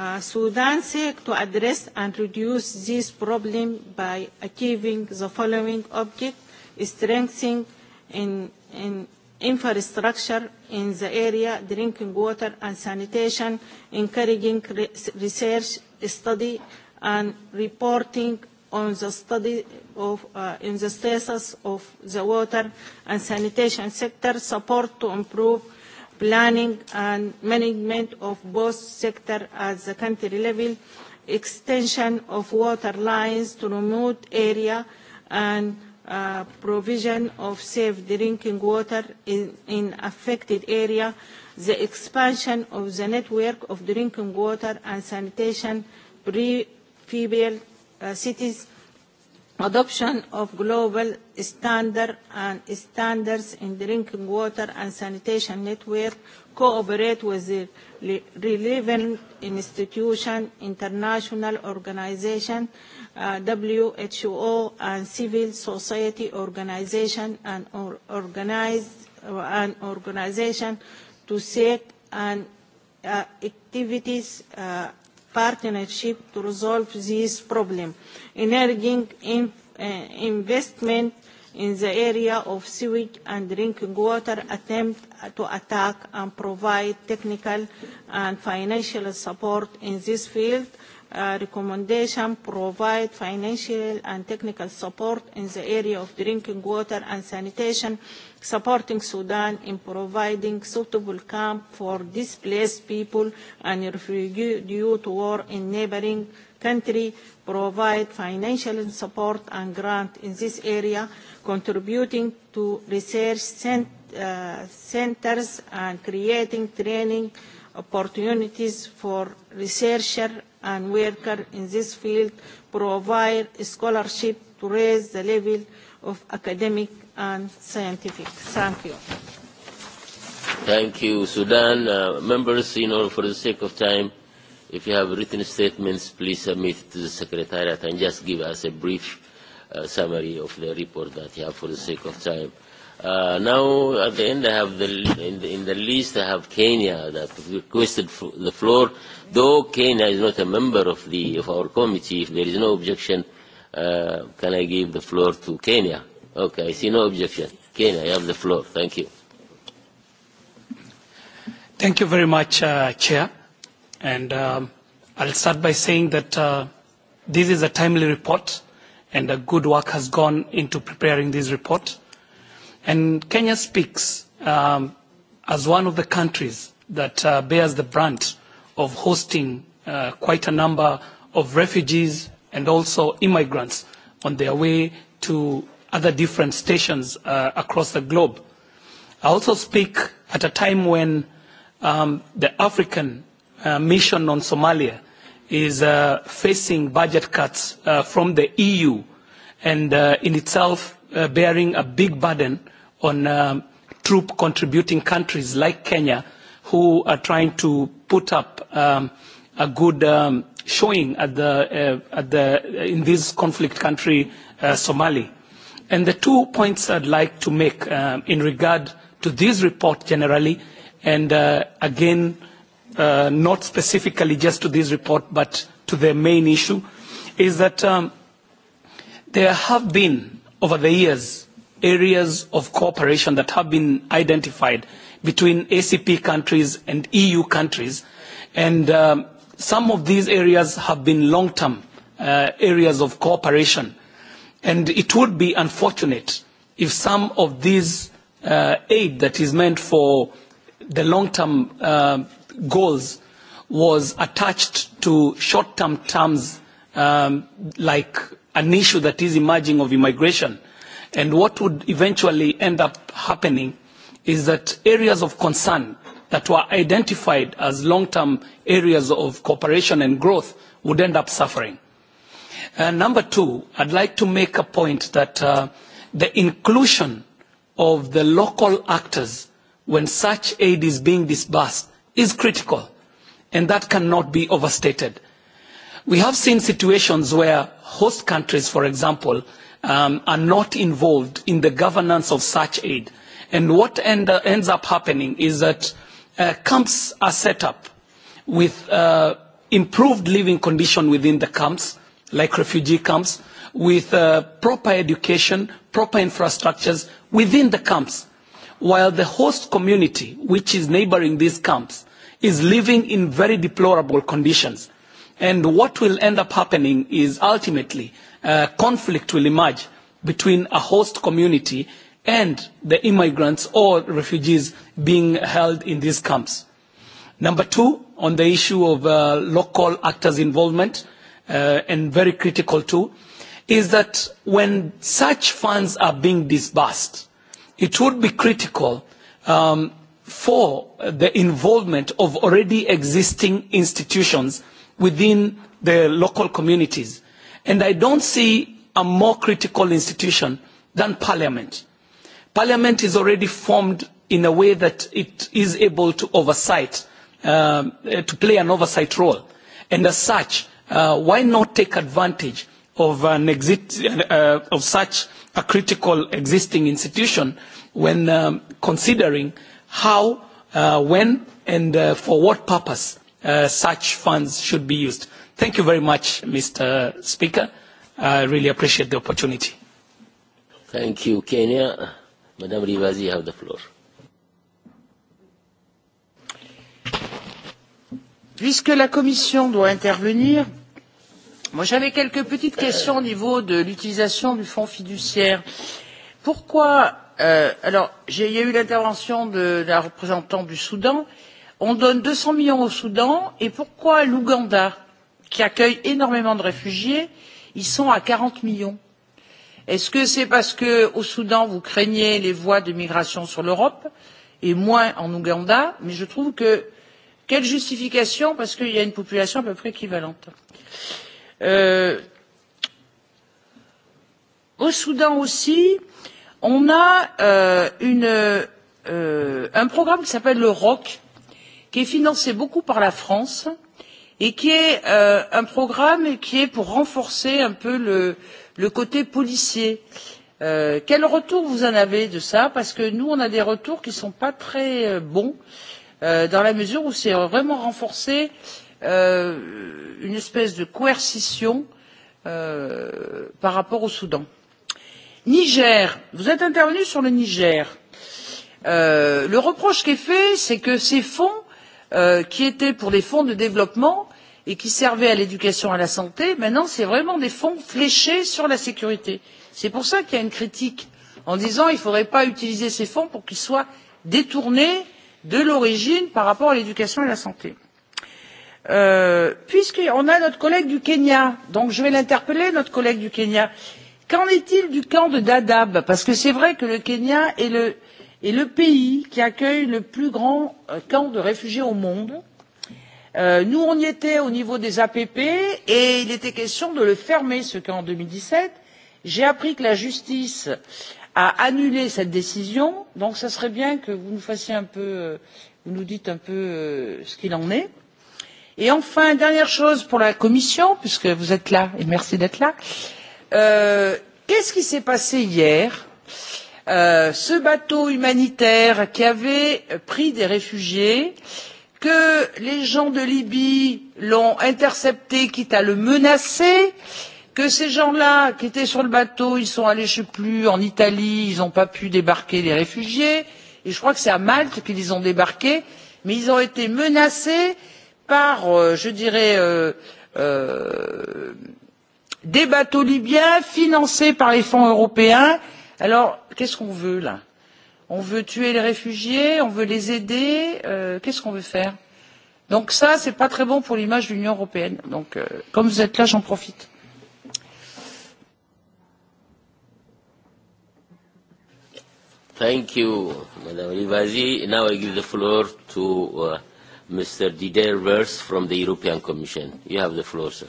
L: uh, Sudan seek to address and reduce this problem by achieving the following object, strengthening in, in infrastructure in the area, drinking water and sanitation, encouraging re research, study and reporting on the study of uh, in the status of the water and sanitation sector, support to improve planning and management of both sector at the country level, extension of water lines to remote area and uh, provision of safe drinking water in, in affected area, the expansion of the network of drinking water and sanitation pre-feeble uh, cities adoption of global standard and standards in drinking water and sanitation network cooperate with the relevant institution, international organization, uh, WHO and civil society organization and or organized uh, an organization to seek and uh, activities uh, partnership to resolve this problem. Uh, encouraging in, uh, investment in the area of sewage and drinking water attempt to attack and provide technical and financial support in this field. Uh, recommendation provide financial and technical support in the area of drinking water and sanitation, supporting Sudan in providing suitable camp for displaced people and refugees due to war in neighboring uh, country, provide financial support and grant in this area, contributing to research cent uh, centers and creating training opportunities for researchers and workers in this field, provide scholarship to raise the level of academic and scientific. Thank you.
B: Thank you, Sudan. Uh, members, you know, for the sake of time, If you have written statements, please submit it to the Secretariat and just give us a brief uh, summary of the report that you have for the sake of time. Uh, now, at the end, I have the, in, the, in the list, I have Kenya that requested f- the floor. Though Kenya is not a member of, the, of our committee, if there is no objection, uh, can I give the floor to Kenya? Okay, I see no objection. Kenya, you have the floor. Thank you.
M: Thank you very much, uh, Chair. And um, I'll start by saying that uh, this is a timely report and a good work has gone into preparing this report. And Kenya speaks um, as one of the countries that uh, bears the brunt of hosting uh, quite a number of refugees and also immigrants on their way to other different stations uh, across the globe. I also speak at a time when um, the African uh, mission on Somalia is uh, facing budget cuts uh, from the EU and uh, in itself uh, bearing a big burden on um, troop contributing countries like Kenya who are trying to put up um, a good um, showing at the, uh, at the, uh, in this conflict country, uh, Somali. And the two points I'd like to make um, in regard to this report generally, and uh, again uh, not specifically just to this report, but to the main issue, is that um, there have been, over the years, areas of cooperation that have been identified between ACP countries and EU countries. And um, some of these areas have been long-term uh, areas of cooperation. And it would be unfortunate if some of these uh, aid that is meant for the long-term uh, goals was attached to short-term terms um, like an issue that is emerging of immigration. And what would eventually end up happening is that areas of concern that were identified as long-term areas of cooperation and growth would end up suffering. Uh, number two, I'd like to make a point that uh, the inclusion of the local actors when such aid is being disbursed is critical, and that cannot be overstated. We have seen situations where host countries, for example, um, are not involved in the governance of such aid. And what end, uh, ends up happening is that uh, camps are set up with uh, improved living condition within the camps, like refugee camps, with uh, proper education, proper infrastructures within the camps, while the host community, which is neighboring these camps, is living in very deplorable conditions. And what will end up happening is ultimately uh, conflict will emerge between a host community and the immigrants or refugees being held in these camps. Number two, on the issue of uh, local actors' involvement, uh, and very critical too, is that when such funds are being disbursed, it would be critical um, for the involvement of already existing institutions within the local communities. And I don't see a more critical institution than Parliament. Parliament is already formed in a way that it is able to oversight, um, uh, to play an oversight role. And as such, uh, why not take advantage of, an exit, uh, of such a critical existing institution when um, considering uh, how, uh, when, and uh, for what purpose uh, such funds should be used. Thank you very much, Mr. Speaker. I really appreciate the opportunity.
B: Thank you, Kenya. Madam Rivazi, you have the floor.
A: Puisque la Commission doit intervenir, j'avais quelques petites questions au niveau de l'utilisation du fonds fiduciaire. Pourquoi Euh, alors, il y a eu l'intervention de, de la représentante du Soudan. On donne 200 millions au Soudan, et pourquoi l'Ouganda, qui accueille énormément de réfugiés, ils sont à 40 millions Est-ce que c'est parce qu'au Soudan, vous craignez les voies de migration sur l'Europe et moins en Ouganda Mais je trouve que quelle justification parce qu'il y a une population à peu près équivalente. Euh, au Soudan aussi, euh, on a euh, une, euh, un programme qui s'appelle le ROC, qui est financé beaucoup par la France et qui est euh, un programme qui est pour renforcer un peu le, le côté policier. Euh, quel retour vous en avez de ça Parce que nous, on a des retours qui ne sont pas très euh, bons, euh, dans la mesure où c'est vraiment renforcé euh, une espèce de coercition euh, par rapport au Soudan. Niger, vous êtes intervenu sur le Niger. Euh, le reproche qui est fait, c'est que ces fonds, euh, qui étaient pour des fonds de développement et qui servaient à l'éducation et à la santé, maintenant c'est vraiment des fonds fléchés sur la sécurité. C'est pour ça qu'il y a une critique en disant qu'il ne faudrait pas utiliser ces fonds pour qu'ils soient détournés de l'origine par rapport à l'éducation et à la santé. Euh, puisqu'on a notre collègue du Kenya, donc je vais l'interpeller, notre collègue du Kenya. Euh, Qu'en est-il du camp de Dadaab Parce que c'est vrai que le Kenya est le, est le pays qui accueille le plus grand euh, camp de réfugiés au monde. Euh, nous, on y était au niveau des APP et il était question de le fermer, ce camp, en 2017. J'ai appris que la justice a annulé cette décision, donc ce serait bien que vous nous fassiez un peu, euh, vous nous dites un peu euh, ce qu'il en est. Et enfin, dernière chose pour la Commission, puisque vous êtes là et merci d'être là. Euh, Euh, Qu'est-ce qui s'est passé hier euh, Ce bateau humanitaire qui avait pris des réfugiés, que les gens de Libye l'ont intercepté, quitte à le menacer, que ces gens-là qui étaient sur le bateau, ils sont allés, je ne sais plus, en Italie, ils n'ont pas pu débarquer les réfugiés, et je crois que c'est à Malte qu'ils ont débarqué, mais ils ont été menacés par, euh, je dirais, euh, euh, des bateaux libyens financés par les fonds européens. alors qu'est ce qu'on veut là? on veut tuer les réfugiés on veut les aider euh, qu'est ce qu'on veut faire? donc ça c'est pas très bon pour l'image de l'union européenne. donc euh, comme vous êtes là j'en profite.
B: Thank you, Madam Rivasi. Now I give the floor to uh, Mr. Didier Vers from the European Commission. You have the floor, sir.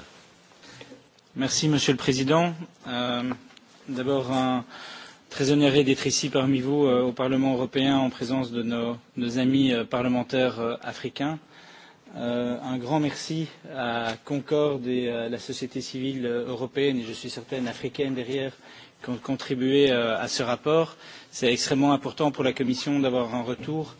N: Merci, Monsieur le Président. Euh, D'abord, un très honoré d'être ici parmi vous euh, au Parlement européen en présence de nos, nos amis euh, parlementaires euh, africains. Euh, un grand merci à Concorde et à la société civile euh, européenne, et je suis certaine africaine derrière, qui ont contribué euh, à ce rapport. C'est extrêmement important pour la Commission d'avoir un retour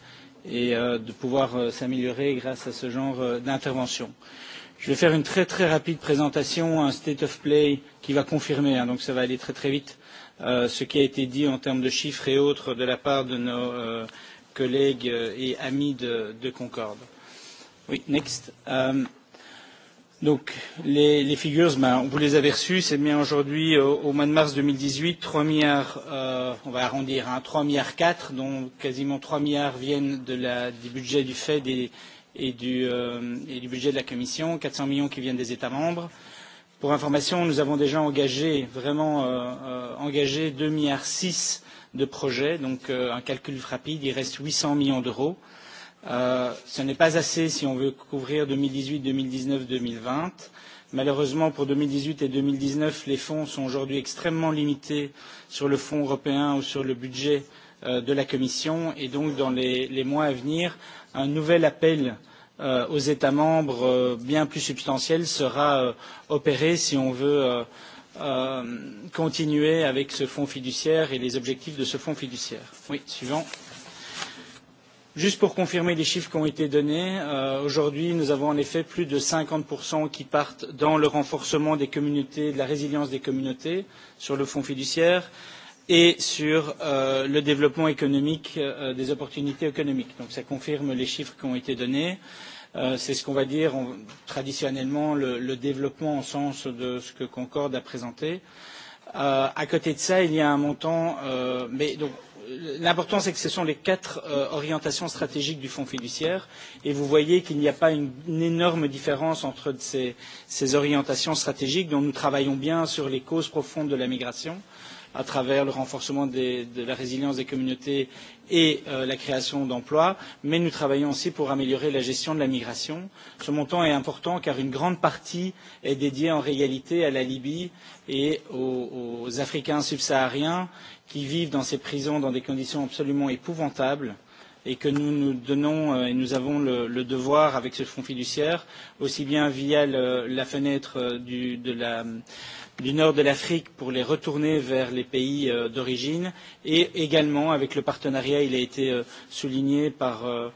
N: et euh, de pouvoir euh, s'améliorer grâce à ce genre euh, d'intervention. Euh, Je vais faire une très très rapide présentation, un state of play qui va confirmer, hein, donc ça va aller très très vite, euh, ce qui a été dit en termes de chiffres et autres de la part de nos euh, collègues euh, et amis de, de Concorde. Oui, next. Euh, donc les, les figures, ben, vous les avez reçues, c'est bien aujourd'hui au, au mois de mars 2018, 3 milliards, euh, on va arrondir, hein, 3 milliards 4, dont quasiment 3 milliards viennent de la, du budget du Fed et et du, euh, et du budget de la Commission, 400 millions qui viennent des États membres. Pour information, nous avons déjà engagé, vraiment euh, euh, engagé 2,6 milliards de projets, donc euh, un calcul rapide, il reste 800 millions d'euros. Euh, ce n'est pas assez si on veut couvrir 2018, 2019, 2020. Malheureusement, pour 2018 et 2019, les fonds sont aujourd'hui extrêmement limités sur le Fonds européen ou sur le budget euh, de la Commission. Et donc, dans les, les mois à venir, un nouvel appel euh, aux États membres euh, bien plus substantiel sera euh, opéré si on veut euh, euh, continuer avec ce fonds fiduciaire et les objectifs de ce fonds fiduciaire. Oui, suivant. Juste pour confirmer les chiffres qui ont été donnés, euh, aujourd'hui nous avons en effet plus de 50% qui partent dans le renforcement des communautés, de la résilience des communautés sur le fonds fiduciaire. Euh, et sur euh, le développement économique, euh, des opportunités économiques. Donc ça confirme les chiffres qui ont été donnés. Euh, C'est ce qu'on va dire on, traditionnellement le, le développement en sens de ce que Concorde a présenté. Euh, à côté de ça, il y a un montant, euh, mais donc l'important c'est que ce sont les quatre euh, orientations stratégiques du fonds fiduciaire et vous voyez qu'il n'y a pas une, une énorme différence entre ces, ces orientations stratégiques dont nous travaillons bien sur les causes profondes de la migration. Euh, à travers le renforcement des, de la résilience des communautés et euh, la création d'emplois, mais nous travaillons aussi pour améliorer la gestion de la migration. Ce montant est important car une grande partie est dédiée en réalité à la Libye et aux, aux Africains subsahariens qui vivent dans ces prisons dans des conditions absolument épouvantables et que nous nous donnons euh, et nous avons le, le devoir avec ce fonds fiduciaire, aussi bien via le, la fenêtre euh, du, de la euh, du nord de l'Afrique pour les retourner vers les pays euh, d'origine et également avec le partenariat, il a été euh, souligné par euh,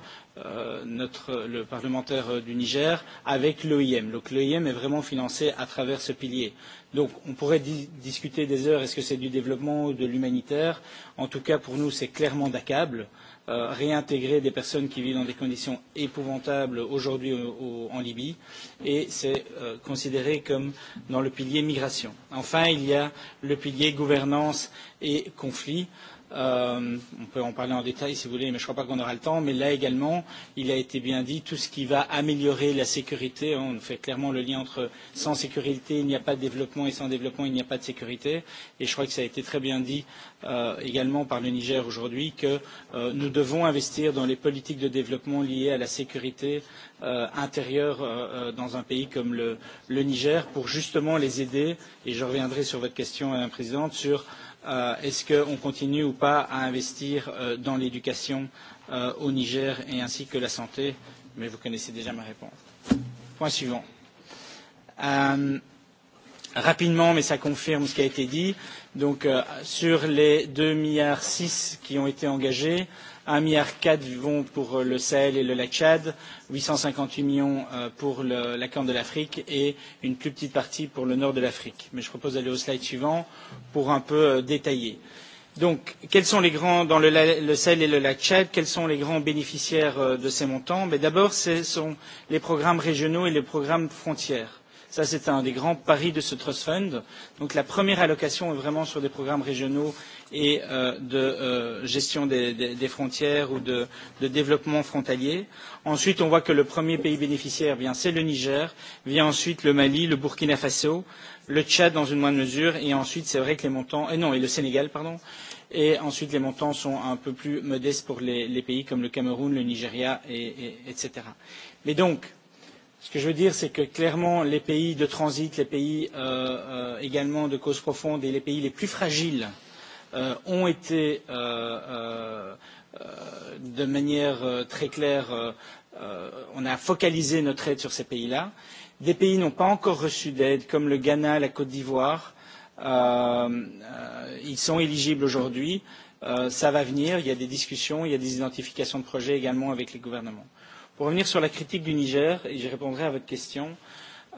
N: Euh, notre, le parlementaire euh, du Niger avec l'OIM. Donc l'OIM est vraiment financé à travers ce pilier. Donc on pourrait di discuter des heures, est-ce que c'est du développement ou de l'humanitaire En tout cas, pour nous, c'est clairement d'accable. Euh, réintégrer des personnes qui vivent dans des conditions épouvantables aujourd'hui au, au, en Libye et c'est euh, considéré comme dans le pilier migration. Enfin, il y a le pilier gouvernance et conflit. Euh, Euh, on peut en parler en détail si vous voulez, mais je ne crois pas qu'on aura le temps. Mais là également, il a été bien dit, tout ce qui va améliorer la sécurité, on fait clairement le lien entre sans sécurité, il n'y a pas de développement, et sans développement, il n'y a pas de sécurité. Et je crois que ça a été très bien dit euh, également par le Niger aujourd'hui, que euh, nous devons investir dans les politiques de développement liées à la sécurité euh, intérieure euh, euh dans un pays comme le, le Niger pour justement les aider, et je reviendrai sur votre question, Madame la Présidente, sur euh, euh, est-ce qu'on continue ou pas à investir euh, dans l'éducation euh, au Niger et ainsi que la santé Mais vous connaissez déjà ma réponse. Point suivant. Euh, rapidement, mais ça confirme ce qui a été dit. Donc, euh, sur les 2,6 milliards qui ont été engagés, euh, 1,4 milliard vont pour euh, le Sahel et le lac Tchad, 858 millions euh, pour le, la Corne de l'Afrique et une plus petite partie pour le nord de l'Afrique. Mais je propose d'aller au slide suivant pour un peu euh, détailler. Donc, quels sont les grands dans le, le Sahel et le lac Tchad Quels sont les grands bénéficiaires de ces montants Mais d'abord, ce sont les programmes régionaux et les programmes frontières. Ça, c'est un des grands paris de ce trust fund. Donc, la première allocation est vraiment sur des programmes régionaux et euh, de euh, gestion des, des, des frontières ou de, de développement frontalier. Ensuite, on voit que le premier pays bénéficiaire, eh c'est le Niger, vient ensuite le Mali, le Burkina Faso, le Tchad dans une moindre mesure, et ensuite, c'est vrai que les montants, et non, et le Sénégal, pardon, et ensuite les montants sont un peu plus modestes pour les, les pays comme le Cameroun, le Nigeria, et, et, etc. Mais donc, ce que je veux dire, c'est que clairement, les pays de transit, les pays euh, euh, également de cause profonde et les pays les plus fragiles euh, euh, ont été euh, euh, de manière euh, très claire, euh, euh, on a focalisé notre aide sur ces pays-là. Des pays n'ont pas encore reçu d'aide, comme le Ghana, la Côte d'Ivoire. Euh, euh, ils sont éligibles aujourd'hui. Euh, ça va venir. Il y a des discussions, il y a des identifications de projets également avec les gouvernements. Pour revenir sur la critique du Niger, et je répondrai à votre question,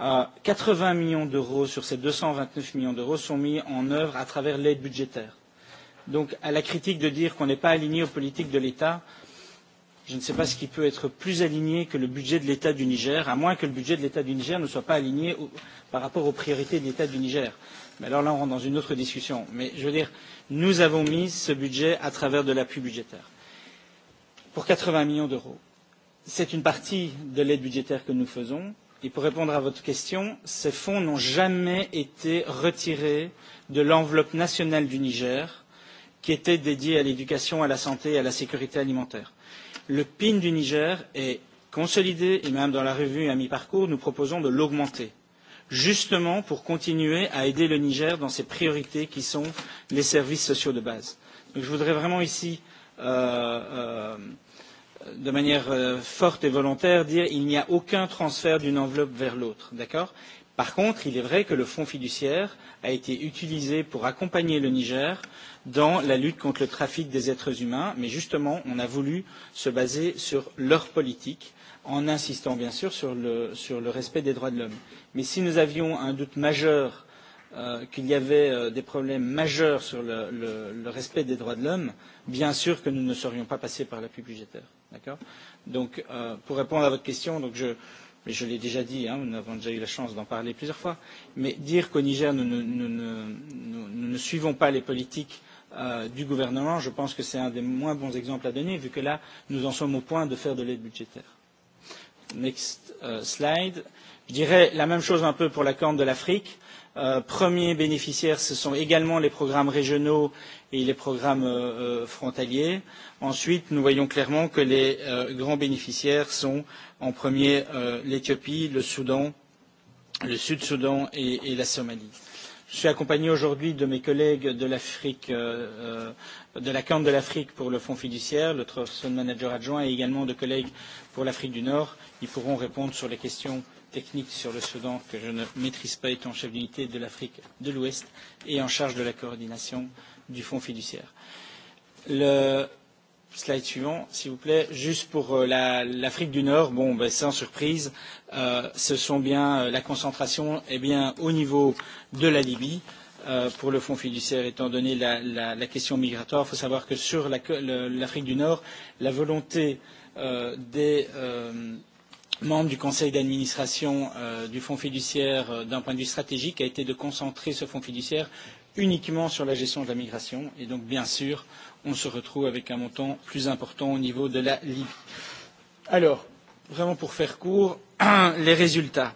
N: euh, quatre vingts millions d'euros sur ces deux cent vingt neuf millions d'euros sont mis en œuvre à travers l'aide budgétaire. Donc à la critique de dire qu'on n'est pas aligné aux politiques de l'État, je ne sais pas ce qui peut être plus aligné que le budget de l'État du Niger, à moins que le budget de l'État du Niger ne soit pas aligné au, par rapport aux priorités de l'État du Niger. Mais alors là, on rentre dans une autre discussion. Mais je veux dire, nous avons mis ce budget à travers de l'appui budgétaire pour 80 millions d'euros. C'est une partie de l'aide budgétaire que nous faisons. Et pour répondre à votre question, ces fonds n'ont jamais été retirés de l'enveloppe nationale du Niger qui étaient dédiés à l'éducation, à la santé et à la sécurité alimentaire. Le PIN du Niger est consolidé et même dans la revue à mi-parcours, nous proposons de l'augmenter justement pour continuer à aider le Niger dans ses priorités qui sont les services sociaux de base. Donc je voudrais vraiment ici, euh, euh, de manière euh, forte et volontaire, dire qu'il n'y a aucun transfert d'une enveloppe vers l'autre. D'accord Par contre, il est vrai que le fonds fiduciaire a été utilisé pour accompagner le Niger dans la lutte contre le trafic des êtres humains, mais justement, on a voulu se baser sur leur politique, en insistant bien sûr sur le, sur le respect des droits de l'homme. Mais si nous avions un doute majeur euh, qu'il y avait euh, des problèmes majeurs sur le, le, le respect des droits de l'homme, bien sûr que nous ne serions pas passés par l'appui budgétaire. D'accord Donc, euh, pour répondre à votre question, donc je, mais je l'ai déjà dit, hein, nous avons déjà eu la chance d'en parler plusieurs fois, mais dire qu'au Niger, nous, nous, nous, nous, nous ne suivons pas les politiques euh, du gouvernement, je pense que c'est un des moins bons exemples à donner, vu que là, nous en sommes au point de faire de l'aide budgétaire. Next euh, slide. Je dirais la même chose un peu pour la Corne de l'Afrique. Euh, premiers bénéficiaires, ce sont également les programmes régionaux et les programmes euh, euh frontaliers. Ensuite, nous voyons clairement que les euh, grands bénéficiaires sont en premier euh, l'Éthiopie, le Soudan, le Sud-Soudan et, et la Somalie. Je suis accompagné aujourd'hui de mes collègues de l'Afrique, euh, euh, de la Corne de l'Afrique pour le Fonds fiduciaire, le Trust Manager adjoint, et également de collègues pour l'Afrique du Nord. Ils pourront répondre sur les questions techniques sur le Soudan que je ne maîtrise pas étant chef d'unité de l'Afrique de l'Ouest et en charge de la coordination du Fonds fiduciaire. Le, Slide suivant, s'il vous plaît. Juste pour euh, l'Afrique la, du Nord, bon, ben, sans surprise, euh, ce sont bien euh, la concentration est eh bien au niveau de la Libye. Euh, pour le fonds fiduciaire, étant donné la, la, la question migratoire, il faut savoir que sur l'Afrique la, du Nord, la volonté euh, des euh, membre du conseil d'administration euh, du fonds fiduciaire euh, d'un point de vue stratégique a été de concentrer ce fonds fiduciaire uniquement sur la gestion de la migration. Et donc, bien sûr, on se retrouve avec un montant plus important au niveau de la Libye. Alors, vraiment pour faire court, les résultats.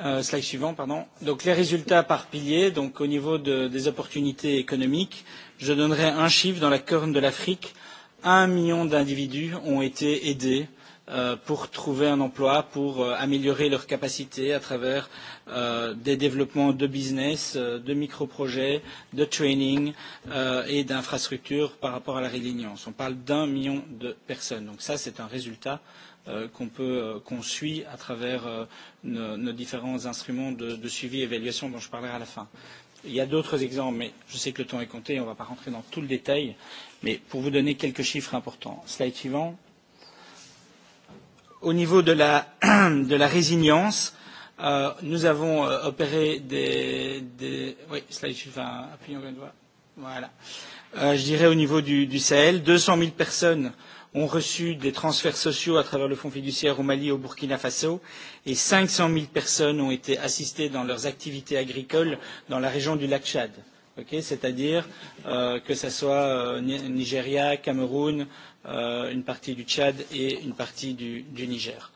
N: Euh, slide suivant, pardon. Donc les résultats par pilier, donc au niveau de, des opportunités économiques, je donnerai un chiffre dans la corne de l'Afrique. Un million d'individus ont été aidés euh, pour trouver un emploi, pour euh, améliorer leurs capacités à travers euh, des développements de business, euh, de micro-projets, de training euh, et d'infrastructures par rapport à la résilience. On parle d'un million de personnes. Donc ça, c'est un résultat euh, qu'on peut euh, qu'on suit à travers euh, nos, nos différents instruments de, de suivi et évaluation dont je parlerai à la fin. Il y a d'autres exemples, mais je sais que le temps est compté, on ne va pas rentrer dans tout le détail, mais pour vous donner quelques chiffres importants. Slide suivant au niveau de la, de la résilience, euh, nous avons euh, opéré des, des... Oui, slide suivant, appuyons le doigt. Voilà. Euh, je dirais au niveau du, du Sahel, 200 000 personnes ont reçu des transferts sociaux à travers le fonds fiduciaire au Mali et au Burkina Faso et 500 000 personnes ont été assistées dans leurs activités agricoles dans la région du lac Tchad. Okay, C'est-à-dire euh, que ce soit euh, Nigeria, Cameroun, euh, une partie du Tchad et une partie du, du Niger.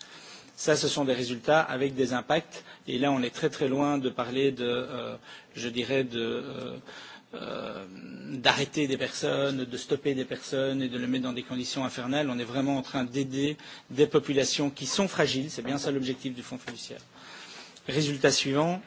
N: Ça, ce sont des résultats avec des impacts. Et là, on est très très loin de parler de, euh, je dirais, de euh, euh, d'arrêter des personnes, de stopper des personnes et de les mettre dans des conditions infernales. On est vraiment en train d'aider des populations qui sont fragiles. C'est bien ça l'objectif du Fonds fiduciaire. Résultat suivant,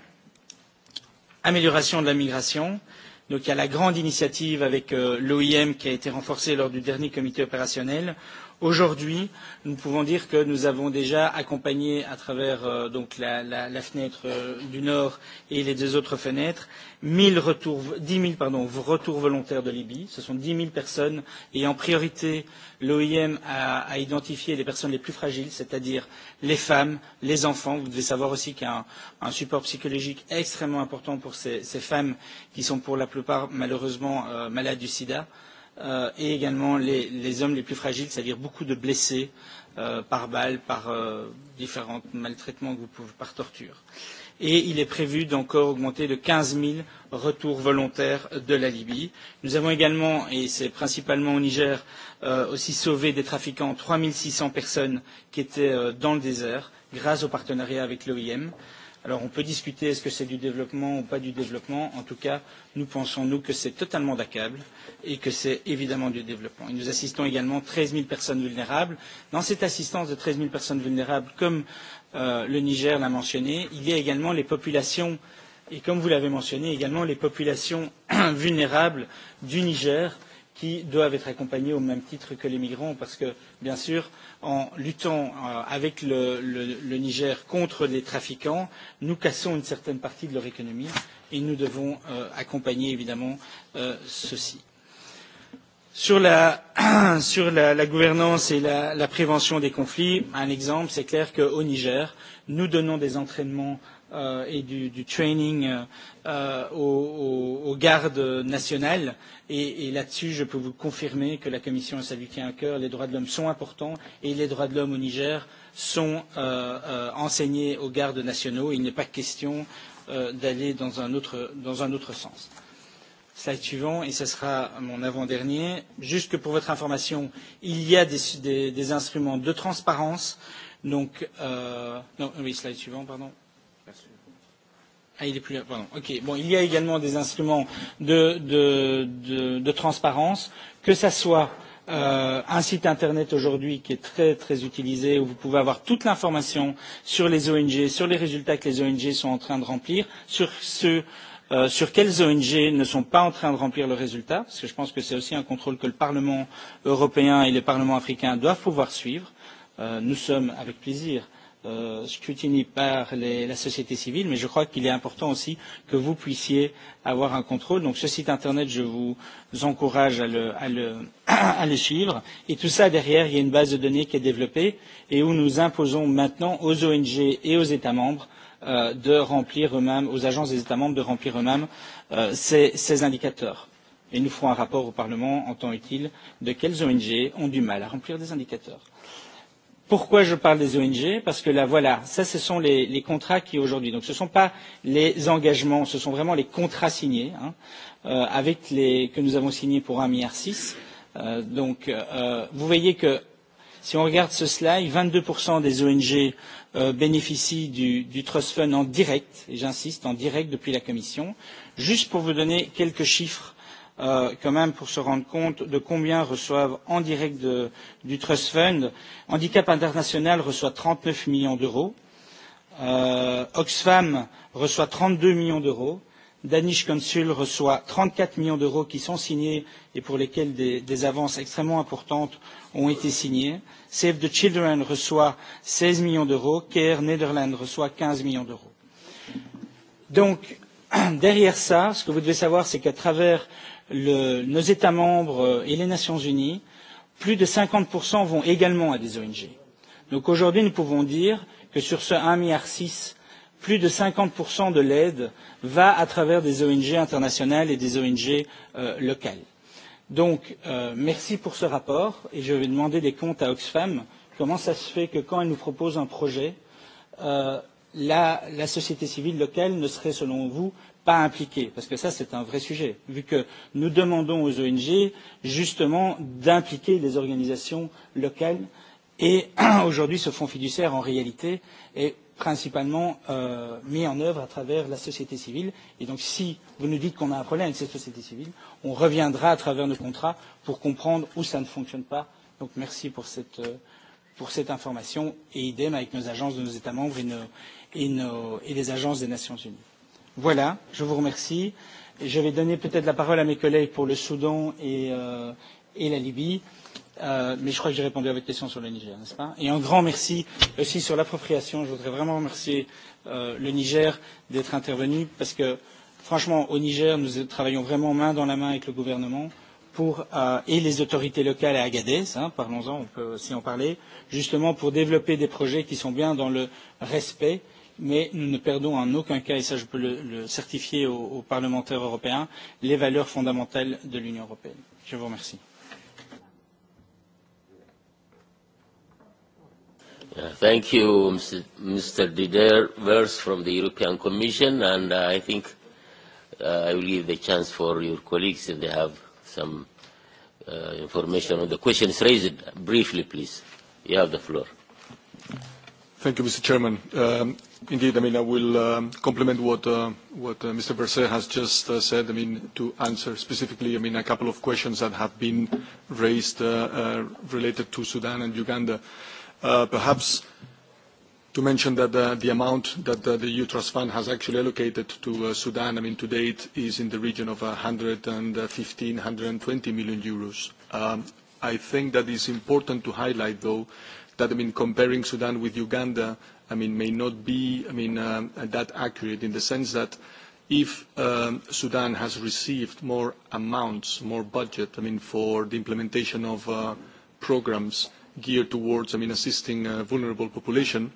N: amélioration de la migration. Euh, Donc il y a la grande initiative avec euh, l'OIM qui a été renforcée lors du dernier comité opérationnel. Aujourd'hui, nous pouvons dire que nous avons déjà accompagné à travers euh, donc la, la, la fenêtre euh, du Nord et les deux autres fenêtres 1000 retours, 10 000 pardon, retours volontaires de Libye. Ce sont 10 000 personnes et en priorité, l'OIM a, a identifié les personnes les plus fragiles, c'est-à-dire les femmes, les enfants. Vous devez savoir aussi qu'il y a un, un support psychologique extrêmement important pour ces, ces femmes qui sont pour la plupart malheureusement euh, malades du sida. Euh, euh, et également les, les hommes les plus fragiles, c'est-à-dire beaucoup de blessés euh, par balle, par euh, différents maltraitements que vous pouvez, par torture. Et il est prévu d'encore augmenter de 15 000 retours volontaires de la Libye. Nous avons également, et c'est principalement au Niger, euh, aussi sauvé des trafiquants 3 600 personnes qui étaient euh, dans le désert grâce au partenariat avec l'OIM. Euh, Alors on peut discuter est-ce que c'est du développement ou pas du développement. En tout cas, nous pensons, nous, que c'est totalement d'accable et que c'est évidemment du développement. Et nous assistons également 13 000 personnes vulnérables. Dans cette assistance de 13 000 personnes vulnérables, comme euh, le Niger l'a mentionné, il y a également les populations, et comme vous l'avez mentionné, également les populations vulnérables du Niger qui doivent être accompagnés au même titre que les migrants, parce que, bien sûr, en luttant euh, avec le, le, le Niger contre les trafiquants, nous cassons une certaine partie de leur économie et nous devons euh, accompagner évidemment euh, ceux-ci. Sur la, sur la, la gouvernance et la, la prévention des conflits, un exemple, c'est clair qu'au Niger, nous donnons des entraînements euh, euh, et du, du training euh, aux, aux gardes nationales. Et, et là-dessus, je peux vous confirmer que la Commission a ça lui tient à cœur. Les droits de l'homme sont importants et les droits de l'homme au Niger sont euh, euh, enseignés aux gardes nationaux. Il n'est pas question euh, d'aller dans, un autre, dans un autre sens. Slide suivant, et ce sera mon avant-dernier. Juste que pour votre information, il y a des, des, des instruments de transparence. Donc, euh, non, oui, slide suivant, pardon. Euh, Ah, il est plus là, pardon. Ok. Bon, il y a également des instruments de, de, de, de transparence, que ça soit euh, un site internet aujourd'hui qui est très très utilisé où vous pouvez avoir toute l'information sur les ONG, sur les résultats que les ONG sont en train de remplir, sur ceux euh, sur quelles ONG ne sont pas en train de remplir le résultat, parce que je pense que c'est aussi un contrôle que le Parlement européen et les parlements africains doivent pouvoir suivre. Euh, nous sommes avec plaisir euh, scrutini par les, la société civile, mais je crois qu'il est important aussi que vous puissiez avoir un contrôle. Donc ce site Internet, je vous encourage à le, à le, à le suivre. Et tout ça, derrière, il y a une base de données qui est développée et où nous imposons maintenant aux ONG et aux États membres euh, de remplir eux-mêmes, aux agences des États membres de remplir eux-mêmes euh, ces, ces indicateurs. Et nous ferons un rapport au Parlement en temps utile de quelles ONG ont du mal à remplir des indicateurs. Pourquoi je parle des ONG Parce que là, voilà, ça, ce sont les, les contrats qui aujourd'hui. Donc, ce ne sont pas les engagements, ce sont vraiment les contrats signés, hein, euh, avec les que nous avons signés pour 1,6 milliard. Euh, donc, euh, vous voyez que si on regarde ce slide, 22% des ONG euh, bénéficient du, du Trust Fund en direct, et j'insiste, en direct depuis la Commission. Juste pour vous donner quelques chiffres euh, quand même pour se rendre compte de combien reçoivent en direct de, du Trust Fund. Handicap International reçoit 39 millions d'euros. Euh, Oxfam reçoit 32 millions d'euros. Danish Consul reçoit 34 millions d'euros qui sont signés et pour lesquels des, des avances extrêmement importantes ont été signées. Save the Children reçoit 16 millions d'euros. Care Netherlands reçoit 15 millions d'euros. Donc, derrière ça, ce que vous devez savoir, c'est qu'à travers le, nos États membres euh, et les Nations Unies, plus de 50% vont également à des ONG. Donc aujourd'hui, nous pouvons dire que sur ce 1,6 milliard, plus de 50% de l'aide va à travers des ONG internationales et des ONG euh, locales. Donc, euh, merci pour ce rapport et je vais demander des comptes à Oxfam. Comment ça se fait que quand elle nous propose un projet, euh, la, la société civile locale ne serait, selon vous, pas impliquées parce que ça c'est un vrai sujet vu que nous demandons aux ONG justement d'impliquer les organisations locales et aujourd'hui ce fonds fiduciaire en réalité est principalement euh, mis en œuvre à travers la société civile. Et donc, si vous nous dites qu'on a un problème avec cette société civile, on reviendra à travers nos contrats pour comprendre où ça ne fonctionne pas. Donc, merci pour cette, euh, pour cette information et idem avec nos agences de nos États membres et, nos, et, nos, et les agences des Nations Unies. Voilà, je vous remercie. Je vais donner peut-être la parole à mes collègues pour le Soudan et, euh, et la Libye. Euh, mais je crois que j'ai répondu à votre question sur le Niger, n'est-ce pas Et un grand merci aussi sur l'appropriation. Je voudrais vraiment remercier euh, le Niger d'être intervenu parce que, franchement, au Niger, nous travaillons vraiment main dans la main avec le gouvernement pour, euh, et les autorités locales à Agadez, hein, parlons-en, on peut aussi en parler, justement pour développer des projets qui sont bien dans le respect euh, mais nous ne perdons en aucun cas, et ça je peux le, le certifier aux, aux parlementaires européens, les valeurs fondamentales de l'Union européenne. Je vous remercie.
B: Uh, thank you, Mr. Mr. Didier Wers from the European Commission, and uh, I think uh, I will give the chance for your colleagues if they have some uh, information on the questions raised. Briefly, please. You have the floor.
O: Thank you, Mr. Chairman. Um, Indeed, I mean, I will um, complement what, uh, what uh, Mr. Berset has just uh, said. I mean, to answer specifically, I mean, a couple of questions that have been raised uh, uh, related to Sudan and Uganda. Uh, perhaps to mention that the amount that the EU Trust Fund has actually allocated to Sudan, I mean, to date, is in the region of 115 million-120 million euros. Um, I think that it's important to highlight, though, that, I mean, comparing Sudan with Uganda, I mean, may not be I mean, um, that accurate in the sense that if um, Sudan has received more amounts, more budget, I mean, for the implementation of uh, programs geared towards, I mean, assisting uh, vulnerable population,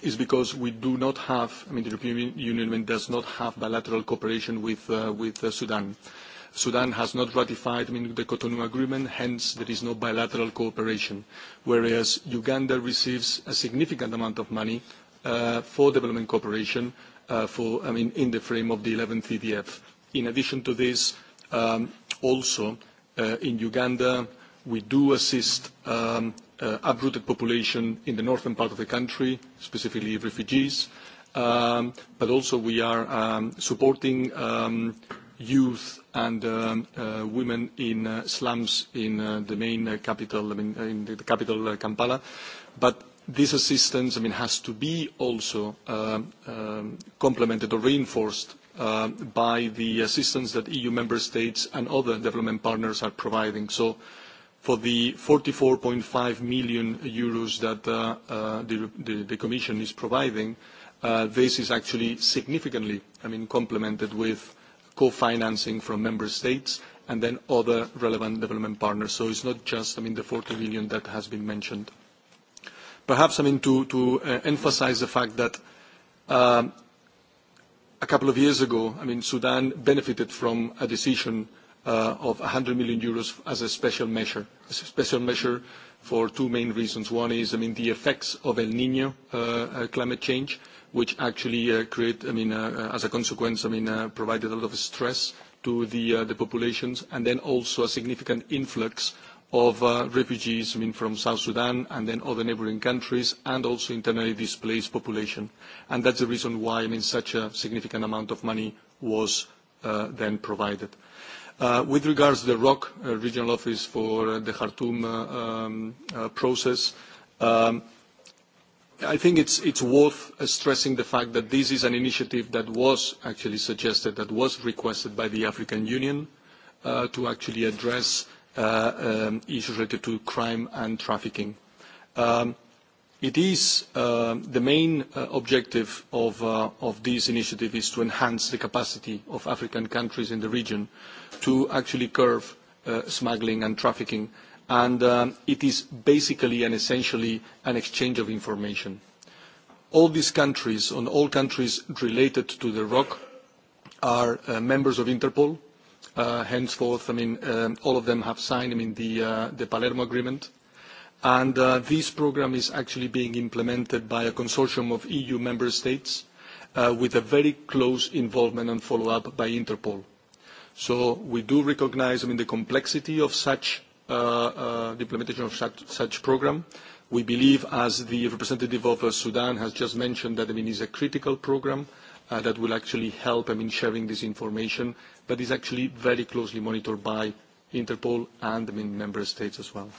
O: is because we do not have, I mean, the European Union does not have bilateral cooperation with, uh, with uh, Sudan. Uh, Sudan has not ratified I mean, the Cotonou Agreement, hence there is no bilateral cooperation, whereas Uganda receives a significant amount of money uh, for development cooperation uh, for, I mean, in the frame of the 11th EDF. In addition to this, um, also uh, in Uganda, we do assist um, uh, uprooted population in the northern part of the country, specifically refugees, um, but also we are um, supporting um, youth and um, uh, women in uh, slums in uh, the main uh, capital, I mean, in the capital uh, Kampala. But this assistance, I mean, has to be also um, um, complemented or reinforced uh, by the assistance that EU member states and other development partners are providing. So for the 44.5 million euros that uh, uh, the, the, the Commission is providing, uh, this is actually significantly, I mean, complemented with co-financing from member states, and then other relevant development partners. So it's not just, I mean, the 40 billion that has been mentioned. Perhaps, I mean, to, to uh, emphasize the fact that um, a couple of years ago, I mean, Sudan benefited from a decision uh, of 100 million euros as a special measure. A special measure for two main reasons. One is, I mean, the effects of El Niño uh, uh climate change, which actually uh, create, I mean, uh, uh, as a consequence, I mean, uh, provided a lot of stress to the, uh, the populations, and then also a significant influx of uh, refugees, I mean, from South Sudan and then other neighboring countries, and also internally displaced population. And that's the reason why, I mean, such a significant amount of money was uh, then provided. Uh, with regards to the ROC, uh, Regional Office for uh, the Khartoum uh, um, uh, process, um, I think it's, it's worth uh, stressing the fact that this is an initiative that was actually suggested, that was requested by the African Union uh, to actually address uh, um, issues related to crime and trafficking. Um, it is uh, the main uh, objective of, uh, of this initiative is to enhance the capacity of African countries in the region to actually curb smuggling and trafficking and um, it is basically and essentially an exchange of information. All these countries, on all countries related to the ROC, are uh, members of Interpol. Uh, henceforth, I mean, um, all of them have signed, I mean, the, uh, the Palermo Agreement. And uh, this program is actually being implemented by a consortium of EU member states uh, with a very close involvement and follow-up by Interpol. So we do recognize, I mean, the complexity of such uh, uh, the implementation of such, such program. We believe, as the representative of uh, Sudan has just mentioned, that I mean, it's a critical program uh, that will actually help I mean, sharing this information, but is actually very closely monitored by Interpol and I mean, member states as well.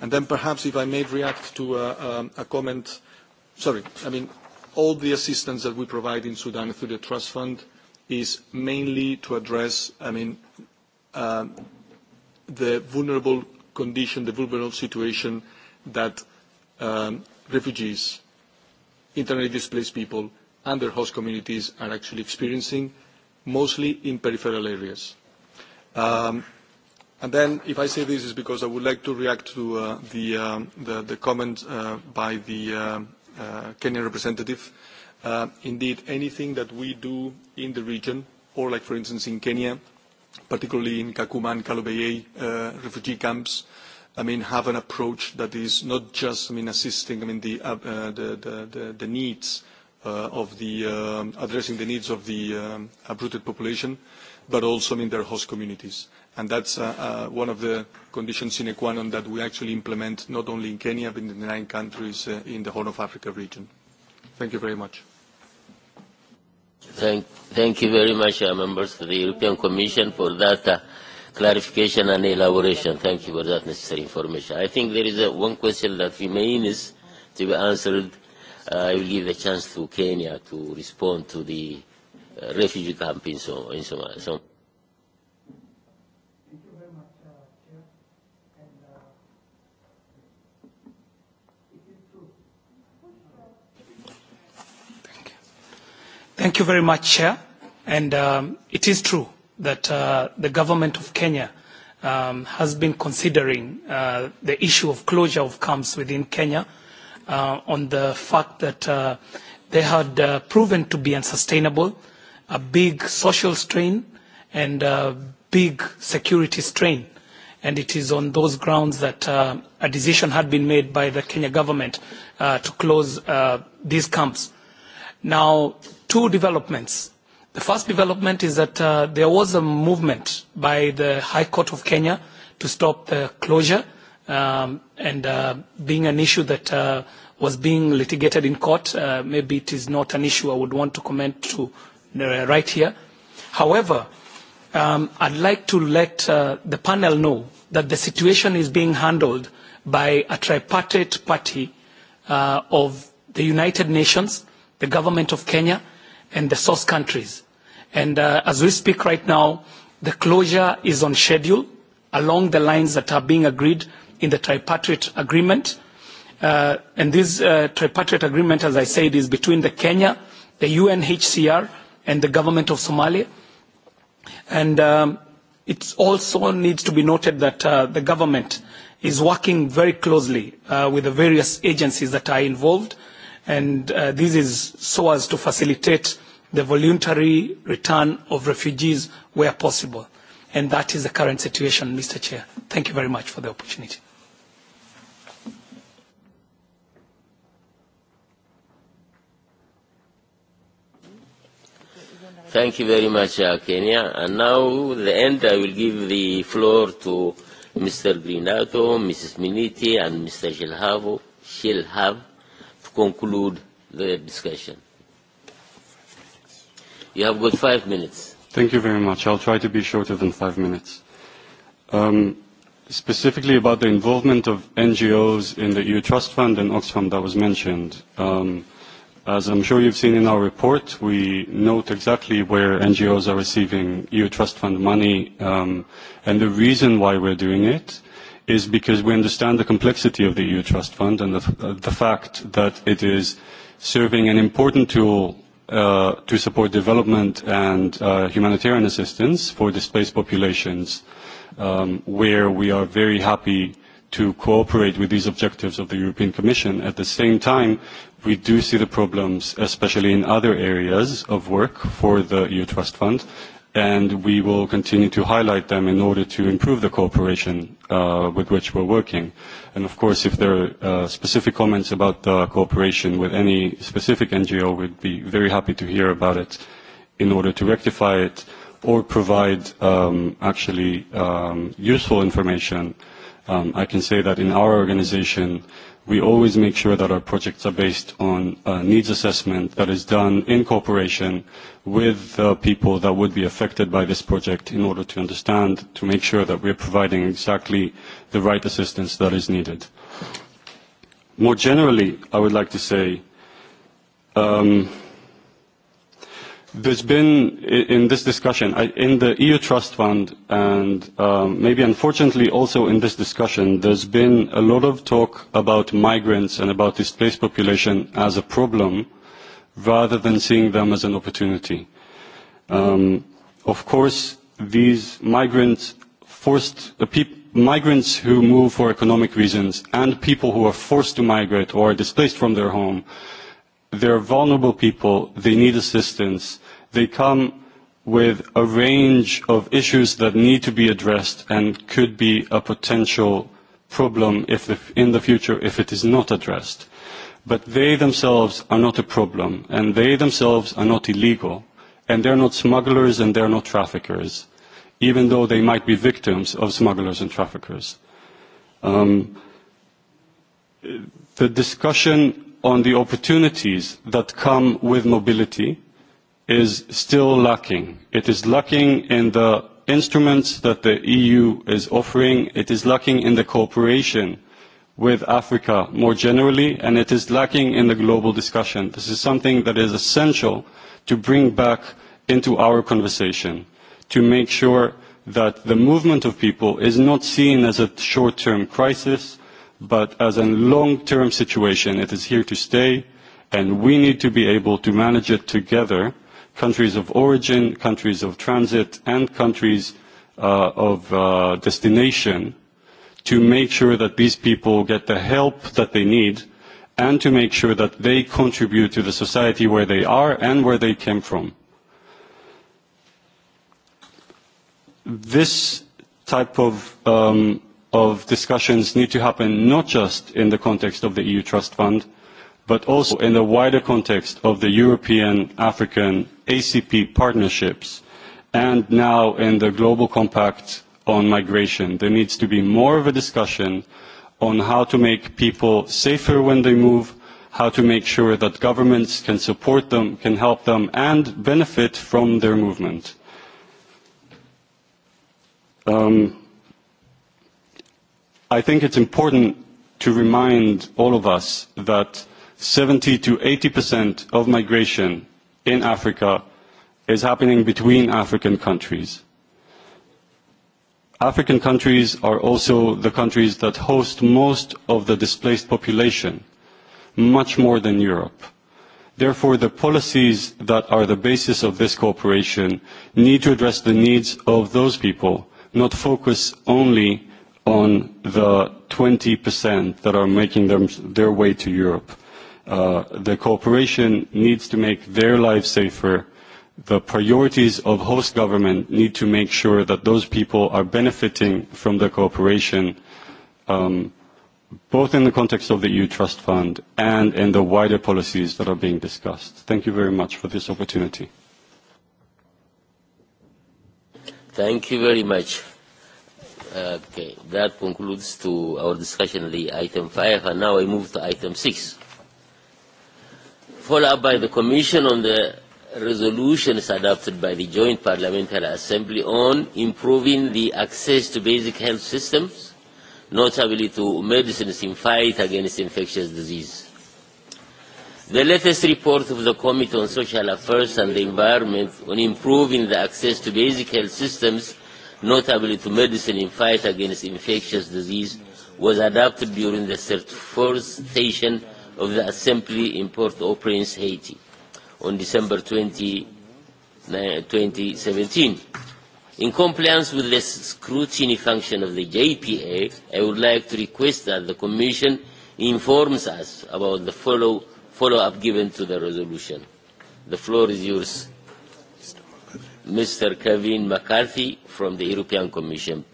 O: And then perhaps if I may react to uh, um, a comment, sorry, I mean, all the assistance that we provide in Sudan through the Trust Fund is mainly to address, I mean, uh, the vulnerable condition, the vulnerable situation that um, refugees, internally displaced people, and their host communities are actually experiencing, mostly in peripheral areas. Um, and then, if I say this, is because I would like to react to uh, the, um, the, the comment uh, by the uh, uh, Kenyan representative. Uh, indeed, anything that we do in the region, or like, for instance, in Kenya, particularly in Kakuma and Kalobeye uh, refugee camps, I mean, have an approach that is not just, I mean, assisting, I mean, the, uh, uh, the, the, the, the needs uh, of the, um, addressing the needs of the um, uprooted population, but also, I mean, their host communities. And that's uh, uh, one of the conditions sine qua non that we actually implement not only in Kenya, but in the nine countries uh, in the Horn of Africa region. Thank you very much.
B: Thank, thank you very much, uh, members of the European Commission, for that uh, clarification and elaboration. Thank you for that necessary information. I think there is a, uh, one question that remains to be answered. Uh, I will give the chance to Kenya to respond to the uh, refugee camp in, so, in Somalia. So,
M: Thank you very much, Chair. And um, it is true that uh, the government of Kenya um, has been considering uh, the issue of closure of camps within Kenya uh, on the fact that uh, they had uh, proven to be unsustainable, a big social strain and a big security strain. And it is on those grounds that uh, a decision had been made by the Kenya government uh, to close uh, these camps. Now, two developments. The first development is that uh, there was a movement by the High Court of Kenya to stop the closure um, and uh, being an issue that uh, was being litigated in court. Uh, maybe it is not an issue I would want to comment to uh, right here. However, um, I'd like to let uh, the panel know that the situation is being handled by a tripartite party uh, of the United Nations, the government of Kenya, and the source countries. And uh, as we speak right now, the closure is on schedule along the lines that are being agreed in the tripartite agreement. Uh, and this uh, tripartite agreement, as I said, is between the Kenya, the UNHCR, and the government of Somalia. And um, it also needs to be noted that uh, the government is working very closely uh, with the various agencies that are involved. And uh, this is so as to facilitate the voluntary return of refugees where possible. And that is the current situation, Mr. Chair. Thank you very much for the opportunity.
B: Thank you very much, uh, Kenya. And now, the end, I will give the floor to Mr. Grinato, Mrs. Miniti, and Mr. Shilhav to conclude the discussion. You have got five minutes.
P: Thank you very much. I'll try to be shorter than five minutes. Um, specifically about the involvement of NGOs in the EU Trust Fund and Oxfam that was mentioned. Um, as I'm sure you've seen in our report, we note exactly where NGOs are receiving EU Trust Fund money, um, and the reason why we're doing it is because we understand the complexity of the EU Trust Fund and the, uh, the fact that it is serving an important tool uh, to support development and uh, humanitarian assistance for displaced populations, um, where we are very happy to cooperate with these objectives of the European Commission. At the same time, we do see the problems, especially in other areas of work for the EU Trust Fund, and we will continue to highlight them in order to improve the cooperation uh, with which we're working. And of course, if there are uh, specific comments about the cooperation with any specific NGO, we'd be very happy to hear about it in order to rectify it or provide um, actually um, useful information. Um, I can say that in our organization, we always make sure that our projects are based on uh, needs assessment that is done in cooperation with the uh, people that would be affected by this project in order to understand, to make sure that we're providing exactly the right assistance that is needed. More generally, I would like to say um, There's been, in this discussion, in the EU Trust Fund, and um, maybe unfortunately also in this discussion, there's been a lot of talk about migrants and about displaced population as a problem rather than seeing them as an opportunity. Um, of course, these migrants forced uh, people migrants who move for economic reasons and people who are forced to migrate or are displaced from their home, they're vulnerable people, they need assistance, They come with a range of issues that need to be addressed and could be a potential problem if the, in the future if it is not addressed. But they themselves are not a problem, and they themselves are not illegal, and they're not smugglers and they're not traffickers, even though they might be victims of smugglers and traffickers. Um, the discussion on the opportunities that come with mobility is still lacking. It is lacking in the instruments that the EU is offering. It is lacking in the cooperation with Africa more generally, and it is lacking in the global discussion. This is something that is essential to bring back into our conversation, to make sure that the movement of people is not seen as a short-term crisis, but as a long-term situation. It is here to stay, and we need to be able to manage it together countries of origin, countries of transit, and countries uh, of uh, destination to make sure that these people get the help that they need and to make sure that they contribute to the society where they are and where they came from. This type of, um, of discussions need to happen not just in the context of the EU Trust Fund, but also in the wider context of the European African ACP partnerships and now in the Global Compact on migration. There needs to be more of a discussion on how to make people safer when they move, how to make sure that governments can support them, can help them, and benefit from their movement. Um, I think it's important to remind all of us that 70 to 80% of migration in Africa is happening between African countries. African countries are also the countries that host most of the displaced population, much more than Europe. Therefore, the policies that are the basis of this cooperation need to address the needs of those people, not focus only on the 20% that are making them, their way to Europe. Uh, the cooperation needs to make their lives safer. The priorities of host government need to make sure that those people are benefiting from the cooperation, um, both in the context of the EU Trust Fund and in the wider policies that are being discussed. Thank you very much for this opportunity.
B: Thank you very much. Okay, that concludes to our discussion the item 5, and now I move to item 6 follow up by the Commission on the resolutions adopted by the Joint Parliamentary Assembly on improving the access to basic health systems, notably to medicines in fight against infectious disease. The latest report of the Committee on Social Affairs and the Environment on improving the access to basic health systems, notably to medicine in fight against infectious disease, was adopted during the 34th session of the Assembly in Port-au-Prince, Haiti, on December 20, 2017. In compliance with the scrutiny function of the JPA, I would like to request that the Commission informs us about the follow-up follow given to the resolution. The floor is yours. Mr. Kevin McCarthy from the European Commission.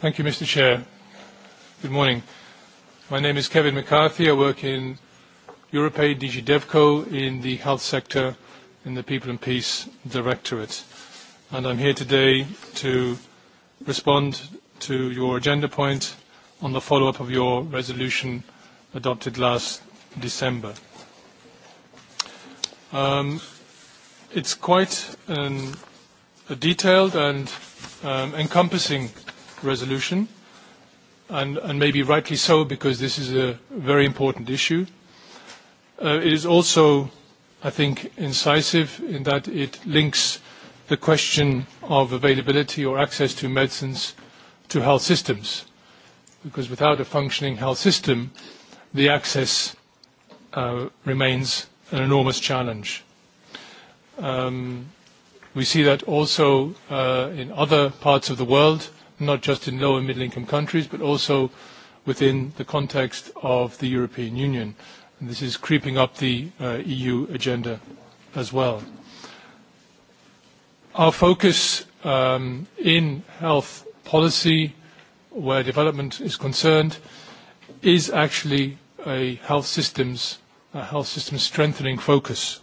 Q: Thank you, Mr. Chair. Good morning. My name is Kevin McCarthy. I work in Europaid DG DevCo in the health sector in the People and Peace Directorate. And I'm here today to respond to your agenda point on the follow-up of your resolution adopted last December. Um, it's quite an, a detailed and um, encompassing resolution, and, and maybe rightly so, because this is a very important issue. Uh, it is also, I think, incisive in that it links the question of availability or access to medicines to health systems, because without a functioning health system, the access uh, remains an enormous challenge. Um, we see that also uh, in other parts of the world not just in low and middle income countries, but also within the context of the European Union. And this is creeping up the uh, EU agenda as well. Our focus um, in health policy, where development is concerned, is actually a health systems, a health system strengthening focus.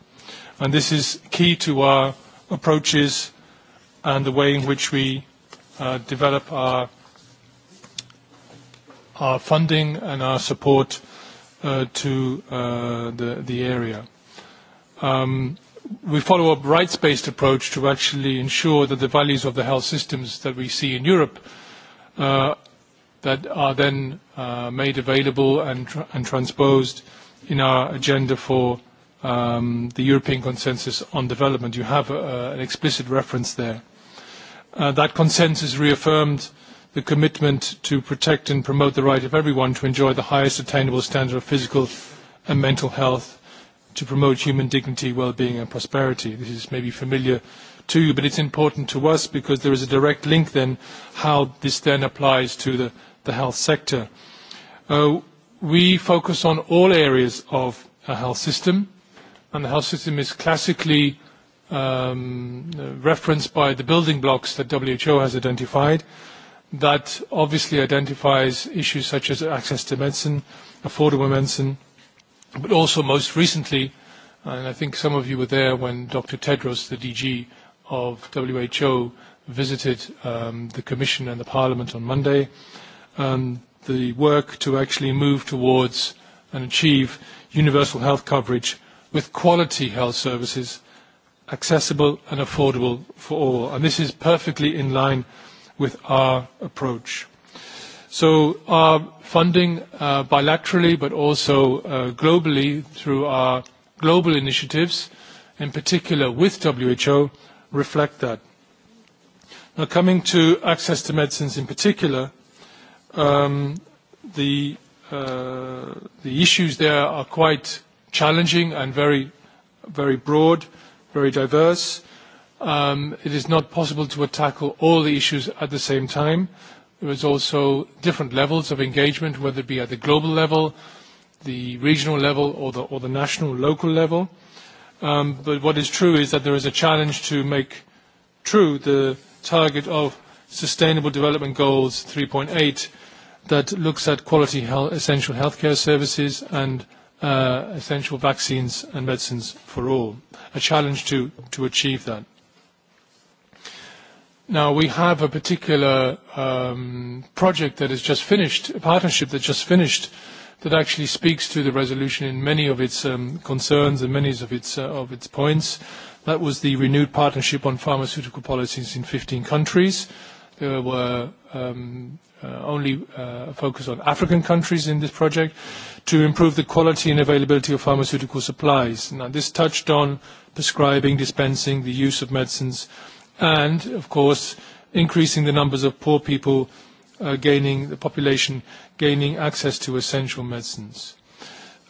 Q: And this is key to our approaches and the way in which we uh, develop our, our funding and our support uh, to uh, the, the area. Um, we follow a rights-based approach to actually ensure that the values of the health systems that we see in Europe uh, that are then uh, made available and, tra and transposed in our agenda for um, the European Consensus on Development. You have uh, an explicit reference there. Uh, Uh, that consensus reaffirmed the commitment to protect and promote the right of everyone to enjoy the highest attainable standard of physical and mental health to promote human dignity, well-being and prosperity. This is maybe familiar to you, but it's important to us because there is a direct link then how this then applies to the, the health sector. Uh, we focus on all areas of a health system, and the health system is classically um, referenced by the building blocks that WHO has identified. That obviously identifies issues such as access to medicine, affordable medicine, but also most recently, and I think some of you were there when Dr. Tedros, the DG of WHO, visited um, the Commission and the Parliament on Monday, um, the work to actually move towards and achieve universal health coverage with quality health services accessible and affordable for all. And this is perfectly in line with our approach. So our funding uh, bilaterally, but also uh, globally through our global initiatives, in particular with WHO, reflect that. Now, coming to access to medicines in particular, um, the, uh, the issues there are quite challenging and very, very broad. Uh, very diverse. Um, it is not possible to tackle all the issues at the same time. There is also different levels of engagement, whether it be at the global level, the regional level, or the, or the national, local level. Um, but what is true is that there is a challenge to make true the target of Sustainable Development Goals 3.8 that looks at quality health, essential healthcare services and uh, essential vaccines and medicines for all, a challenge to, to achieve that. Now, we have a particular um, project that has just finished, a partnership that just finished, that actually speaks to the resolution in many of its um, concerns and many of its, uh, of its points. That was the renewed partnership on pharmaceutical policies in 15 countries. There were um, uh, only uh, focus on African countries in this project to improve the quality and availability of pharmaceutical supplies. Now, this touched on prescribing, dispensing, the use of medicines, and of course, increasing the numbers of poor people uh, gaining the population gaining access to essential medicines.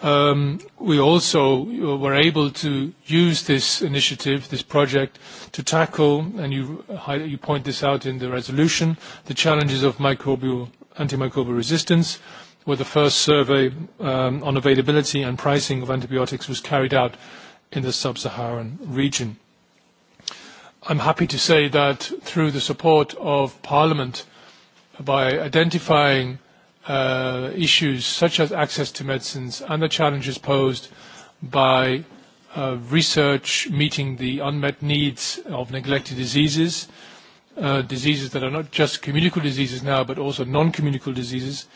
Q: Um, we also uh, were able to use this initiative, this project, to tackle, and you, uh, you point this out in the resolution, the challenges of microbial, antimicrobial resistance, where the first survey um, on availability and pricing of antibiotics was carried out in the sub-Saharan region. I'm happy to say that through the support of Parliament, by identifying uh, issues such as access to medicines and the challenges posed by uh, research meeting the unmet needs of neglected diseases, uh, diseases that are not just communicable diseases now, but also non-communicable diseases.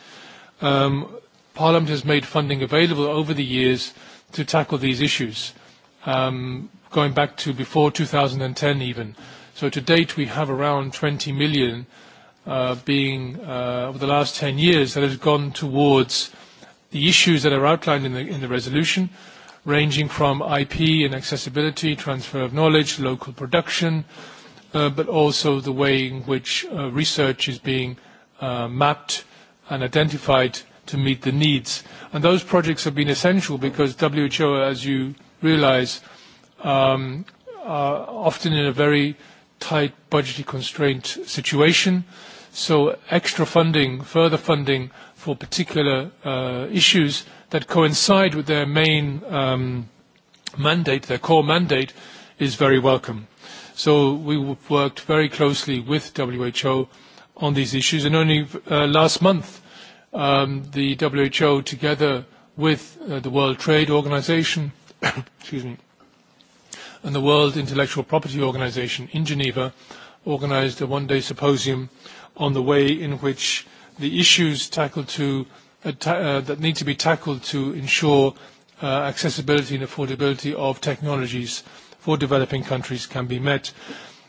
Q: Um, Parliament has made funding available over the years to tackle these issues, um, going back to before 2010 even. So to date, we have around 20 million uh, uh, being uh, over the last 10 years that has gone towards the issues that are outlined in the, in the resolution, ranging from IP and accessibility, transfer of knowledge, local production, uh, but also the way in which uh, research is being uh, mapped and identified to meet the needs. And those projects have been essential because WHO, as you realize, um, are often in a very tight budgetary constraint situation. Uh, So extra funding, further funding for particular uh, issues that coincide with their main um, mandate, their core mandate, is very welcome. So we worked very closely with WHO on these issues, and only uh, last month, um, the WHO, together with uh, the World Trade Organization, excuse me, and the World Intellectual Property Organization in Geneva, organized a one-day symposium on the way in which the issues tackled to, uh, ta uh, that need to be tackled to ensure uh, accessibility and affordability of technologies for developing countries can be met.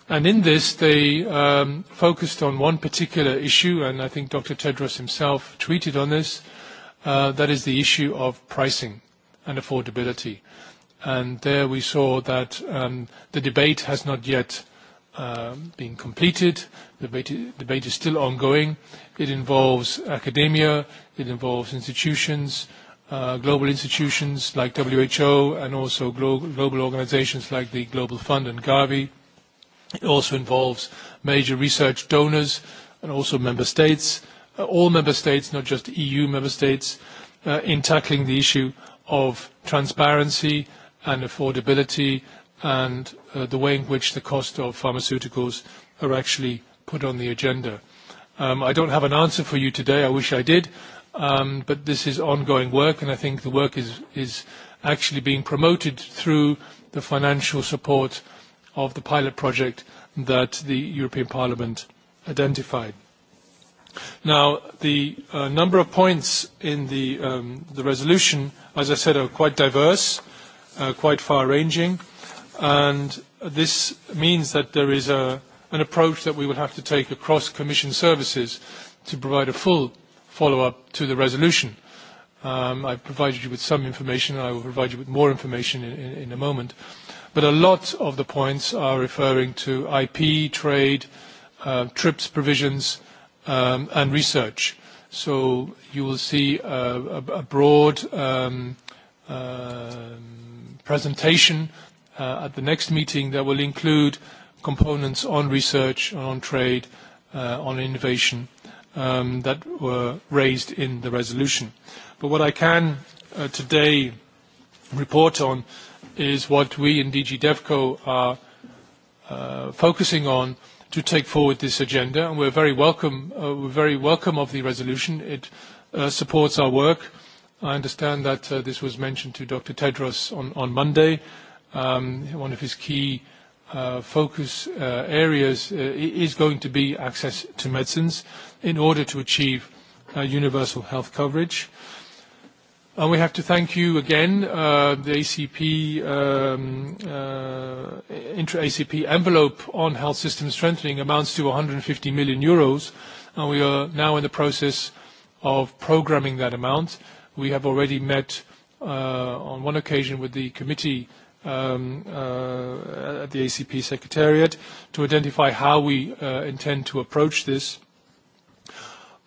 Q: And in this, they um, focused on one particular issue, and I think Dr. Tedros himself tweeted on this, uh, that is the issue of pricing and affordability. And there we saw that um, the debate has not yet uh, being completed. The debate, debate is still ongoing. It involves academia, it involves institutions, uh, global institutions like WHO and also glo global organizations like the Global Fund and Gavi. It also involves major research donors and also member states, uh, all member states, not just EU member states, uh, in tackling the issue of transparency and affordability and uh, the way in which the cost of pharmaceuticals are actually put on the agenda. Um, I don't have an answer for you today. I wish I did. Um, but this is ongoing work, and I think the work is, is actually being promoted through the financial support of the pilot project that the European Parliament identified. Now, the uh, number of points in the, um, the resolution, as I said, are quite diverse, uh, quite far-ranging. And this means that there is a, an approach that we will have to take across Commission services to provide a full follow-up to the resolution. Um, I've provided you with some information. I will provide you with more information in, in, in a moment. But a lot of the points are referring to IP, trade, uh, TRIPS provisions, um, and research. So you will see a, a, a broad um, uh, presentation uh, at the next meeting that will include components on research, on trade, uh, on innovation um, that were raised in the resolution. But what I can uh, today report on is what we in DG DevCo are uh, focusing on to take forward this agenda, and we're very welcome, uh, we're very welcome of the resolution. It uh, supports our work. I understand that uh, this was mentioned to Dr. Tedros on, on Monday, um, one of his key uh, focus uh, areas uh, is going to be access to medicines in order to achieve uh, universal health coverage. And we have to thank you again, uh, the ACP, um, uh, intra-ACP envelope on health system strengthening amounts to 150 million euros, and we are now in the process of programming that amount. We have already met uh, on one occasion with the committee um, uh, at the ACP Secretariat to identify how we uh, intend to approach this.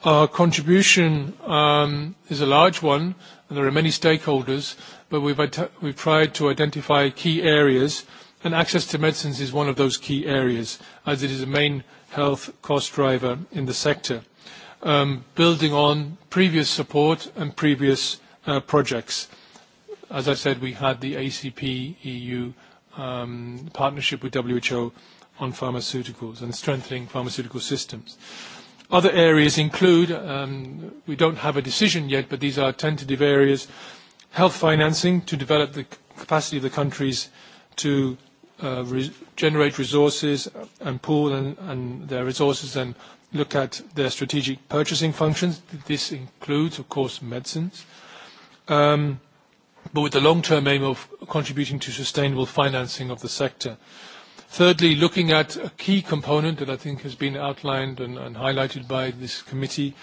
Q: Our contribution um, is a large one, and there are many stakeholders, but we've, we've tried to identify key areas, and access to medicines is one of those key areas, as it is a main health cost driver in the sector, um, building on previous support and previous uh, projects. As I said, we had the ACP EU um, partnership with WHO on pharmaceuticals and strengthening pharmaceutical systems. Other areas include, um, we don't have a decision yet, but these are tentative areas, health financing to develop the capacity of the countries to uh, re generate resources and pool and, and their resources and look at their strategic purchasing functions. This includes, of course, medicines. Um, but with the long-term aim of contributing to sustainable financing of the sector. Thirdly, looking at a key component that I think has been outlined and, and highlighted by this committee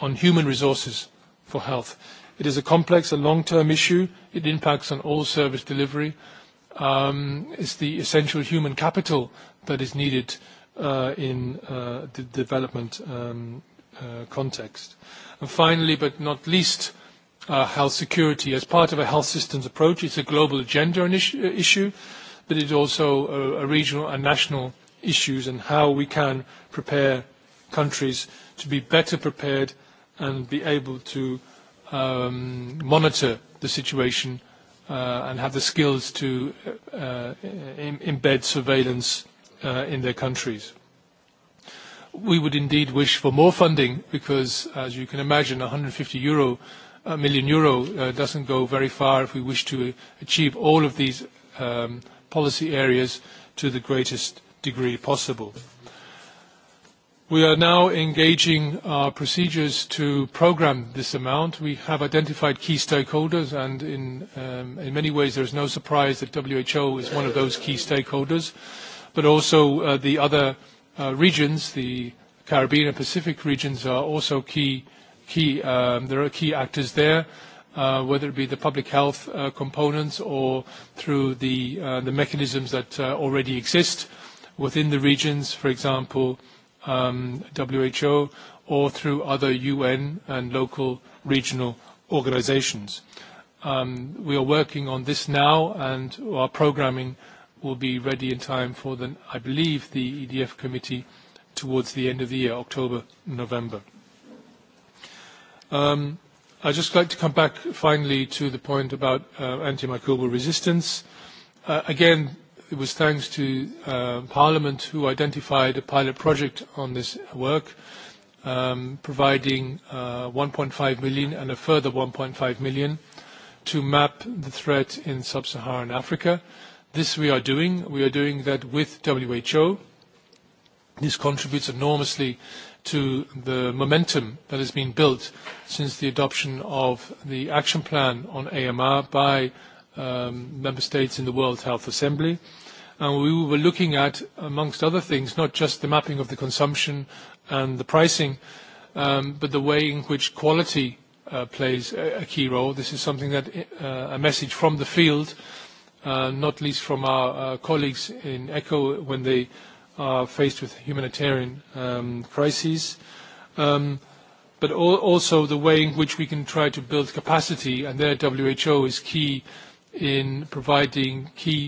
Q: on human resources for health. It is a complex and long-term issue. It impacts on all service delivery. Um, it's the essential human capital that is needed uh, in uh, the development um, uh, context. And finally, but not least, uh, health security. As part of a health systems approach, it's a global agenda uh, issue, but it's also a, a regional and national issues and how we can prepare countries to be better prepared and be able to um, monitor the situation uh, and have the skills to uh, uh Im embed surveillance uh, in their countries. We would indeed wish for more funding because, as you can imagine, 150 euro million euro uh, doesn't go very far if we wish to achieve all of these um, policy areas to the greatest degree possible. We are now engaging our procedures to program this amount. We have identified key stakeholders, and in, um, in many ways, there's no surprise that WHO is one of those key stakeholders, but also uh, the other uh, regions, the Caribbean and Pacific regions, are also key stakeholders key, um, there are key actors there, uh, whether it be the public health uh, components or through the, uh, the mechanisms that uh, already exist within the regions, for example, um, WHO, or through other UN and local regional organizations. Um, we are working on this now, and our programming will be ready in time for the, I believe, the EDF committee towards the end of the year, October, November. Um, I'd just like to come back finally to the point about uh, antimicrobial resistance. Uh, again, it was thanks to uh, Parliament who identified a pilot project on this work, um, providing uh, 1.5 million and a further 1.5 million to map the threat in sub-Saharan Africa. This we are doing. We are doing that with WHO. This contributes enormously to the momentum that has been built since the adoption of the action plan on AMR by um, member states in the World Health Assembly. And we were looking at, amongst other things, not just the mapping of the consumption and the pricing, um, but the way in which quality uh, plays a, a key role. This is something that uh, a message from the field, uh, not least from our uh, colleagues in ECHO when they are faced with humanitarian um, crises, um, but al also the way in which we can try to build capacity, and there WHO is key in providing key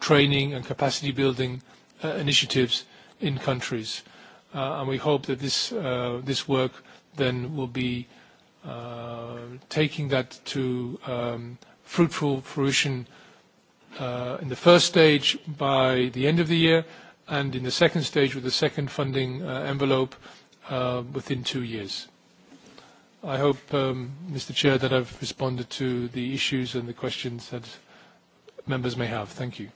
Q: training and capacity building uh, initiatives in countries. Uh, and we hope that this, uh, this work then will be uh, taking that to um, fruitful fruition uh, in the first stage by the end of the year, and in the second stage with the second funding uh, envelope uh, within two years. I hope, um, Mr. Chair, that I've responded to the issues and the questions that members may have. Thank you.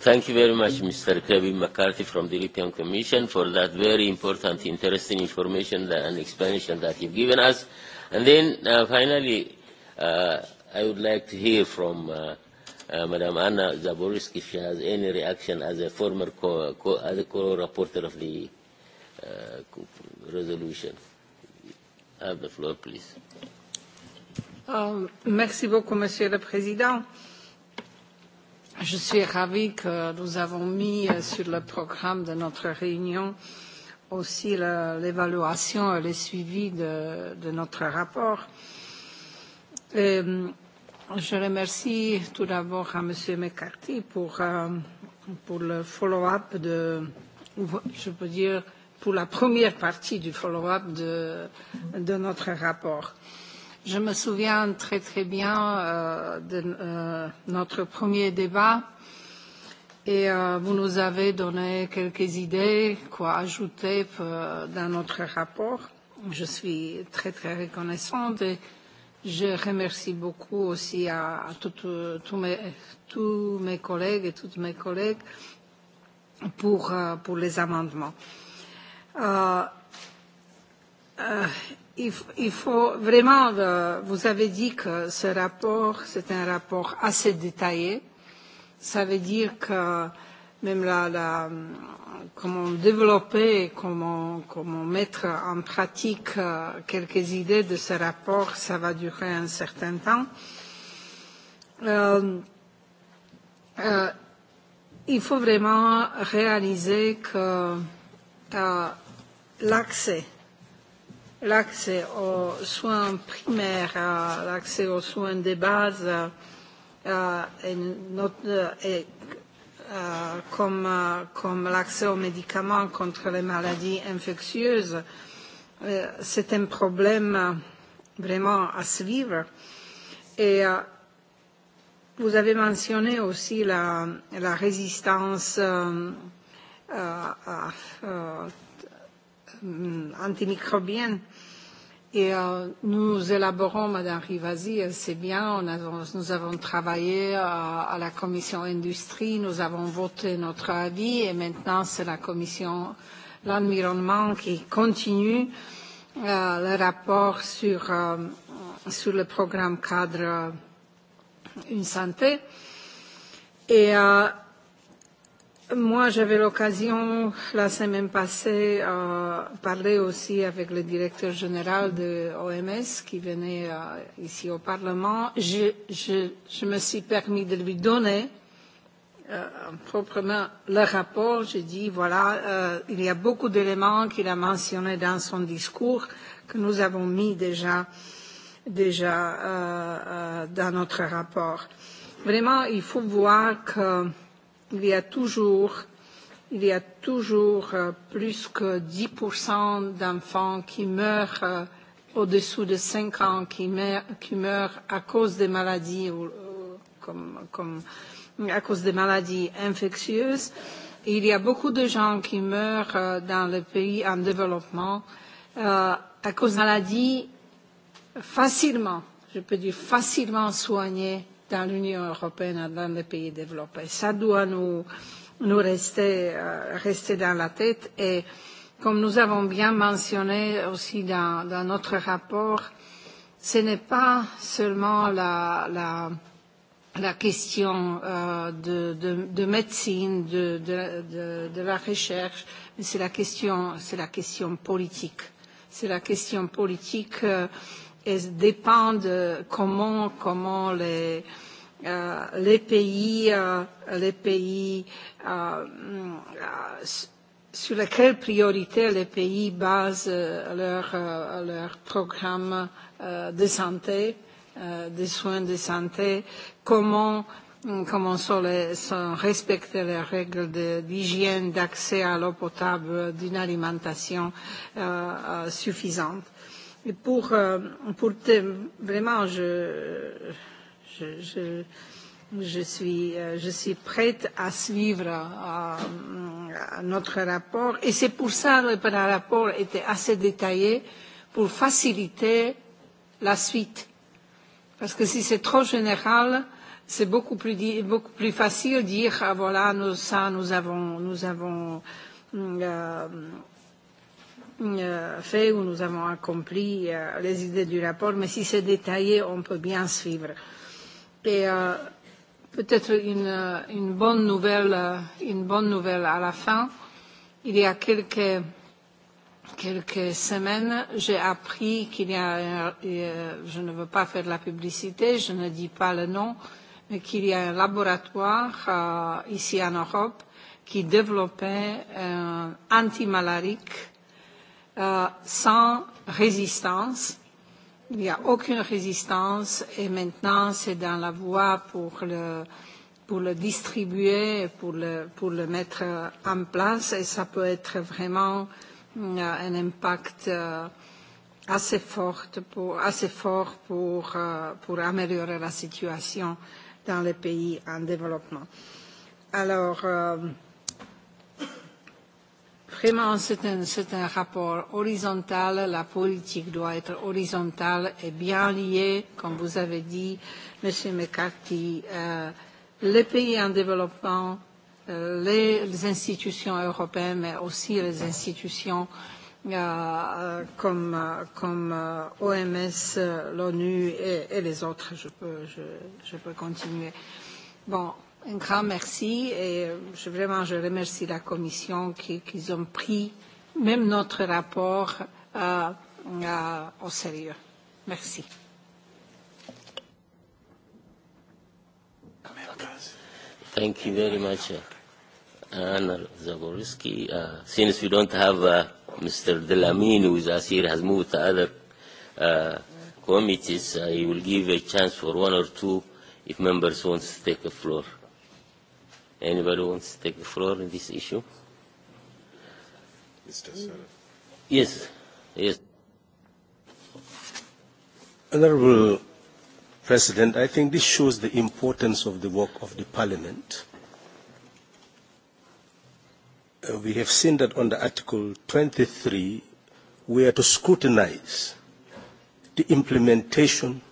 B: Thank you very much, Mr. Kevin McCarthy from the European Commission for that very important, interesting information and explanation that you've given us. And then uh, finally, uh, I would like to hear from uh, uh, Madam Anna Zaborski if she has any reaction as a former co, co, as a co-rapporteur of the uh, resolution. Have the floor, please.
R: Uh, merci beaucoup, Monsieur le Président. Je suis ravie que nous avons mis euh, sur le programme de notre réunion aussi l'évaluation et le suivi de, de notre rapport. Euh, Je remercie tout d'abord à Monsieur McCarthy pour, euh, pour le follow-up de, je peux dire, pour la première partie du follow-up de, de notre rapport. Je me souviens très très bien euh, de euh, notre premier débat et euh, vous nous avez donné quelques idées, quoi ajouter euh, dans notre rapport. Je suis très très reconnaissante et Je remercie beaucoup aussi à, à tout, tout mes, tous mes collègues et toutes mes collègues pour, euh, pour les amendements. Euh, euh, il, il faut vraiment, euh, vous avez dit que ce rapport, c'est un rapport assez détaillé. Ça veut dire que euh, même la, la, comment développer, comment, comment mettre en pratique euh, quelques idées de ce rapport, ça va durer un certain temps. Euh, euh, il faut vraiment réaliser que euh, l'accès l'accès aux soins primaires, euh, l'accès aux soins de base euh, et, notre, euh, et euh, comme, euh, comme l'accès aux médicaments contre les maladies infectieuses. Euh, C'est un problème euh, vraiment à suivre. Et euh, vous avez mentionné aussi la, la résistance euh, euh, euh, antimicrobienne. Euh, Et euh, nous élaborons, Madame Rivasi, elle euh, sait bien, on avance, nous avons travaillé à, euh, à la commission industrie, nous avons voté notre avis et maintenant c'est la commission l'environnement qui continue euh, le rapport sur, euh, sur le programme cadre euh, Une Santé. Et euh, Moi, j'avais l'occasion la semaine passée à euh, parler aussi avec le directeur général de l'OMS qui venait euh, ici au Parlement. Je, je, je me suis permis de lui donner euh, proprement le rapport. J'ai dit, voilà, euh, il y a beaucoup d'éléments qu'il a mentionnés dans son discours que nous avons mis déjà, déjà euh, euh, dans notre rapport. Vraiment, il faut voir que euh, il y a toujours, il y a toujours euh, plus que 10% d'enfants qui meurent euh, au-dessous de 5 ans, qui meurent, qui meurent à cause des maladies, ou, euh, comme, comme, à cause des maladies infectieuses. Il y a beaucoup de gens qui meurent euh, dans les pays en développement euh, à cause de maladies facilement, je peux dire facilement soignées dans l'Union européenne, dans les pays développés. Ça doit nous, nous rester, euh, rester dans la tête et comme nous avons bien mentionné aussi dans, dans notre rapport, ce n'est pas seulement la, la, la question euh, de, de, de médecine, de, de, de, de la recherche, mais c'est la question, c'est la question politique. C'est la question politique euh, et dépend de comment, comment les, euh, les pays, euh, les pays euh, euh sur lesquels priorité les pays basent euh, leur, euh, leur programme de santé, de soins de santé, comment comment sont, les, sont respectées les règles d'hygiène, d'accès à l'eau potable, d'une alimentation euh, suffisante. Et pour, euh, pour te, vraiment, je, je, je, je, suis, euh, je suis prête à suivre à, euh, à notre rapport. Et c'est pour ça que le rapport était assez détaillé pour faciliter la suite. Parce que si c'est trop général, c'est beaucoup plus, beaucoup plus facile de dire ah, voilà, nous, ça, nous avons, nous avons euh, euh, fait où nous avons accompli euh, les idées du rapport, mais si c'est détaillé, on peut bien suivre. Et euh, peut-être une, euh, une, bonne nouvelle, euh, une bonne nouvelle à la fin. Il y a quelques, quelques semaines, j'ai appris qu'il y a, euh, je ne veux pas faire la publicité, je ne dis pas le nom, mais qu'il y a un laboratoire euh, ici en Europe qui développait un antimalarique euh, sans résistance. Il n'y a aucune résistance et maintenant c'est dans la voie pour le, pour le distribuer, pour le, pour le mettre en place et ça peut être vraiment euh, un impact euh, assez fort pour, assez fort pour, euh, pour améliorer la situation dans les pays en développement. Alors, euh, Vraiment, c'est un, un rapport horizontal. La politique doit être horizontale et bien liée, comme vous avez dit, Monsieur McCarthy. Euh, les pays en développement, euh, les, les institutions européennes, mais aussi les institutions euh, comme, euh, comme euh, OMS, euh, euh, l'ONU et, et les autres. Je peux, je, je peux continuer. Bon, Un grand merci et je, vraiment je remercie la Commission qui, qui ont pris même notre rapport euh, euh, au sérieux. Merci.
B: Thank you very much, Anna Zaborski. Uh, since we don't have uh, Mr. Delamine with us here, has moved to other uh, committees, I uh, will give a chance for one or two if members want to take the floor. Anybody wants to take the floor on this issue?
P: Mr.
Q: Sarah.
F: Yes, yes. Honourable President, I think this shows the importance of the work of the Parliament. Uh, we have seen that under Article 23, we are to scrutinize the implementation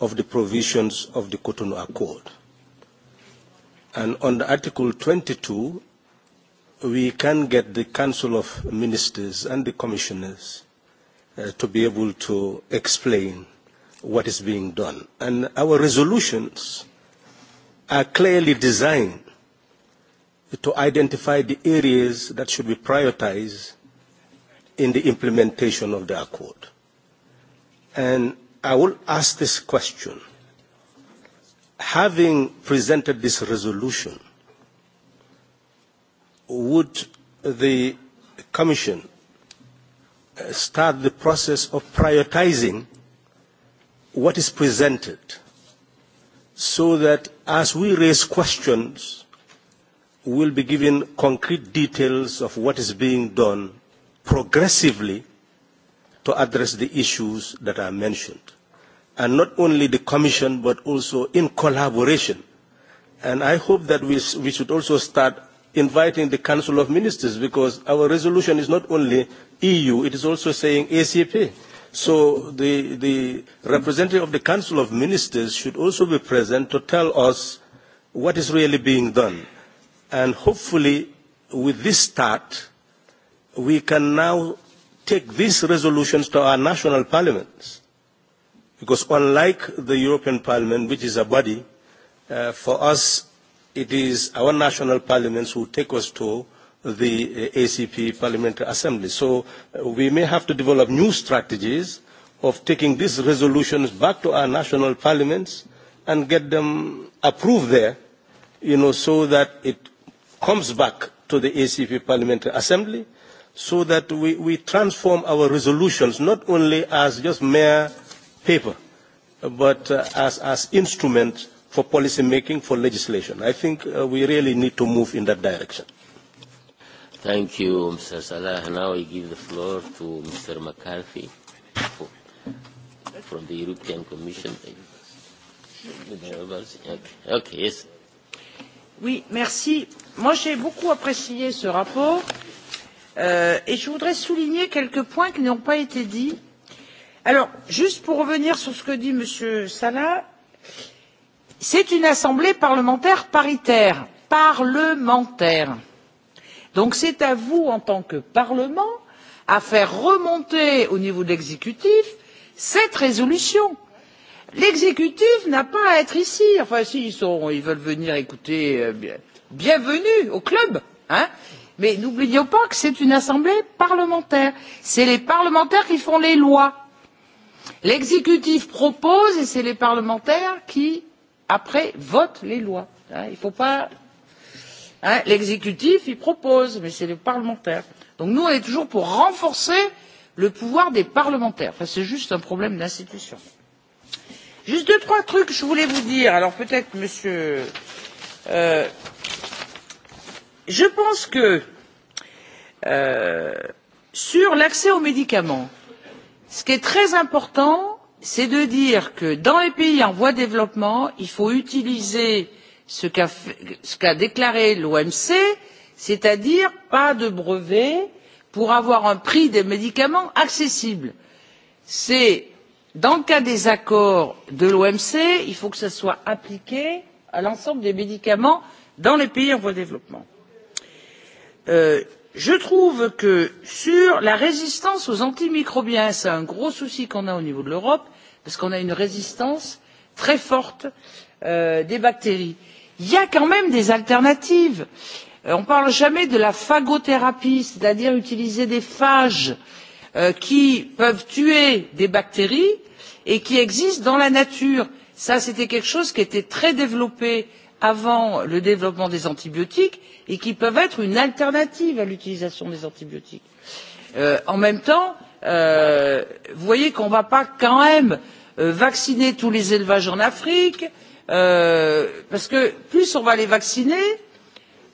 F: of the provisions of the Cotonou Accord. And on the Article 22, we can get the Council of Ministers and the Commissioners uh, to be able to explain what is being done. And our resolutions are clearly designed to identify the areas that should be prioritized in the implementation of the accord. And I will ask this question having presented this resolution, would the Commission uh, start the process of prioritizing what is presented so that as we raise questions, we'll be given concrete details of what is being done progressively to address the issues that are mentioned and not only the Commission, but also in collaboration. And I hope that we, we should also start inviting the Council of Ministers, because our resolution is not only EU, it is also saying ACP. So the, the representative of the Council of Ministers should also be present to tell us what is really being done. And hopefully, with this start, we can now take these resolutions to our national parliaments Because unlike the European Parliament, which is a body, uh, for us it is our national parliaments who take us to the uh, ACP Parliamentary Assembly. So uh, we may have to develop new strategies of taking these resolutions back to our national parliaments and get them approved there, you know, so that it comes back to the ACP Parliamentary Assembly, so that we, we transform our resolutions not only as just mere paper, but uh, as, as instrument for policy making, for legislation. I think uh, we really need to move in that direction.
B: Thank you, Mr. Salah. Now I give the floor to Mr. McCarthy for, from the European Commission. Okay, okay yes.
A: Oui, merci. Moi, j'ai beaucoup apprécié ce rapport euh, et je voudrais souligner quelques points qui n'ont pas été dits Alors, juste pour revenir sur ce que dit M. Salah, c'est une assemblée parlementaire paritaire. Parlementaire. Donc c'est à vous, en tant que Parlement, à faire remonter au niveau de l'exécutif cette résolution. L'exécutif n'a pas à être ici. Enfin, s'ils si, ils veulent venir écouter, euh, bienvenue au club. Hein Mais n'oublions pas que c'est une assemblée parlementaire. C'est les parlementaires qui font les lois l'exécutif propose et ce sont les parlementaires qui après votent les lois. Hein, il faut pas l'exécutif il propose mais c'est les parlementaires. donc nous on est toujours pour renforcer le pouvoir des parlementaires. Enfin, c'est juste un problème d'institution. Juste deux trois trucs que je voulais vous dire. Alors peut-être Monsieur, euh, je pense que euh, sur l'accès aux médicaments, ce qui est très important c'est de dire que dans les pays en voie de développement il faut utiliser ce qu'a qu déclaré l'omc c'est à dire pas de brevet pour avoir un prix des médicaments accessible. c'est dans le cas des accords de l'omc il faut que cela soit appliqué à l'ensemble des médicaments dans les pays en voie de développement. Euh, je trouve que sur la résistance aux antimicrobiens c'est un gros souci qu'on a au niveau de l'europe parce qu'on a une résistance très forte euh, des bactéries il y a quand même des alternatives euh, on ne parle jamais de la phagothérapie c'est à dire utiliser des phages euh, qui peuvent tuer des bactéries et qui existent dans la nature. ça c'était quelque chose qui était très développé avant le développement des antibiotiques et qui peuvent être une alternative à l'utilisation des antibiotiques. Euh, en même temps euh, vous voyez qu'on ne va pas quand même euh, vacciner tous les élevages en afrique euh, parce que plus on va les vacciner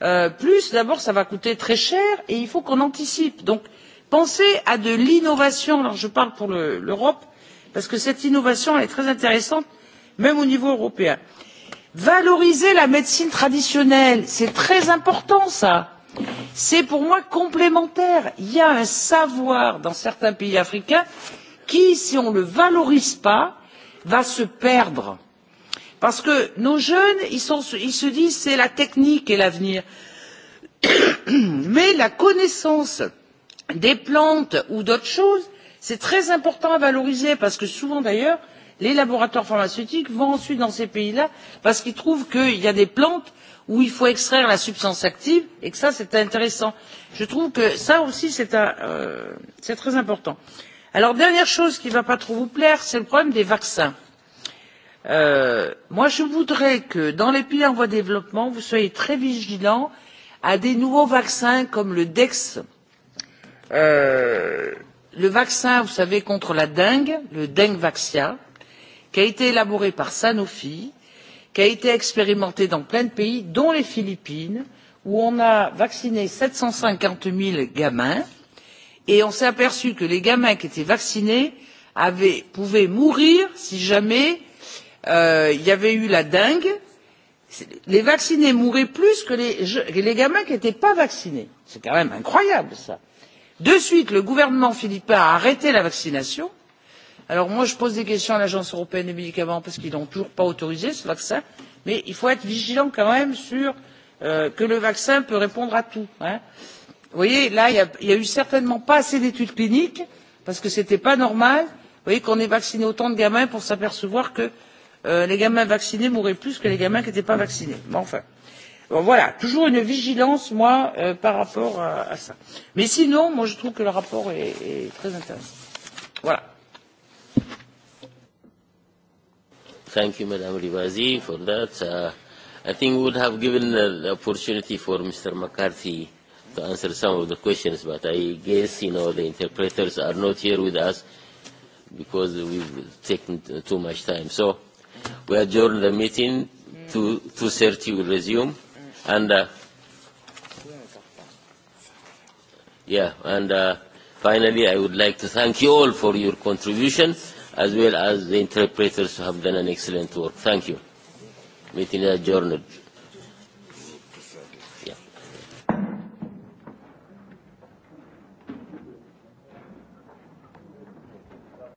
A: euh, plus d'abord ça va coûter très cher et il faut qu'on anticipe. donc pensez à de l'innovation alors je parle pour l'europe le, parce que cette innovation est très intéressante même au niveau européen valoriser la médecine traditionnelle c'est très important ça c'est pour moi complémentaire il y a un savoir dans certains pays africains qui si on ne le valorise pas va se perdre parce que nos jeunes ils, sont, ils se disent c'est la technique et l'avenir mais la connaissance des plantes ou d'autres choses c'est très important à valoriser parce que souvent d'ailleurs les laboratoires pharmaceutiques vont ensuite dans ces pays là parce qu'ils trouvent qu'il y a des plantes où il faut extraire la substance active et que ça c'est intéressant. je trouve que ça aussi c'est euh, très important. alors dernière chose qui ne va pas trop vous plaire c'est le problème des vaccins. Euh, moi je voudrais que dans les pays en voie de développement vous soyez très vigilants à des nouveaux vaccins comme le dex euh, le vaccin vous savez contre la dengue le dengue vaxia qui a été élaboré par sanofi qui a été expérimenté dans plein de pays dont les philippines où on a vacciné sept cent cinquante zéro gamins et on s'est aperçu que les gamins qui étaient vaccinés avaient, pouvaient mourir si jamais euh, il y avait eu la dengue. Les vaccinés mouraient plus que les, que les gamins qui n'étaient pas vaccinés. C'est quand même incroyable ça. De suite, le gouvernement philippin a arrêté la vaccination alors moi je pose des questions à l'agence européenne des médicaments parce qu'ils n'ont toujours pas autorisé ce vaccin mais il faut être vigilant quand même sur euh, que le vaccin peut répondre à tout. Hein. Vous voyez, là, il n'y a, a eu certainement pas assez d'études cliniques parce que ce n'était pas normal. Vous voyez qu'on ait vacciné autant de gamins pour s'apercevoir que euh, les gamins vaccinés mouraient plus que les gamins qui n'étaient pas vaccinés. Mais enfin, bon, voilà, toujours une vigilance, moi, euh, par rapport à, à ça. Mais sinon, moi, je trouve que le rapport est, est très intéressant. Voilà.
B: Thank you, Madam Rivazi, for that. Uh, I think we would have given uh, the opportunity for Mr. McCarthy to answer some of the questions, but I guess, you know, the interpreters are not here with us because we've taken too much time. So we adjourn the meeting to 2.30 will resume. And, uh, yeah, and uh, finally, I would like to thank you all for your contributions as well as the interpreters who have done an excellent work. Thank you. Meeting adjourned.